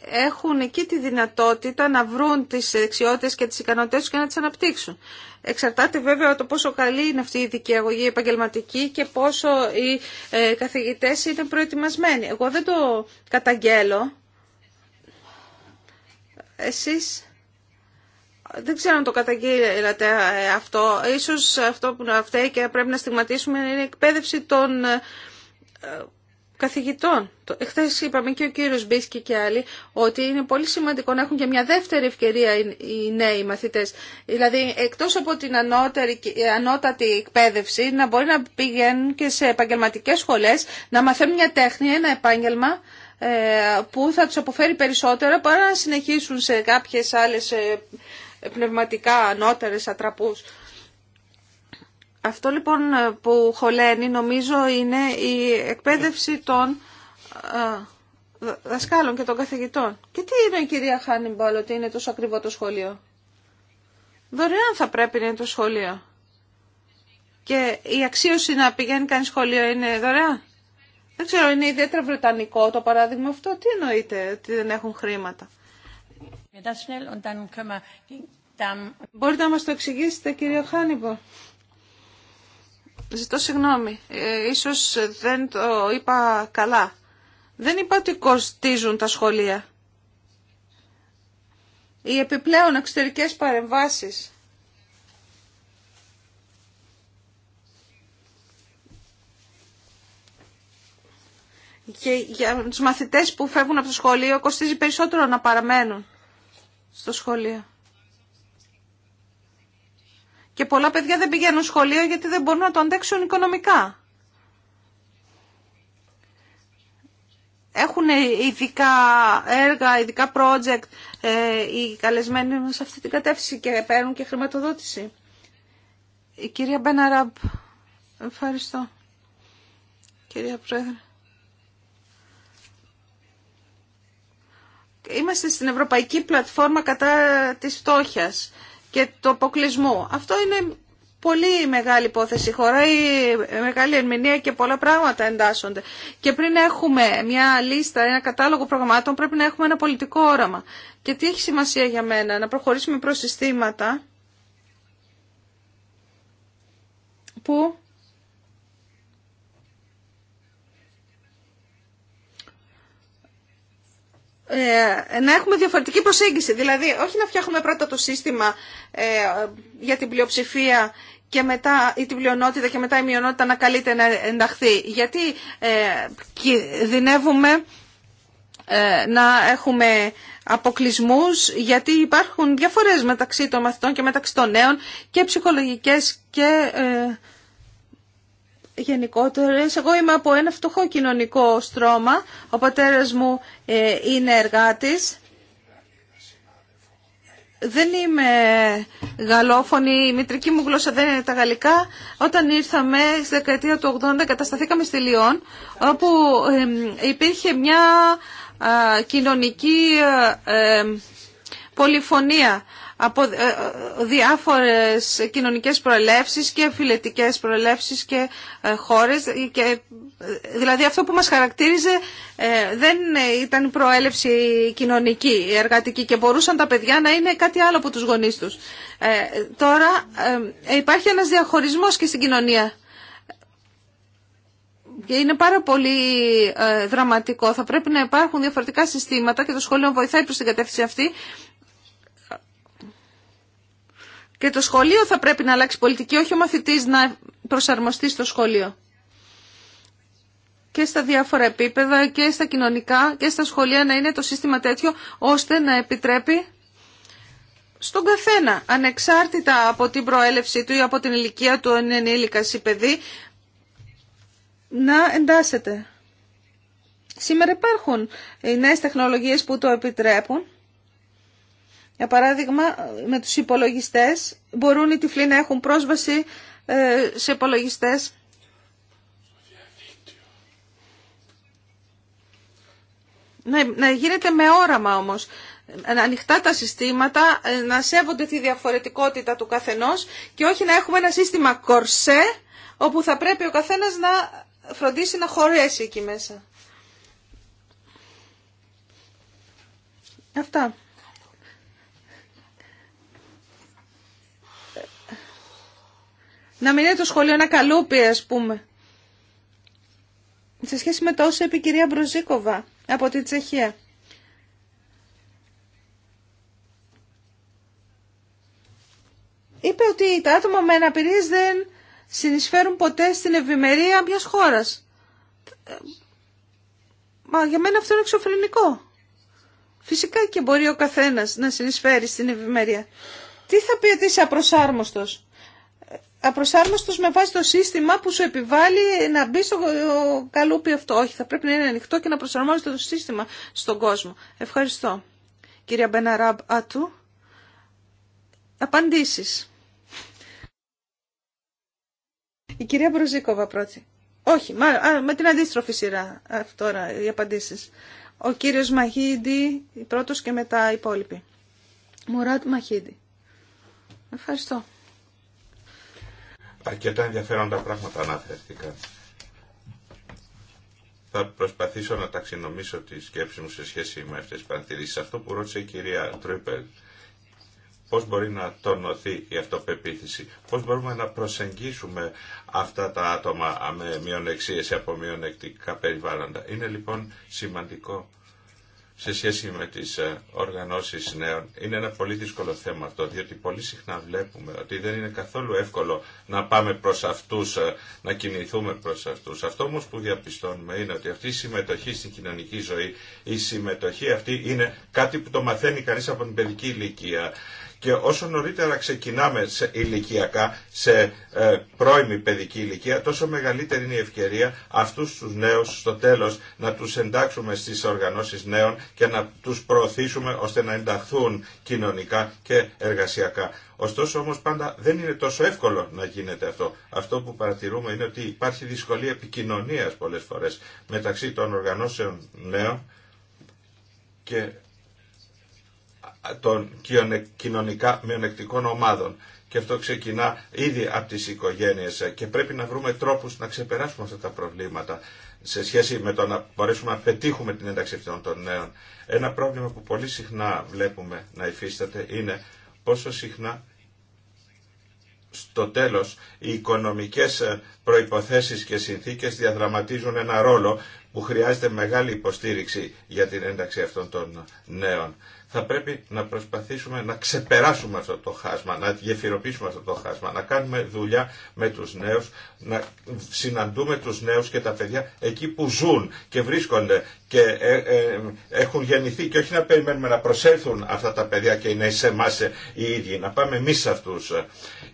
έχουν εκεί τη δυνατότητα να βρουν τις δεξιότητες και τις ικανότητες τους και να τις αναπτύξουν. Εξαρτάται βέβαια το πόσο καλή είναι αυτή η η επαγγελματική και πόσο οι ε, καθηγητές είναι προετοιμασμένοι. Εγώ δεν το καταγγέλω. Εσείς δεν ξέρω αν το καταγγείλατε ε, αυτό. Ίσως αυτό που φταίει και πρέπει να στιγματίσουμε είναι η εκπαίδευση των ε, καθηγητών. Χθε είπαμε και ο κύριος Μπίσκι και άλλοι ότι είναι πολύ σημαντικό να έχουν και μια δεύτερη ευκαιρία οι νέοι μαθητές. Δηλαδή εκτός από την ανώτερη, ε, ανώτατη εκπαίδευση να μπορεί να πηγαίνουν και σε επαγγελματικές σχολές, να μαθαίνουν μια τέχνη, ένα επάγγελμα ε, που θα τους αποφέρει περισσότερα παρά να συνεχίσουν σε κάποιες άλλες ε, πνευματικά ανώτερες ατραπούς. Αυτό λοιπόν ε, που χωλαίνει νομίζω είναι η εκπαίδευση των δασκάλων και των καθηγητών. Και τι είναι η κυρία Χάνιμπαλ ότι είναι τόσο ακριβό το σχολείο. Δωρεάν θα πρέπει να είναι το σχολείο. Και η αξίωση να πηγαίνει κάνει σχολείο είναι δωρεάν. Δεν ξέρω, είναι ιδιαίτερα βρετανικό το παράδειγμα αυτό. Τι εννοείται ότι δεν έχουν χρήματα. Μπορείτε να μας το εξηγήσετε κύριε Χάνιμπο. Ζητώ συγγνώμη. Ε, ίσως δεν το είπα καλά. Δεν είπα ότι κοστίζουν τα σχολεία. Οι επιπλέον εξωτερικές παρεμβάσεις και για τους μαθητές που φεύγουν από το σχολείο κοστίζει περισσότερο να παραμένουν στο σχολείο. Και πολλά παιδιά δεν πηγαίνουν σχολείο γιατί δεν μπορούν να το αντέξουν οικονομικά. Έχουν ειδικά έργα, ειδικά project ε, οι καλεσμένοι μας σε αυτή την κατεύθυνση και παίρνουν και χρηματοδότηση. Η κυρία Μπέναραμπ, ευχαριστώ. Κυρία Πρόεδρε. είμαστε στην Ευρωπαϊκή Πλατφόρμα κατά της φτώχειας και του αποκλεισμού. Αυτό είναι πολύ μεγάλη υπόθεση. Χωράει μεγάλη ερμηνεία και πολλά πράγματα εντάσσονται. Και πριν έχουμε μια λίστα, ένα κατάλογο προγραμμάτων, πρέπει να έχουμε ένα πολιτικό όραμα. Και τι έχει σημασία για μένα, να προχωρήσουμε προς συστήματα που Ε, να έχουμε διαφορετική προσέγγιση. Δηλαδή, όχι να φτιάχνουμε πρώτα το σύστημα ε, για την πλειοψηφία και μετά ή την πλειονότητα και μετά η μειονότητα να καλείται να ενταχθεί. Γιατί ε, κινδυνεύουμε να έχουμε αποκλεισμούς γιατί υπάρχουν διαφορές μεταξύ των μαθητών και μεταξύ των νέων και ψυχολογικές και εγώ είμαι από ένα φτωχό κοινωνικό στρώμα. Ο πατέρας μου ε, είναι εργάτης. Δεν είμαι γαλλόφωνη, η μητρική μου γλώσσα δεν είναι τα γαλλικά. Όταν ήρθαμε στη δεκαετία του 80 κατασταθήκαμε στη Λιόν, όπου υπήρχε μια κοινωνική ε, ε, πολυφωνία από ε, ε, διάφορες κοινωνικές προελεύσεις και φιλετικές προελεύσεις και ε, χώρες. Και, δηλαδή αυτό που μας χαρακτήριζε δεν ήταν η προέλευση κοινωνική, εργατική και μπορούσαν τα παιδιά να είναι κάτι άλλο από τους γονείς τους. τώρα υπάρχει ένας διαχωρισμός και στην κοινωνία. Και είναι πάρα πολύ δραματικό. Θα πρέπει να υπάρχουν διαφορετικά συστήματα και το σχολείο βοηθάει προς την κατεύθυνση αυτή και το σχολείο θα πρέπει να αλλάξει πολιτική, όχι ο μαθητής να προσαρμοστεί στο σχολείο. Και στα διάφορα επίπεδα και στα κοινωνικά και στα σχολεία να είναι το σύστημα τέτοιο ώστε να επιτρέπει στον καθένα, ανεξάρτητα από την προέλευσή του ή από την ηλικία του ενήλικας ή παιδί, να εντάσσεται. Σήμερα υπάρχουν οι νέες τεχνολογίες που το επιτρέπουν για παράδειγμα, με τους υπολογιστές μπορούν οι τυφλοί να έχουν πρόσβαση ε, σε υπολογιστές. Να, να γίνεται με όραμα όμως. Να ανοιχτά τα συστήματα, ε, να σέβονται τη διαφορετικότητα του καθενός και όχι να έχουμε ένα σύστημα κορσέ όπου θα πρέπει ο καθένας να φροντίσει να χωρέσει εκεί μέσα. Αυτά. Να μην είναι το σχολείο ένα καλούπι, πούμε. Σε σχέση με το όσο είπε η κυρία Μπροζίκοβα από τη Τσεχία. Είπε ότι τα άτομα με αναπηρίες δεν συνεισφέρουν ποτέ στην ευημερία μιας χώρας. Μα για μένα αυτό είναι εξωφρενικό. Φυσικά και μπορεί ο καθένας να συνεισφέρει στην ευημερία. Τι θα πει ότι είσαι απροσάρμοστος απροσάρμοστο με βάση το σύστημα που σου επιβάλλει να μπει στο καλούπι αυτό. Όχι, θα πρέπει να είναι ανοιχτό και να προσαρμόζεται το σύστημα στον κόσμο. Ευχαριστώ. Κυρία Μπεναράμπ Ατού. Απαντήσεις. Η κυρία Μπροζίκοβα πρώτη. Όχι, με την αντίστροφη σειρά τώρα οι απαντήσεις. Ο κύριος Μαχίδη πρώτος και μετά οι υπόλοιποι. Μουράτ Μαχίδη. Ευχαριστώ αρκετά ενδιαφέροντα πράγματα αναφέρθηκαν. Θα προσπαθήσω να ταξινομήσω τη σκέψη μου σε σχέση με αυτέ τις παρατηρήσεις. Αυτό που ρώτησε η κυρία Τρίπελ, πώς μπορεί να τονωθεί η αυτοπεποίθηση, πώς μπορούμε να προσεγγίσουμε αυτά τα άτομα με μειονεξίες από μειονεκτικά περιβάλλοντα. Είναι λοιπόν σημαντικό σε σχέση με τις ε, οργανώσεις νέων. Είναι ένα πολύ δύσκολο θέμα αυτό, διότι πολύ συχνά βλέπουμε ότι δεν είναι καθόλου εύκολο να πάμε προς αυτούς, ε, να κινηθούμε προς αυτούς. Αυτό όμως που διαπιστώνουμε είναι ότι αυτή η συμμετοχή στην κοινωνική ζωή, η συμμετοχή αυτή είναι κάτι που το μαθαίνει κανείς από την παιδική ηλικία και όσο νωρίτερα ξεκινάμε σε ηλικιακά, σε ε, πρώιμη παιδική ηλικία, τόσο μεγαλύτερη είναι η ευκαιρία αυτούς τους νέους στο τέλος να τους εντάξουμε στις οργανώσεις νέων και να τους προωθήσουμε ώστε να ενταχθούν κοινωνικά και εργασιακά. Ωστόσο όμως πάντα δεν είναι τόσο εύκολο να γίνεται αυτό. Αυτό που παρατηρούμε είναι ότι υπάρχει δυσκολία επικοινωνίας πολλές φορές μεταξύ των οργανώσεων νέων και των κοινωνικά μειονεκτικών ομάδων. Και αυτό ξεκινά ήδη από τις οικογένειες και πρέπει να βρούμε τρόπους να ξεπεράσουμε αυτά τα προβλήματα σε σχέση με το να μπορέσουμε να πετύχουμε την ένταξη αυτών των νέων. Ένα πρόβλημα που πολύ συχνά βλέπουμε να υφίσταται είναι πόσο συχνά στο τέλος οι οικονομικές ε, προϋποθέσεις και συνθήκες διαδραματίζουν ένα ρόλο που χρειάζεται μεγάλη υποστήριξη για την ένταξη αυτών των νέων θα πρέπει να προσπαθήσουμε να ξεπεράσουμε αυτό το χάσμα, να γεφυροποιήσουμε αυτό το χάσμα, να κάνουμε δουλειά με τους νέους, να συναντούμε τους νέους και τα παιδιά εκεί που ζουν και βρίσκονται και ε, ε, έχουν γεννηθεί και όχι να περιμένουμε να προσέλθουν αυτά τα παιδιά και να νέοι σε εμάς οι ίδιοι, να πάμε εμείς σε αυτούς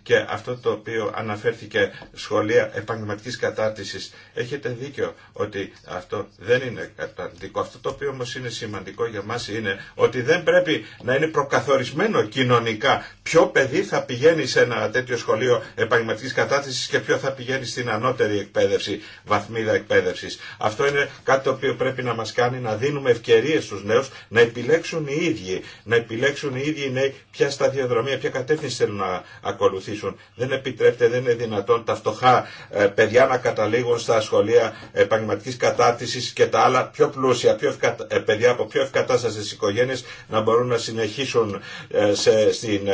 και αυτό το οποίο αναφέρθηκε σχολεία επαγγελματική κατάρτισης. Έχετε δίκιο ότι αυτό δεν είναι καταρτικό. Αυτό το οποίο όμω είναι σημαντικό για μα είναι ότι δεν πρέπει να είναι προκαθορισμένο κοινωνικά ποιο παιδί θα πηγαίνει σε ένα τέτοιο σχολείο επαγγελματική κατάρτισης και ποιο θα πηγαίνει στην ανώτερη εκπαίδευση, βαθμίδα εκπαίδευση. Αυτό είναι κάτι το οποίο πρέπει να μα κάνει να δίνουμε ευκαιρίε στους νέου να επιλέξουν οι ίδιοι, να επιλέξουν οι ίδιοι οι νέοι ποια σταδιοδρομία, ποια κατεύθυνση θέλουν να ακολουθήσουν δεν επιτρέπεται, δεν είναι δυνατόν τα φτωχά ε, παιδιά να καταλήγουν στα σχολεία επαγγελματική κατάρτιση και τα άλλα πιο πλούσια, πιο ε, παιδιά από πιο ευκατάστατε οικογένειε να μπορούν να συνεχίσουν ε, σε, στην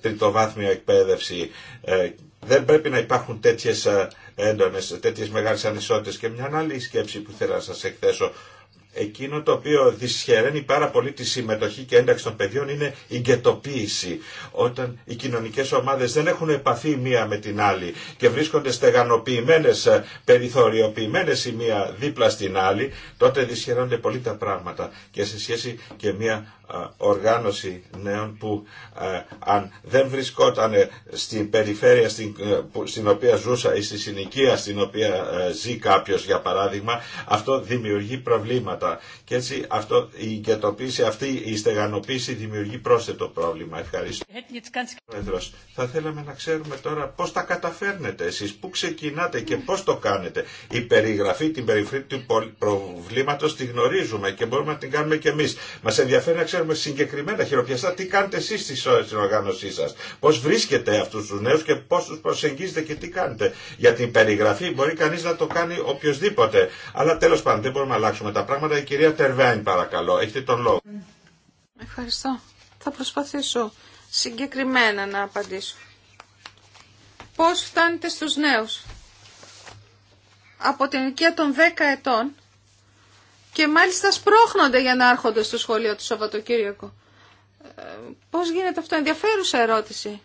τριτοβάθμια εκπαίδευση. Δεν πρέπει να υπάρχουν τέτοιε έντονε, τέτοιε μεγάλε ανισότητε. Και μια άλλη σκέψη που θέλω να σα εκθέσω Εκείνο το οποίο δυσχεραίνει πάρα πολύ τη συμμετοχή και ένταξη των παιδιών είναι η γκαιτοποίηση. Όταν οι κοινωνικέ ομάδε δεν έχουν επαφή μία με την άλλη και βρίσκονται στεγανοποιημένε, περιθωριοποιημένε η μία δίπλα στην άλλη, τότε δυσχεραίνονται πολύ τα πράγματα. Και σε σχέση και μία ε, οργάνωση νέων που ε, αν δεν βρισκόταν στην περιφέρεια στην, ε, στην οποία ζούσα ή στη συνοικία στην οποία ζει κάποιος για παράδειγμα αυτό δημιουργεί προβλήματα και έτσι αυτό, η οικετοποίηση αυτή η στεγανοποίηση δημιουργεί πρόσθετο πρόβλημα. Ευχαριστώ. Πρόεδρος, θα θέλαμε να ξέρουμε τώρα πώς τα καταφέρνετε εσείς, πού ξεκινάτε και πώς το κάνετε. Η εγκαιτοποιηση αυτη η την περιγραφή του προβλήματος τη γνωρίζουμε και πως το κανετε η περιγραφη την περιφερεια του προβληματος τη γνωριζουμε και μπορουμε να την κάνουμε και εμείς. Μας ενδιαφέρει να ξέρουμε ξέρουμε συγκεκριμένα χειροπιαστά τι κάνετε εσείς στην οργάνωσή σας. Πώς βρίσκετε αυτούς τους νέους και πώς τους προσεγγίζετε και τι κάνετε. Για την περιγραφή μπορεί κανείς να το κάνει οποιοδήποτε. Αλλά τέλος πάντων δεν μπορούμε να αλλάξουμε τα πράγματα. Η κυρία Τερβέν παρακαλώ. Έχετε τον λόγο. Ευχαριστώ. Θα προσπαθήσω συγκεκριμένα να απαντήσω. Πώς φτάνετε στους νέους. Από την ηλικία των 10 ετών και μάλιστα σπρώχνονται για να έρχονται στο σχολείο του Σαββατοκύριακο. Ε, πώς γίνεται αυτό, ενδιαφέρουσα ερώτηση.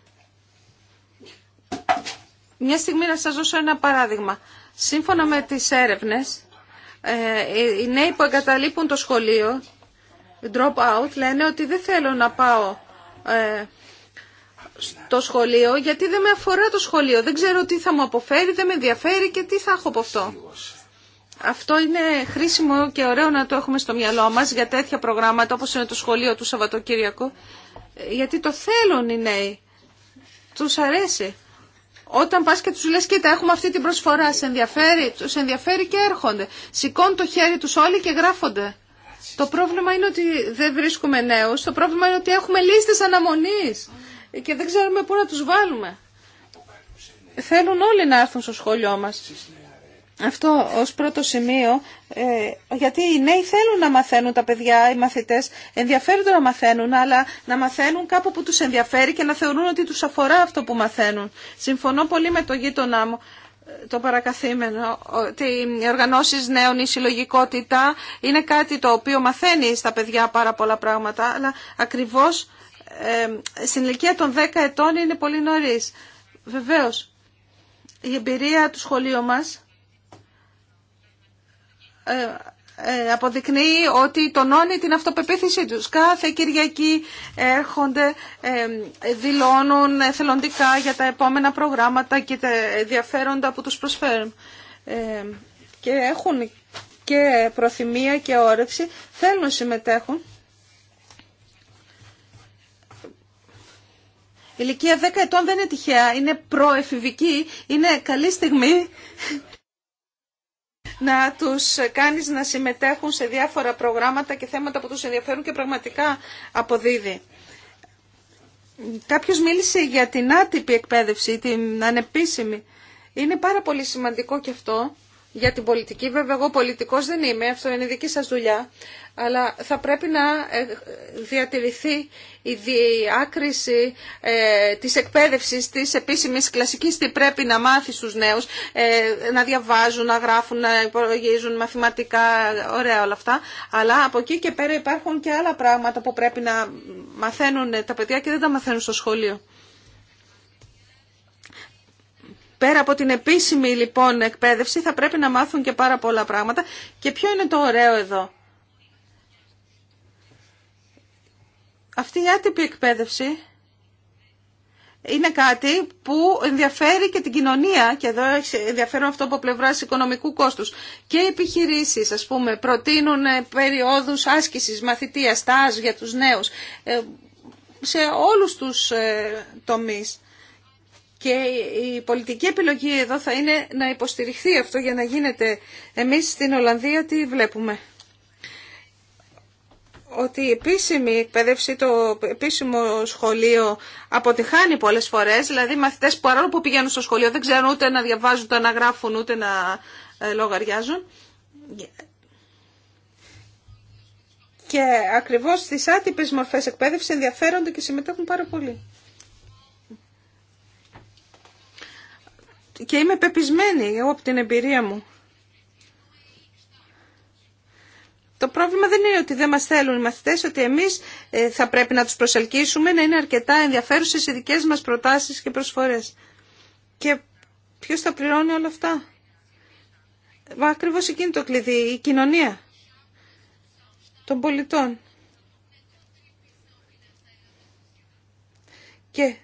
Μια στιγμή να σας δώσω ένα παράδειγμα. Σύμφωνα με τις έρευνες, ε, οι νέοι που εγκαταλείπουν το σχολείο, drop out, λένε ότι δεν θέλω να πάω ε, στο σχολείο γιατί δεν με αφορά το σχολείο. Δεν ξέρω τι θα μου αποφέρει, δεν με ενδιαφέρει και τι θα έχω από αυτό. Αυτό είναι χρήσιμο και ωραίο να το έχουμε στο μυαλό μας για τέτοια προγράμματα όπως είναι το σχολείο του Σαββατοκύριακου γιατί το θέλουν οι νέοι. Τους αρέσει. Όταν πας και τους λες κοίτα έχουμε αυτή την προσφορά, σε ενδιαφέρει, τους ενδιαφέρει και έρχονται. Σηκώνουν το χέρι τους όλοι και γράφονται. Το πρόβλημα είναι ότι δεν βρίσκουμε νέους, το πρόβλημα είναι ότι έχουμε λίστες αναμονής και δεν ξέρουμε πού να τους βάλουμε. Θέλουν όλοι να έρθουν στο σχολείο μας. Αυτό ως πρώτο σημείο, ε, γιατί οι νέοι θέλουν να μαθαίνουν τα παιδιά, οι μαθητές ενδιαφέρονται να μαθαίνουν, αλλά να μαθαίνουν κάπου που τους ενδιαφέρει και να θεωρούν ότι τους αφορά αυτό που μαθαίνουν. Συμφωνώ πολύ με το γείτονά μου ε, το παρακαθήμενο ότι οι οργανώσεις νέων, η συλλογικότητα είναι κάτι το οποίο μαθαίνει στα παιδιά πάρα πολλά πράγματα αλλά ακριβώς ε, στην ηλικία των 10 ετών είναι πολύ νωρίς. Βεβαίως η εμπειρία του σχολείου μας ε, ε, αποδεικνύει ότι τονώνει την αυτοπεποίθησή τους. Κάθε Κυριακή έρχονται, ε, δηλώνουν θελοντικά για τα επόμενα προγράμματα και τα ενδιαφέροντα που τους προσφέρουν. Και έχουν και προθυμία και όρευση, θέλουν να συμμετέχουν. Η ηλικία 10 ετών δεν είναι τυχαία, είναι προεφηβική, είναι καλή στιγμή να τους κάνεις να συμμετέχουν σε διάφορα προγράμματα και θέματα που τους ενδιαφέρουν και πραγματικά αποδίδει. Κάποιος μίλησε για την άτυπη εκπαίδευση, την ανεπίσημη. Είναι πάρα πολύ σημαντικό και αυτό για την πολιτική. Βέβαια, εγώ πολιτικός δεν είμαι, αυτό είναι δική σα δουλειά, αλλά θα πρέπει να ε, διατηρηθεί η διάκριση ε, της εκπαίδευσης της επίσημης κλασικής, τι πρέπει να μάθει στους νέους, ε, να διαβάζουν, να γράφουν, να υπολογίζουν μαθηματικά, ωραία όλα αυτά, αλλά από εκεί και πέρα υπάρχουν και άλλα πράγματα που πρέπει να μαθαίνουν τα παιδιά και δεν τα μαθαίνουν στο σχολείο. Πέρα από την επίσημη λοιπόν εκπαίδευση θα πρέπει να μάθουν και πάρα πολλά πράγματα. Και ποιο είναι το ωραίο εδώ. Αυτή η άτυπη εκπαίδευση είναι κάτι που ενδιαφέρει και την κοινωνία και εδώ ενδιαφέρον αυτό από πλευρά οικονομικού κόστους και οι επιχειρήσεις ας πούμε προτείνουν ε, περιόδους άσκησης, μαθητεία, στάζ για τους νέους ε, σε όλους τους ε, τομείς. Και η πολιτική επιλογή εδώ θα είναι να υποστηριχθεί αυτό για να γίνεται. Εμείς στην Ολλανδία τι βλέπουμε. Ότι η επίσημη εκπαίδευση, το επίσημο σχολείο αποτυχάνει πολλές φορές. Δηλαδή μαθητές παρόλο που πηγαίνουν στο σχολείο δεν ξέρουν ούτε να διαβάζουν, ούτε να γράφουν, ούτε να ε, λογαριάζουν. Και ακριβώς στις άτυπες μορφέ εκπαίδευση ενδιαφέρονται και συμμετέχουν πάρα πολύ. και είμαι πεπισμένη εγώ από την εμπειρία μου. Το πρόβλημα δεν είναι ότι δεν μας θέλουν οι μαθητές, ότι εμείς ε, θα πρέπει να τους προσελκύσουμε, να είναι αρκετά ενδιαφέρουσες οι δικές μας προτάσεις και προσφορές. Και ποιος θα πληρώνει όλα αυτά. Μα ακριβώς εκείνη το κλειδί, η κοινωνία των πολιτών. Και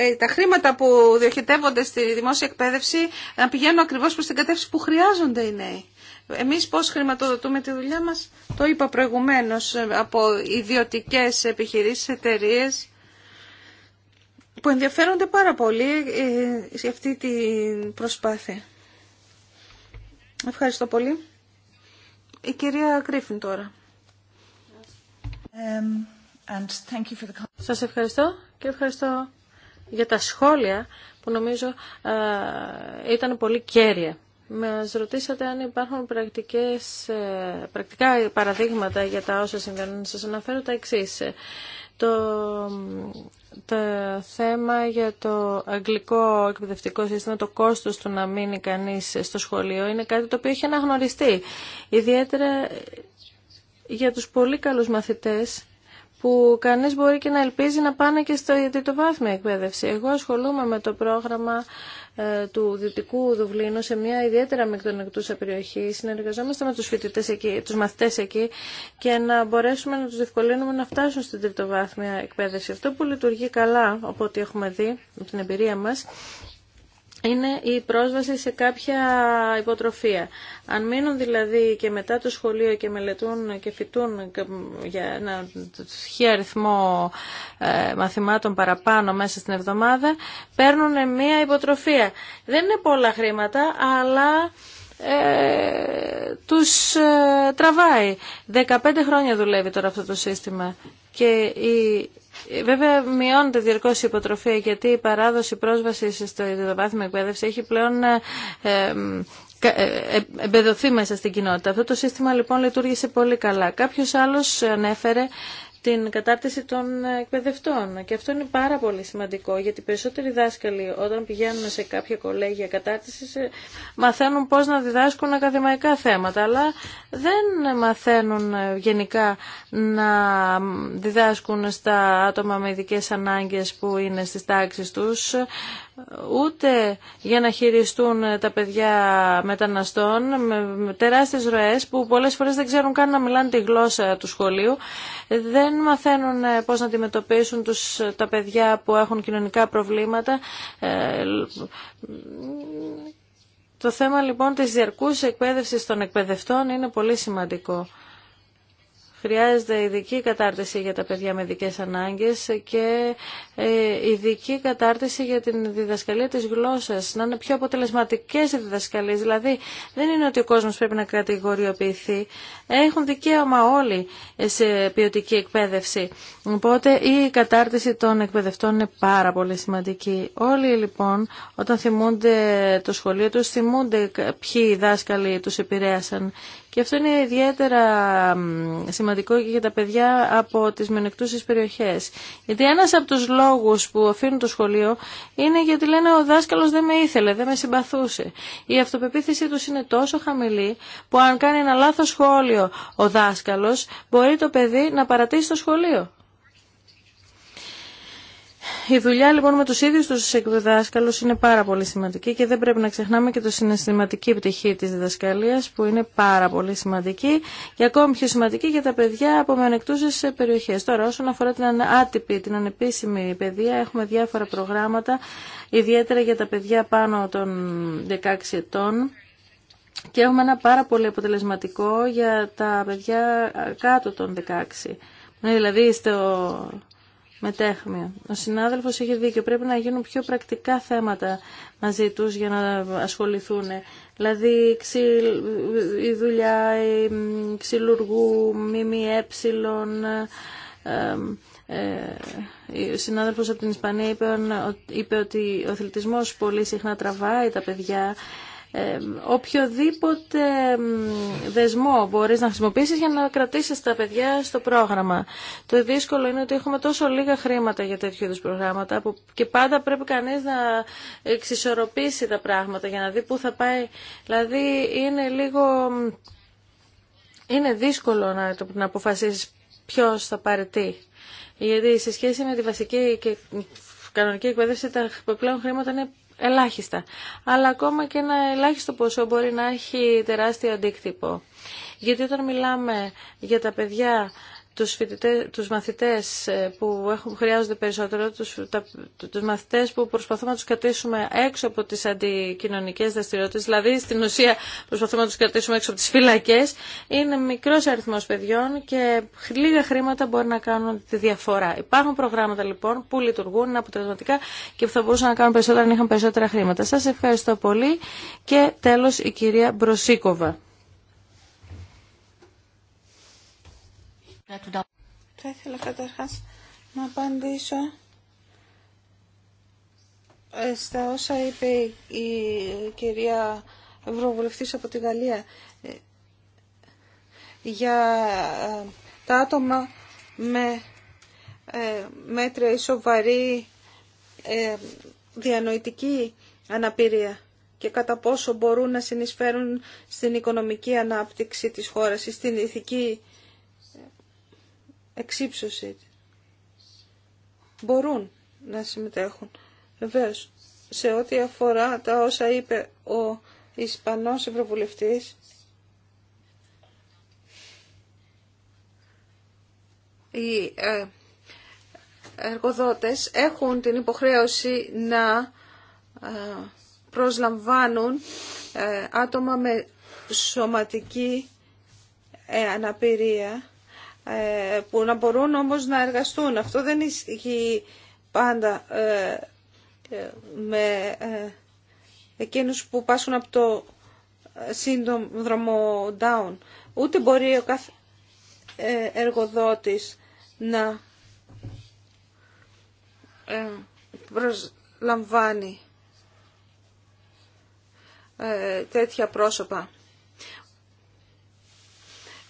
ε, τα χρήματα που διοχετεύονται στη δημόσια εκπαίδευση να πηγαίνουν ακριβώς προς την κατεύθυνση που χρειάζονται οι νέοι. Εμείς πώς χρηματοδοτούμε τη δουλειά μας, το είπα προηγουμένως, ε, από ιδιωτικές επιχειρήσεις, εταιρείε που ενδιαφέρονται πάρα πολύ ε, σε αυτή την προσπάθεια. Ευχαριστώ πολύ. Η κυρία Γκρίφιν τώρα. Um, and thank you for the... Σας ευχαριστώ και ευχαριστώ για τα σχόλια που νομίζω ε, ήταν πολύ κέρια. Μας ρωτήσατε αν υπάρχουν πρακτικές, ε, πρακτικά παραδείγματα για τα όσα συμβαίνουν. Σας αναφέρω τα εξής. Το, το θέμα για το αγγλικό εκπαιδευτικό σύστημα, το κόστος του να μείνει κανείς στο σχολείο είναι κάτι το οποίο έχει αναγνωριστεί. Ιδιαίτερα για τους πολύ καλούς μαθητές που κανείς μπορεί και να ελπίζει να πάνε και στο τριτοβάθμια εκπαίδευση. Εγώ ασχολούμαι με το πρόγραμμα ε, του Δυτικού Δουβλίνου σε μια ιδιαίτερα μεικτονεκτούσα περιοχή. Συνεργαζόμαστε με τους φοιτητές εκεί, τους μαθητές εκεί και να μπορέσουμε να τους διευκολύνουμε να φτάσουν στην τριτοβάθμια εκπαίδευση. Αυτό που λειτουργεί καλά, από ό,τι έχουμε δει από την εμπειρία μας, είναι η πρόσβαση σε κάποια υποτροφία. Αν μείνουν δηλαδή και μετά το σχολείο και μελετούν και φοιτούν για ένα χι αριθμό ε, μαθημάτων παραπάνω μέσα στην εβδομάδα, παίρνουν μία υποτροφία. Δεν είναι πολλά χρήματα, αλλά ε, τους ε, τραβάει. 15 χρόνια δουλεύει τώρα αυτό το σύστημα και η ε, βέβαια, μειώνεται διαρκώ η υποτροφία γιατί η παράδοση πρόσβαση στο ειδοβάθμιο εκπαίδευση έχει πλέον ε, ε, εμπεδοθεί μέσα στην κοινότητα. Αυτό το σύστημα λοιπόν λειτουργήσε πολύ καλά. Κάποιο άλλο ανέφερε την κατάρτιση των εκπαιδευτών. Και αυτό είναι πάρα πολύ σημαντικό, γιατί περισσότεροι δάσκαλοι όταν πηγαίνουν σε κάποια κολέγια κατάρτιση ε, μαθαίνουν πώς να διδάσκουν ακαδημαϊκά θέματα, αλλά δεν μαθαίνουν ε, γενικά να διδάσκουν στα άτομα με ειδικέ ανάγκες που είναι στις τάξεις τους, ούτε για να χειριστούν τα παιδιά μεταναστών με τεράστιες ροές που πολλές φορές δεν ξέρουν καν να μιλάνε τη γλώσσα του σχολείου δεν μαθαίνουν ε, πώς να αντιμετωπίσουν τους, ε, τα παιδιά που έχουν κοινωνικά προβλήματα ε, το θέμα λοιπόν της διαρκούς εκπαίδευσης των εκπαιδευτών είναι πολύ σημαντικό Χρειάζεται ειδική κατάρτιση για τα παιδιά με ειδικές ανάγκες και ε, ειδική κατάρτιση για την διδασκαλία της γλώσσας, να είναι πιο αποτελεσματικές οι διδασκαλίες. Δηλαδή, δεν είναι ότι ο κόσμος πρέπει να κατηγοριοποιηθεί. Έχουν δικαίωμα όλοι σε ποιοτική εκπαίδευση. Οπότε, η κατάρτιση των εκπαιδευτών είναι πάρα πολύ σημαντική. Όλοι, λοιπόν, όταν θυμούνται το σχολείο τους, θυμούνται ποιοι οι δάσκαλοι τους επηρέασαν και αυτό είναι ιδιαίτερα σημαντικό και για τα παιδιά από τις μειονεκτούσες περιοχές. Γιατί ένας από τους λόγους που αφήνουν το σχολείο είναι γιατί λένε ο δάσκαλος δεν με ήθελε, δεν με συμπαθούσε. Η αυτοπεποίθησή τους είναι τόσο χαμηλή που αν κάνει ένα λάθος σχόλιο ο δάσκαλος μπορεί το παιδί να παρατήσει το σχολείο. Η δουλειά λοιπόν με τους ίδιους τους εκδιδάσκαλους είναι πάρα πολύ σημαντική και δεν πρέπει να ξεχνάμε και το συναισθηματική πτυχή της διδασκαλίας που είναι πάρα πολύ σημαντική και ακόμη πιο σημαντική για τα παιδιά από σε περιοχές. Τώρα όσον αφορά την άτυπη, την ανεπίσημη παιδεία έχουμε διάφορα προγράμματα ιδιαίτερα για τα παιδιά πάνω των 16 ετών και έχουμε ένα πάρα πολύ αποτελεσματικό για τα παιδιά κάτω των 16. Δηλαδή στο μετέχμιο. Ο συνάδελφος έχει δίκιο. Πρέπει να γίνουν πιο πρακτικά θέματα μαζί τους για να ασχοληθούν. Δηλαδή η δουλειά η ξυλουργού, Ε, ο συνάδελφος από την Ισπανία είπε, είπε ότι ο αθλητισμός πολύ συχνά τραβάει τα παιδιά οποιοδήποτε δεσμό μπορείς να χρησιμοποιήσεις για να κρατήσεις τα παιδιά στο πρόγραμμα. Το δύσκολο είναι ότι έχουμε τόσο λίγα χρήματα για τέτοιου είδους προγράμματα που και πάντα πρέπει κανείς να εξισορροπήσει τα πράγματα για να δει πού θα πάει. Δηλαδή είναι λίγο... Είναι δύσκολο να, να αποφασίσεις ποιος θα πάρει τι. Γιατί σε σχέση με τη βασική και κανονική εκπαίδευση τα επιπλέον χρήματα είναι ελάχιστα. Αλλά ακόμα και ένα ελάχιστο ποσό μπορεί να έχει τεράστιο αντίκτυπο. Γιατί όταν μιλάμε για τα παιδιά τους, φοιτητές, τους μαθητές ε, που χρειάζονται περισσότερο, τους, τα, τους μαθητές που προσπαθούμε να τους κρατήσουμε έξω από τις αντικοινωνικές δραστηριότητες, δηλαδή στην ουσία προσπαθούμε να τους κρατήσουμε έξω από τις φυλακές, είναι μικρός αριθμός παιδιών και λίγα χρήματα μπορεί να κάνουν τη διαφορά. Υπάρχουν προγράμματα λοιπόν που λειτουργούν αποτελεσματικά και που θα μπορούσαν να κάνουν περισσότερα αν είχαν περισσότερα χρήματα. Σας ευχαριστώ πολύ και τέλος η κυρία Μπροσίκοβα. Θα ήθελα καταρχάς να απαντήσω ε, στα όσα είπε η κυρία Ευρωβουλευτής από τη Γαλλία ε, για ε, τα άτομα με μέτρια ή σοβαρή διανοητική αναπηρία και κατά πόσο μπορούν να συνεισφέρουν στην οικονομική ανάπτυξη της χώρας ή στην ηθική εξύψωση μπορούν να συμμετέχουν. Βεβαίω, σε ό,τι αφορά τα όσα είπε ο Ισπανός Ευρωβουλευτής, οι ε, εργοδότες έχουν την υποχρέωση να ε, προσλαμβάνουν ε, άτομα με σωματική αναπηρία ε, που να μπορούν όμως να εργαστούν. Αυτό δεν ισχύει πάντα ε, ε, με εκείνους που πάσχουν από το σύνδρομο down. Ούτε μπορεί ο κάθε εργοδότης να προσλαμβάνει τέτοια πρόσωπα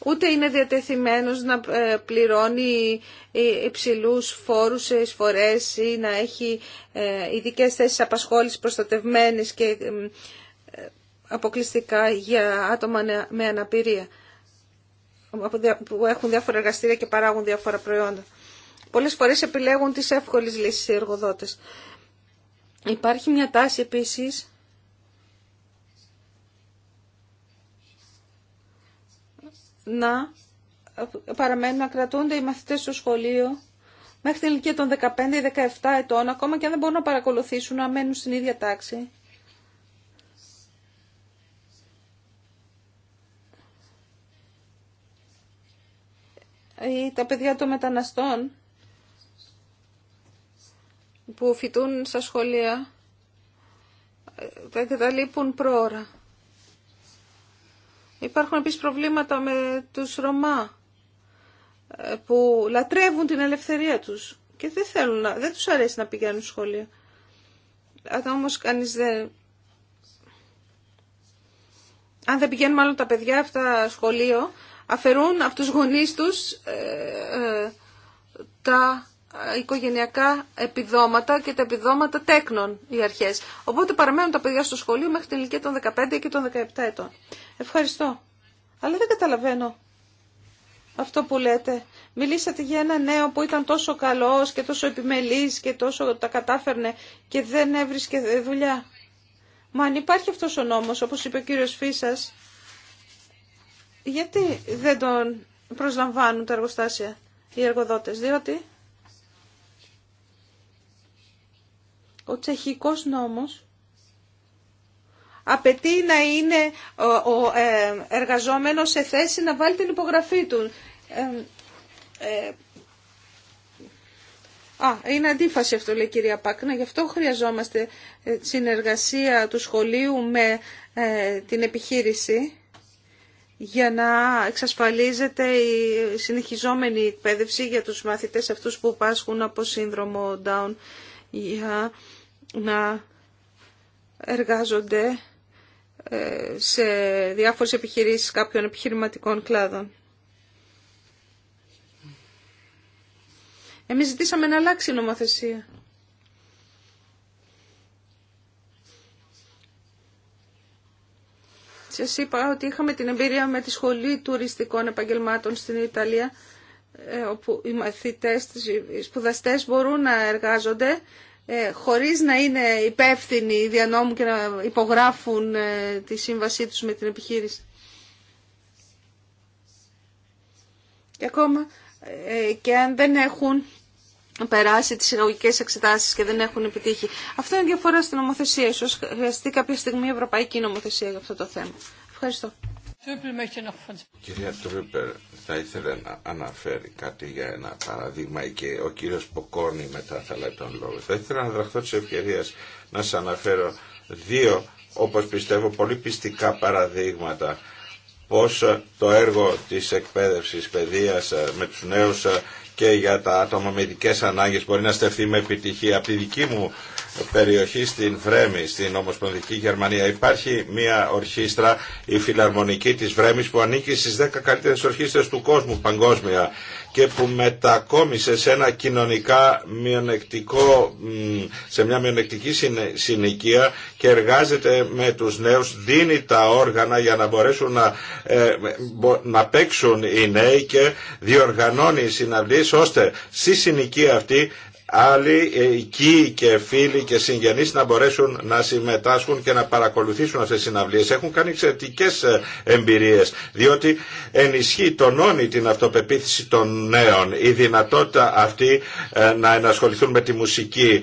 ούτε είναι διατεθειμένος να ε, πληρώνει ε, υψηλούς φόρους σε εισφορές ή να έχει ε, ειδικέ θέσεις απασχόλησης προστατευμένες και αποκλειστικά για άτομα με αναπηρία που έχουν διάφορα εργαστήρια και παράγουν διάφορα προϊόντα. Πολλές φορές επιλέγουν τις εύκολες λύσεις οι εργοδότες. Υπάρχει μια τάση επίσης να παραμένουν να κρατούνται οι μαθητές στο σχολείο μέχρι την ηλικία των 15 ή 17 ετών, ακόμα και αν δεν μπορούν να παρακολουθήσουν, να μένουν στην ίδια τάξη. Ή τα παιδιά των μεταναστών που φοιτούν στα σχολεία, τα εγκαταλείπουν πρόωρα. Υπάρχουν επίσης προβλήματα με τους Ρωμά ε, που λατρεύουν την ελευθερία τους και δεν, θέλουν δεν τους αρέσει να πηγαίνουν σχολείο. Αν όμως κανείς δεν... Αν δεν πηγαίνουν μάλλον τα παιδιά αυτά σχολείο, αφαιρούν από τους γονείς τους ε, ε, τα οικογενειακά επιδόματα και τα επιδόματα τέκνων οι αρχές. Οπότε παραμένουν τα παιδιά στο σχολείο μέχρι την ηλικία των 15 και των 17 ετών. Ευχαριστώ. Αλλά δεν καταλαβαίνω αυτό που λέτε. Μιλήσατε για ένα νέο που ήταν τόσο καλός και τόσο επιμελής και τόσο τα κατάφερνε και δεν έβρισκε δουλειά. Μα αν υπάρχει αυτός ο νόμος, όπως είπε ο κύριος Φίσας, γιατί δεν τον προσλαμβάνουν τα εργοστάσια, οι εργοδότες, διότι ο τσεχικός νόμος απαιτεί να είναι ο ε, εργαζόμενος σε θέση να βάλει την υπογραφή του. Ε, ε, α, είναι αντίφαση αυτό λέει η κυρία Πάκνα, γι' αυτό χρειαζόμαστε συνεργασία του σχολείου με την επιχείρηση για να εξασφαλίζεται η συνεχιζόμενη εκπαίδευση για τους μαθητές αυτούς που πάσχουν από σύνδρομο Down για να εργάζονται ε, σε διάφορες επιχειρήσεις κάποιων επιχειρηματικών κλάδων. Εμείς ζητήσαμε να αλλάξει η νομοθεσία. Σας είπα ότι είχαμε την εμπειρία με τη Σχολή Τουριστικών Επαγγελμάτων στην Ιταλία, ε, όπου οι μαθητές, οι σπουδαστές μπορούν να εργάζονται ε, χωρίς να είναι υπεύθυνοι διανόμου και να υπογράφουν ε, τη σύμβασή τους με την επιχείρηση. Και ακόμα ε, και αν δεν έχουν περάσει τις συναγωγικές εξετάσεις και δεν έχουν επιτύχει. Αυτό είναι διαφορά στην νομοθεσία. Ίσως χρειαστεί κάποια στιγμή ευρωπαϊκή νομοθεσία για αυτό το θέμα. Ευχαριστώ. Κυρία Τρούπερ, θα ήθελε να αναφέρει κάτι για ένα παραδείγμα και ο κύριος Ποκόρνη μετά θα λέει τον λόγο. Θα ήθελα να δραχθώ τη ευκαιρία να σας αναφέρω δύο, όπως πιστεύω, πολύ πιστικά παραδείγματα πώς ε, το έργο της εκπαίδευσης παιδείας ε, με τους νέους ε, και για τα άτομα με ειδικές ανάγκες μπορεί να στεφθεί με επιτυχία. Από τη δική μου περιοχή στην Βρέμη, στην Ομοσπονδική Γερμανία. Υπάρχει μια ορχήστρα, η Φιλαρμονική της Βρέμης, που ανήκει στις 10 καλύτερες ορχήστρες του κόσμου παγκόσμια και που μετακόμισε σε ένα κοινωνικά μειονεκτικό, σε μια μειονεκτική συνοικία και εργάζεται με τους νέους, δίνει τα όργανα για να μπορέσουν να, ε, παίξουν οι νέοι και διοργανώνει συναντήσεις ώστε στη συνοικία αυτή άλλοι ε, οικοί και φίλοι και συγγενείς να μπορέσουν να συμμετάσχουν και να παρακολουθήσουν αυτές τις συναυλίες. Έχουν κάνει εξαιρετικέ ε, εμπειρίες, διότι ενισχύει, τονώνει την αυτοπεποίθηση των νέων, η δυνατότητα αυτή ε, να ενασχοληθούν με τη μουσική,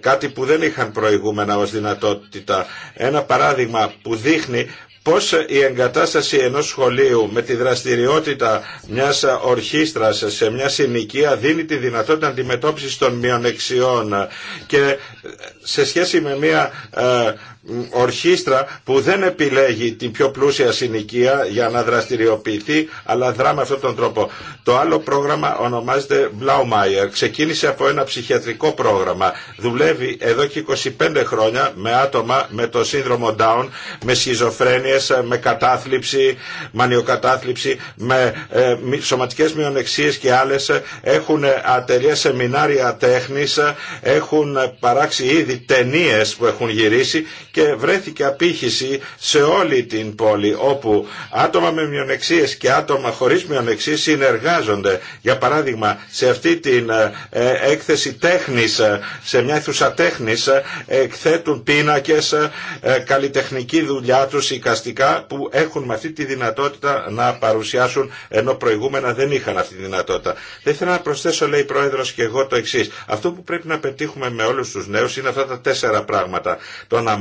κάτι που δεν είχαν προηγούμενα ως δυνατότητα. Ένα παράδειγμα που δείχνει πώς η εγκατάσταση ενός σχολείου με τη δραστηριότητα μιας ορχήστρας σε μια συνοικία δίνει τη δυνατότητα αντιμετώπισης των μειονεξιών και σε σχέση με μια ε, ορχήστρα που δεν επιλέγει την πιο πλούσια συνοικία για να δραστηριοποιηθεί αλλά δρά με αυτόν τον τρόπο. Το άλλο πρόγραμμα ονομάζεται Blaumeier. Ξεκίνησε από ένα ψυχιατρικό πρόγραμμα. Δουλεύει εδώ και 25 χρόνια με άτομα με το σύνδρομο Down, με σχιζοφρένειες, με κατάθλιψη, μανιοκατάθλιψη, με ε, σωματικές μειονεξίες και άλλες. Έχουν ατελεία σεμινάρια τέχνης, έχουν παράξει ήδη ταινίε που έχουν γυρίσει και βρέθηκε απήχηση σε όλη την πόλη όπου άτομα με μειονεξίες και άτομα χωρίς μειονεξίες συνεργάζονται. Για παράδειγμα σε αυτή την ε, ε, έκθεση τέχνης, ε, σε μια αίθουσα τέχνης εκθέτουν πίνακες, καλλιτεχνική δουλειά τους, οικαστικά που έχουν με αυτή τη δυνατότητα να παρουσιάσουν ενώ προηγούμενα δεν είχαν αυτή τη δυνατότητα. Δεν ήθελα να προσθέσω λέει Πρόεδρος και εγώ το εξή. Αυτό που πρέπει να πετύχουμε με όλους τους νέους είναι αυτά τα τέσσερα πράγματα. Το να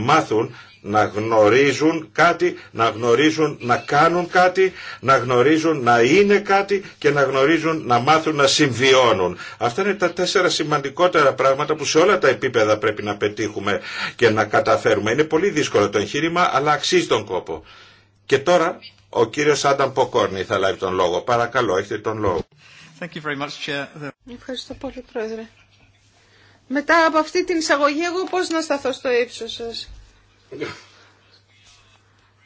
να γνωρίζουν κάτι, να γνωρίζουν να κάνουν κάτι, να γνωρίζουν να είναι κάτι και να γνωρίζουν να μάθουν να συμβιώνουν. Αυτά είναι τα τέσσερα σημαντικότερα πράγματα που σε όλα τα επίπεδα πρέπει να πετύχουμε και να καταφέρουμε. Είναι πολύ δύσκολο το εγχείρημα, αλλά αξίζει τον κόπο. Και τώρα ο κύριος Άνταμ Ποκόρνη θα λάβει τον λόγο. Παρακαλώ, έχετε τον λόγο. Ευχαριστώ πολύ, Πρόεδρε. Μετά από αυτή την εισαγωγή, εγώ πώς να σταθώ στο ύψος σας.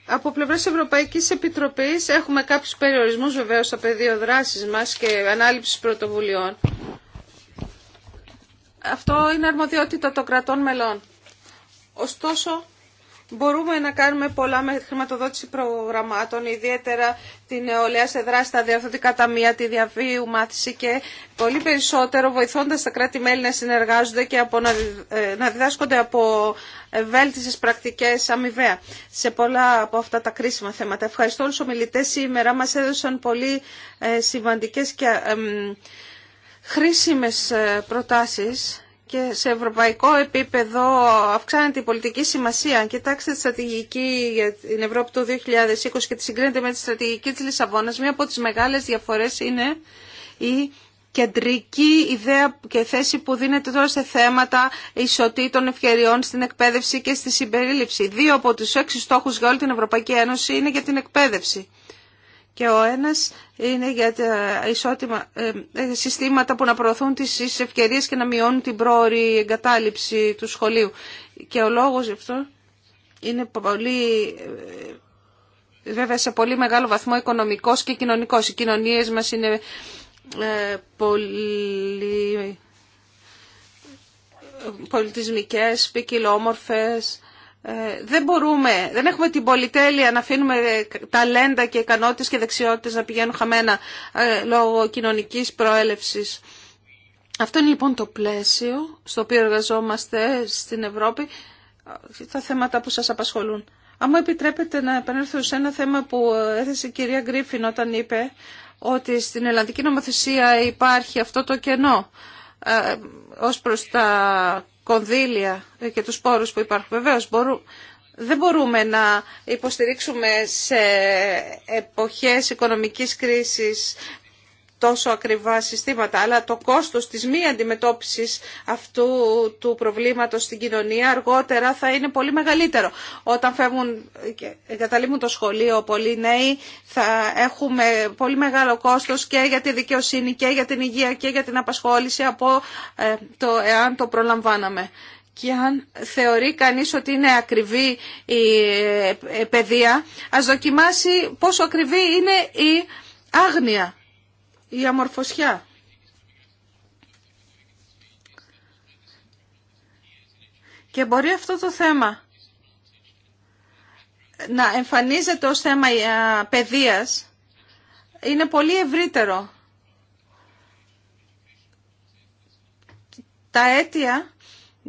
Από πλευρά Ευρωπαϊκή Επιτροπή έχουμε κάποιου περιορισμού βεβαίω στο πεδίο δράση μα και ανάληψη πρωτοβουλειών. Αυτό είναι αρμοδιότητα των κρατών μελών. Ωστόσο, Μπορούμε να κάνουμε πολλά με χρηματοδότηση προγραμμάτων, ιδιαίτερα την νεολαία σε δράση, τα διαρθρωτικά ταμεία, τη διαβίου μάθηση και πολύ περισσότερο βοηθώντας τα κράτη-μέλη να συνεργάζονται και από, να ε, διδάσκονται από βέλτιστες πρακτικές αμοιβαία σε πολλά από αυτά τα κρίσιμα θέματα. Ευχαριστώ όλους τους σήμερα. Μας έδωσαν πολύ ε, σημαντικές και χρήσιμες ε, προτάσεις και σε ευρωπαϊκό επίπεδο αυξάνεται η πολιτική σημασία. Αν κοιτάξτε τη στρατηγική για την Ευρώπη του 2020 και τη συγκρίνεται με τη στρατηγική της Λισαβόνας, μία από τις μεγάλες διαφορές είναι η κεντρική ιδέα και θέση που δίνεται τώρα σε θέματα ισοτήτων ευκαιριών στην εκπαίδευση και στη συμπερίληψη. Δύο από τους έξι στόχους για όλη την Ευρωπαϊκή Ένωση είναι για την εκπαίδευση και ο ένας είναι για τα ε, ε, συστήματα που να προωθούν τις ευκαιρίες και να μειώνουν την πρόορη εγκατάλειψη του σχολείου. Και ο λόγος γι' αυτό είναι πολύ, ε, βέβαια σε πολύ μεγάλο βαθμό οικονομικός και κοινωνικός. Οι κοινωνίες μας είναι ε, πολύ πολιτισμικές, ποικιλόμορφες, ε, δεν μπορούμε, δεν έχουμε την πολυτέλεια να αφήνουμε ταλέντα και ικανότητες και δεξιότητες να πηγαίνουν χαμένα ε, λόγω κοινωνικής προέλευσης. Αυτό είναι λοιπόν το πλαίσιο στο οποίο εργαζόμαστε στην Ευρώπη, ε, τα θέματα που σας απασχολούν. Αν μου επιτρέπετε να επανέλθω σε ένα θέμα που έθεσε η κυρία Γκρίφιν όταν είπε ότι στην Ελλανδική νομοθεσία υπάρχει αυτό το κενό ως προς τα κονδύλια και τους πόρους που υπάρχουν. Βεβαίως δεν μπορούμε να υποστηρίξουμε σε εποχές οικονομικής κρίσης τόσο ακριβά συστήματα, αλλά το κόστος της μη αντιμετώπισης αυτού του προβλήματος στην κοινωνία αργότερα θα είναι πολύ μεγαλύτερο. Όταν φεύγουν και εγκαταλείπουν το σχολείο πολλοί νέοι θα έχουμε πολύ μεγάλο κόστος και για τη δικαιοσύνη και για την υγεία και για την απασχόληση από ε, το εάν το προλαμβάναμε. Και αν θεωρεί κανείς ότι είναι ακριβή η ε, ε, παιδεία, ας δοκιμάσει πόσο ακριβή είναι η άγνοια η αμορφωσιά. Και μπορεί αυτό το θέμα να εμφανίζεται ως θέμα ε, παιδείας είναι πολύ ευρύτερο. Τα αίτια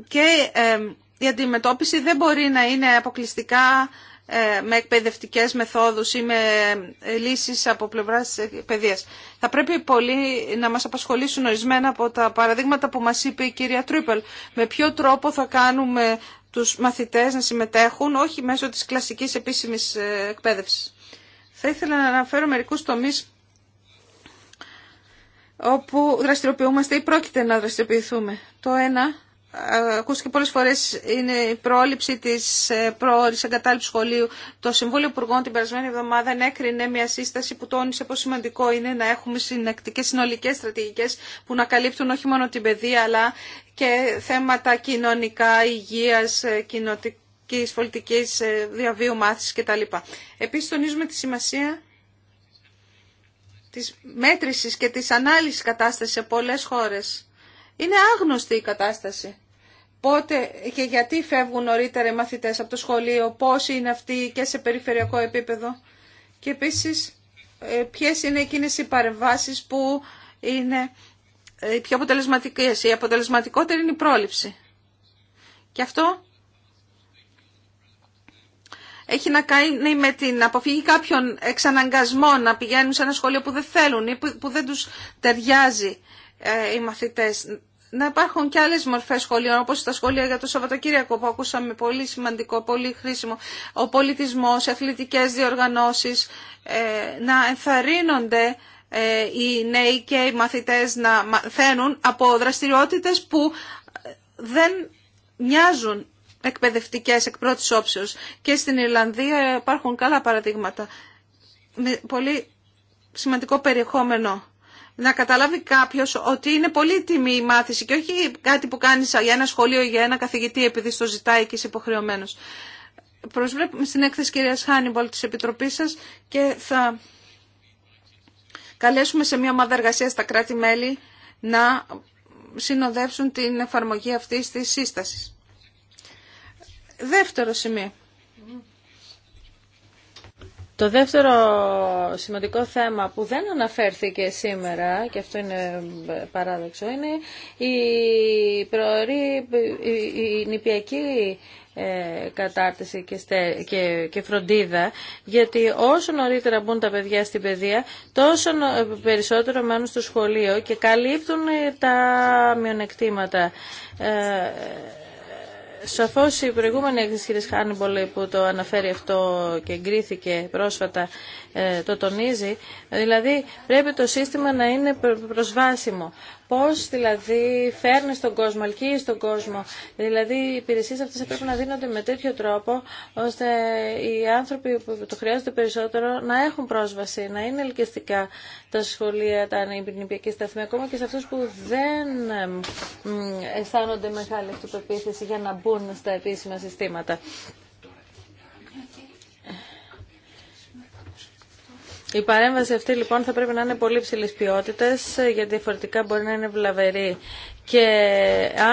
και ε, η αντιμετώπιση δεν μπορεί να είναι αποκλειστικά ε, με εκπαιδευτικές μεθόδους ή με ε, λύσεις από πλευράς παιδείας. Θα πρέπει πολύ να μας απασχολήσουν ορισμένα από τα παραδείγματα που μας είπε η κυρία Τρίπελ. Με ποιο τρόπο θα κάνουμε τους μαθητές να συμμετέχουν, όχι μέσω της κλασικής επίσημης ε, εκπαίδευσης. Θα ήθελα να αναφέρω μερικούς τομείς όπου δραστηριοποιούμαστε ή πρόκειται να δραστηριοποιηθούμε. Το ένα ακούστηκε πολλέ φορέ είναι η πρόληψη τη ε, προώρης εγκατάλειψη σχολείου. Το Συμβούλιο Υπουργών την περασμένη εβδομάδα ενέκρινε μια σύσταση που τόνισε πόσο σημαντικό είναι να έχουμε συνεκτικέ συνολικέ στρατηγικέ που να καλύπτουν όχι μόνο την παιδεία αλλά και θέματα κοινωνικά, υγείας, ε, κοινωτική πολιτικής, ε, διαβίου μάθησης κτλ. Επίσης τονίζουμε τη σημασία της μέτρησης και της ανάλυσης κατάστασης σε πολλές χώρες. Είναι άγνωστη η κατάσταση πότε και γιατί φεύγουν νωρίτερα οι μαθητές από το σχολείο, πώς είναι αυτοί και σε περιφερειακό επίπεδο και επίσης ε, ποιες είναι εκείνες οι παρεμβάσεις που είναι ε, οι πιο αποτελεσματικές. Η αποτελεσματικότερη είναι η πρόληψη. Και αυτό έχει να κάνει με την αποφύγη κάποιων εξαναγκασμών να πηγαίνουν σε ένα σχολείο που δεν θέλουν ή που δεν τους ταιριάζει ε, οι μαθητές να υπάρχουν και άλλες μορφές σχολείων, όπως τα σχολεία για το Σαββατοκύριακο που ακούσαμε, πολύ σημαντικό, πολύ χρήσιμο, ο πολιτισμός, αθλητικές διοργανώσεις, ε, να ενθαρρύνονται ε, οι νέοι και οι μαθητές να μαθαίνουν από δραστηριότητες που δεν μοιάζουν εκπαιδευτικές εκ πρώτης όψεως. Και στην Ιρλανδία υπάρχουν καλά παραδείγματα. Με πολύ σημαντικό περιεχόμενο να καταλάβει κάποιος ότι είναι πολύτιμη η μάθηση και όχι κάτι που κάνει για ένα σχολείο ή για ένα καθηγητή επειδή στο ζητάει και είσαι υποχρεωμένο. Προσβλέπουμε στην έκθεση κυρία Χάνιμπολ της Επιτροπής σας και θα καλέσουμε σε μια ομάδα εργασία στα κράτη-μέλη να συνοδεύσουν την εφαρμογή αυτής της σύστασης. Δεύτερο σημείο. Το δεύτερο σημαντικό θέμα που δεν αναφέρθηκε σήμερα, και αυτό είναι ε, παράδοξο, είναι η, προωρή, η νηπιακή ε, κατάρτιση και φροντίδα, γιατί όσο νωρίτερα μπουν τα παιδιά στην παιδεία, τόσο περισσότερο μένουν στο σχολείο και καλύπτουν τα μειονεκτήματα. Ε, Σαφώς η προηγούμενη έκθεση κύριε Χάνιμπολ που το αναφέρει αυτό και εγκρίθηκε πρόσφατα ε, το τονίζει. Δηλαδή πρέπει το σύστημα να είναι προσβάσιμο. Πώς δηλαδή φέρνει τον κόσμο, αλκύει τον κόσμο. Δηλαδή οι υπηρεσίες αυτές πρέπει να δίνονται με τέτοιο τρόπο ώστε οι άνθρωποι που το χρειάζονται περισσότερο να έχουν πρόσβαση, να είναι ελκυστικά τα σχολεία, τα ανεπινυπιακή σταθμή, ακόμα και σε αυτούς που δεν ε, αισθάνονται μεγάλη αυτοπεποίθηση για να μπουν στα επίσημα συστήματα. Η παρέμβαση αυτή λοιπόν θα πρέπει να είναι πολύ ψηλή ποιότητα, γιατί διαφορετικά μπορεί να είναι βλαβερή. Και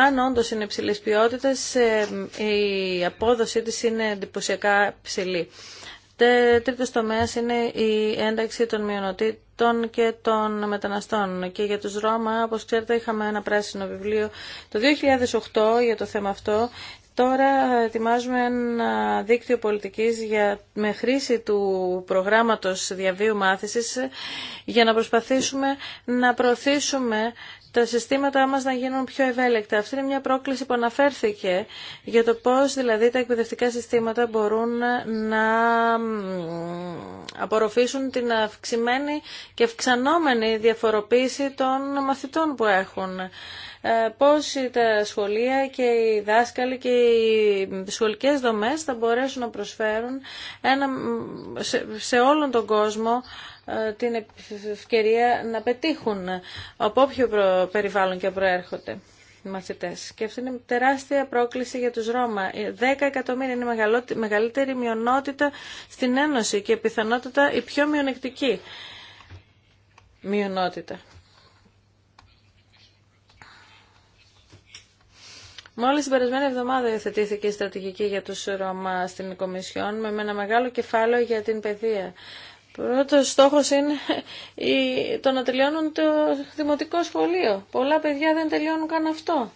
αν όντω είναι ψηλή ποιότητα, ε, η απόδοσή τη είναι εντυπωσιακά ψηλή. Τρίτο τομέα είναι η ένταξη των μειονοτήτων και των μεταναστών. Και για τους Ρώμα, όπως ξέρετε, είχαμε ένα πράσινο βιβλίο το 2008 για το θέμα αυτό Τώρα ετοιμάζουμε ένα δίκτυο πολιτικής για, με χρήση του προγράμματος διαβίου μάθησης για να προσπαθήσουμε να προωθήσουμε τα συστήματα μας να γίνουν πιο ευέλικτα. Αυτή είναι μια πρόκληση που αναφέρθηκε για το πώς δηλαδή τα εκπαιδευτικά συστήματα μπορούν να απορροφήσουν την αυξημένη και αυξανόμενη διαφοροποίηση των μαθητών που έχουν. Ε, πώς τα σχολεία και οι δάσκαλοι και οι σχολικές δομές θα μπορέσουν να προσφέρουν ένα, σε, σε όλον τον κόσμο ε, την ευκαιρία να πετύχουν από όποιο περιβάλλον και προέρχονται οι μαθητές. Και αυτή είναι τεράστια πρόκληση για τους Ρώμα. 10 ε, εκατομμύρια είναι η μεγαλύτερη μειονότητα στην Ένωση και πιθανότατα η πιο μειονεκτική μειονότητα. Μόλις την περασμένη εβδομάδα υιοθετήθηκε η στρατηγική για τους Ρωμά στην Κομισιόν με ένα μεγάλο κεφάλαιο για την παιδεία. Πρώτος στόχος είναι το να τελειώνουν το δημοτικό σχολείο. Πολλά παιδιά δεν τελειώνουν καν αυτό.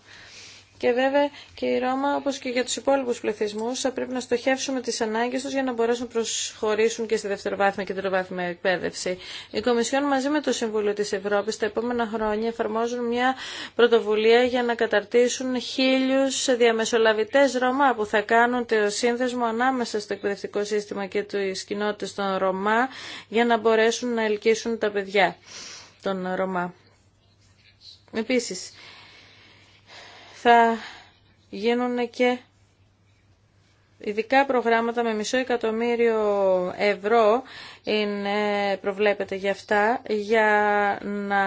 Και βέβαια και η Ρώμα, όπως και για τους υπόλοιπους πληθυσμούς, θα πρέπει να στοχεύσουμε τις ανάγκες τους για να μπορέσουν να προσχωρήσουν και στη δευτεροβάθμια και τριτοβάθμια εκπαίδευση. Η Κομισιόν μαζί με το Συμβούλιο της Ευρώπης τα επόμενα χρόνια εφαρμόζουν μια πρωτοβουλία για να καταρτήσουν χίλιους διαμεσολαβητές Ρωμά που θα κάνουν το σύνδεσμο ανάμεσα στο εκπαιδευτικό σύστημα και τι κοινότητε των Ρωμά για να μπορέσουν να ελκύσουν τα παιδιά των Ρωμά. Επίσης, θα γίνουν και ειδικά προγράμματα με μισό εκατομμύριο ευρώ είναι, προβλέπεται για αυτά για να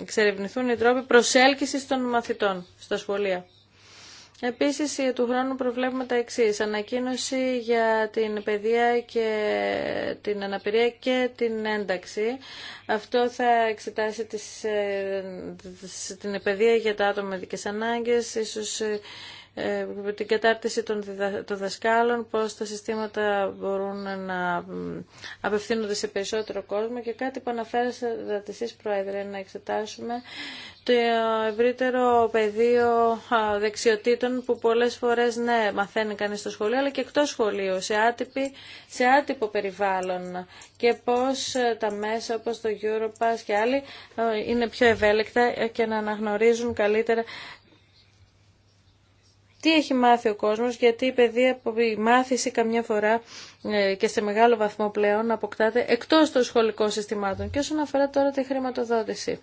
εξερευνηθούν οι τρόποι προσέλκυσης των μαθητών στα σχολεία. Επίσης, ε, του χρόνου προβλέπουμε τα εξής. Ανακοίνωση για την παιδεία και την αναπηρία και την ένταξη. Αυτό θα εξετάσει τις, ε, την παιδεία για τα άτομα με δικές ανάγκες, ίσως ε, ε, την κατάρτιση των δασκάλων, πώς τα συστήματα μπορούν να απευθύνονται σε περισσότερο κόσμο και κάτι που αναφέρατε εσείς, Πρόεδρε, να εξετάσουμε το ευρύτερο πεδίο δεξιοτήτων που πολλές φορές ναι μαθαίνει κανείς στο σχολείο αλλά και εκτός σχολείου σε, άτυπη, σε άτυπο περιβάλλον και πώς ε, τα μέσα όπως το Europass και άλλοι ε, είναι πιο ευέλικτα και να αναγνωρίζουν καλύτερα τι έχει μάθει ο κόσμος, γιατί η παιδεία, η μάθηση καμιά φορά ε, και σε μεγάλο βαθμό πλέον αποκτάται εκτός των σχολικών συστημάτων. Και όσον αφορά τώρα τη χρηματοδότηση.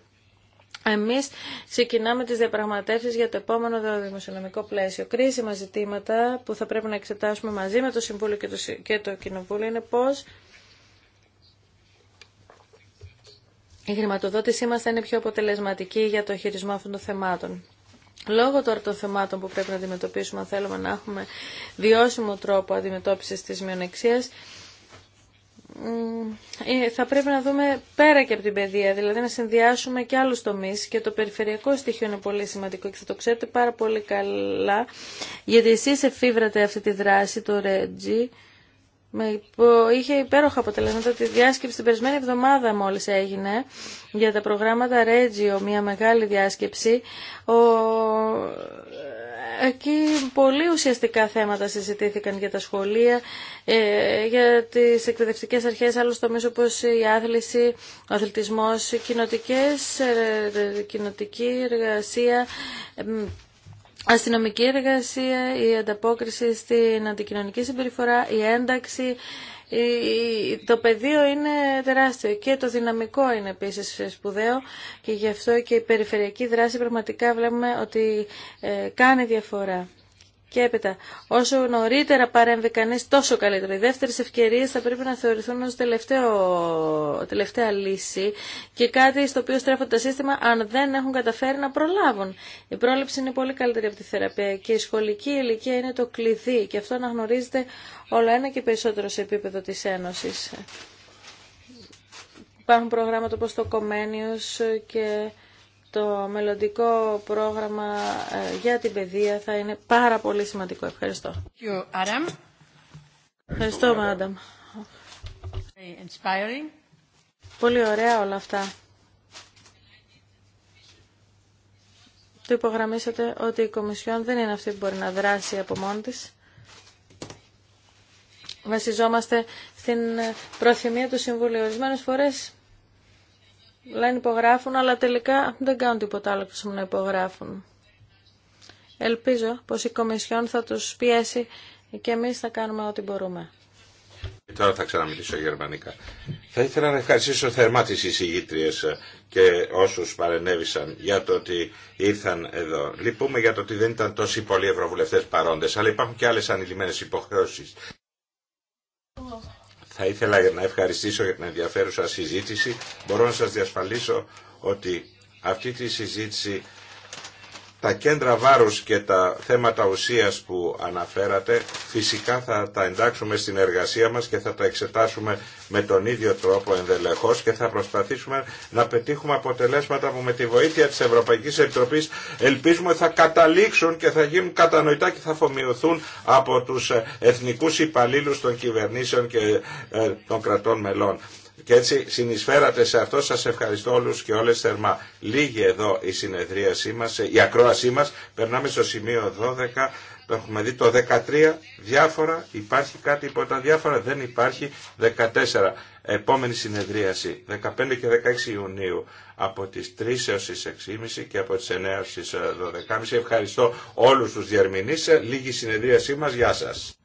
Εμείς ξεκινάμε τις διαπραγματεύσεις για το επόμενο δημοσιονομικό πλαίσιο. Κρίσιμα ζητήματα που θα πρέπει να εξετάσουμε μαζί με το Συμβούλιο και το, και το Κοινοβούλιο είναι πώς η χρηματοδότησή μας θα είναι πιο αποτελεσματική για το χειρισμό αυτών των θεμάτων. Λόγω τώρα των θεμάτων που πρέπει να αντιμετωπίσουμε, αν θέλουμε να έχουμε βιώσιμο τρόπο αντιμετώπισης της μειονεξίας, ε, θα πρέπει να δούμε πέρα και από την παιδεία, δηλαδή να συνδυάσουμε και άλλους τομείς και το περιφερειακό στοιχείο είναι πολύ σημαντικό και θα το ξέρετε πάρα πολύ καλά, γιατί εσείς εφήβρατε αυτή τη δράση, το ΡΕΤΖΙ, με, είχε υπέροχα αποτελέσματα τη διάσκεψη την περισμένη εβδομάδα μόλις έγινε για τα προγράμματα Regio, μια μεγάλη διάσκεψη. Ο, εκεί πολύ ουσιαστικά θέματα συζητήθηκαν για τα σχολεία, ε, για τις εκπαιδευτικές αρχές, άλλους τομείς όπως η άθληση, ο αθλητισμός, κοινοτικές, ε, ε, κοινοτική εργασία, αστυνομική εργασία, η ανταπόκριση στην αντικοινωνική συμπεριφορά, η ένταξη, το πεδίο είναι τεράστιο και το δυναμικό είναι επίσης σπουδαίο και γι' αυτό και η περιφερειακή δράση πραγματικά βλέπουμε ότι ε, κάνει διαφορά. Και έπειτα, όσο νωρίτερα παρέμβει κανείς τόσο καλύτερο. Οι δεύτερε ευκαιρίε θα πρέπει να θεωρηθούν τελευταίο τελευταία λύση και κάτι στο οποίο στρέφονται τα σύστημα αν δεν έχουν καταφέρει να προλάβουν. Η πρόληψη είναι πολύ καλύτερη από τη θεραπεία και η σχολική ηλικία είναι το κλειδί και αυτό αναγνωρίζεται όλο ένα και περισσότερο σε επίπεδο της Ένωσης. Υπάρχουν προγράμματα όπως το Κομένιος και το μελλοντικό πρόγραμμα ε, για την παιδεία θα είναι πάρα πολύ σημαντικό. Ευχαριστώ. Ευχαριστώ, Μάνταμ. Πολύ ωραία όλα αυτά. Το υπογραμμίσατε ότι η Κομισιόν δεν είναι αυτή που μπορεί να δράσει από μόνη της. Βασιζόμαστε στην προθυμία του Συμβουλίου. Ορισμένες φορές λένε υπογράφουν, αλλά τελικά δεν κάνουν τίποτα άλλο που να υπογράφουν. Ελπίζω πως η Κομισιόν θα τους πιέσει και εμείς θα κάνουμε ό,τι μπορούμε. Τώρα θα ξαναμιλήσω γερμανικά. Θα ήθελα να ευχαριστήσω θερμά τις εισηγήτριες και όσους παρενέβησαν για το ότι ήρθαν εδώ. Λυπούμε για το ότι δεν ήταν τόσοι πολλοί ευρωβουλευτές παρόντες, αλλά υπάρχουν και άλλες ανηλυμένες υποχρεώσεις. Θα ήθελα να ευχαριστήσω για την ενδιαφέρουσα συζήτηση. Μπορώ να σας διασφαλίσω ότι αυτή τη συζήτηση τα κέντρα βάρους και τα θέματα ουσίας που αναφέρατε φυσικά θα τα εντάξουμε στην εργασία μας και θα τα εξετάσουμε με τον ίδιο τρόπο ενδελεχώς και θα προσπαθήσουμε να πετύχουμε αποτελέσματα που με τη βοήθεια της Ευρωπαϊκής Επιτροπής ελπίζουμε θα καταλήξουν και θα γίνουν κατανοητά και θα αφομοιωθούν από τους εθνικούς υπαλλήλους των κυβερνήσεων και ε, των κρατών μελών και έτσι συνεισφέρατε σε αυτό. Σας ευχαριστώ όλους και όλες θερμά. Λίγη εδώ η συνεδρίασή μας, η ακρόασή μας. Περνάμε στο σημείο 12. Το έχουμε δει το 13, διάφορα, υπάρχει κάτι υπό τα διάφορα, δεν υπάρχει 14. Επόμενη συνεδρίαση, 15 και 16 Ιουνίου, από τις 3 έως τις 6.30 και από τις 9 έως τις 12.30. Ευχαριστώ όλους τους διερμηνείς, λίγη συνεδρίασή μας, γεια σας.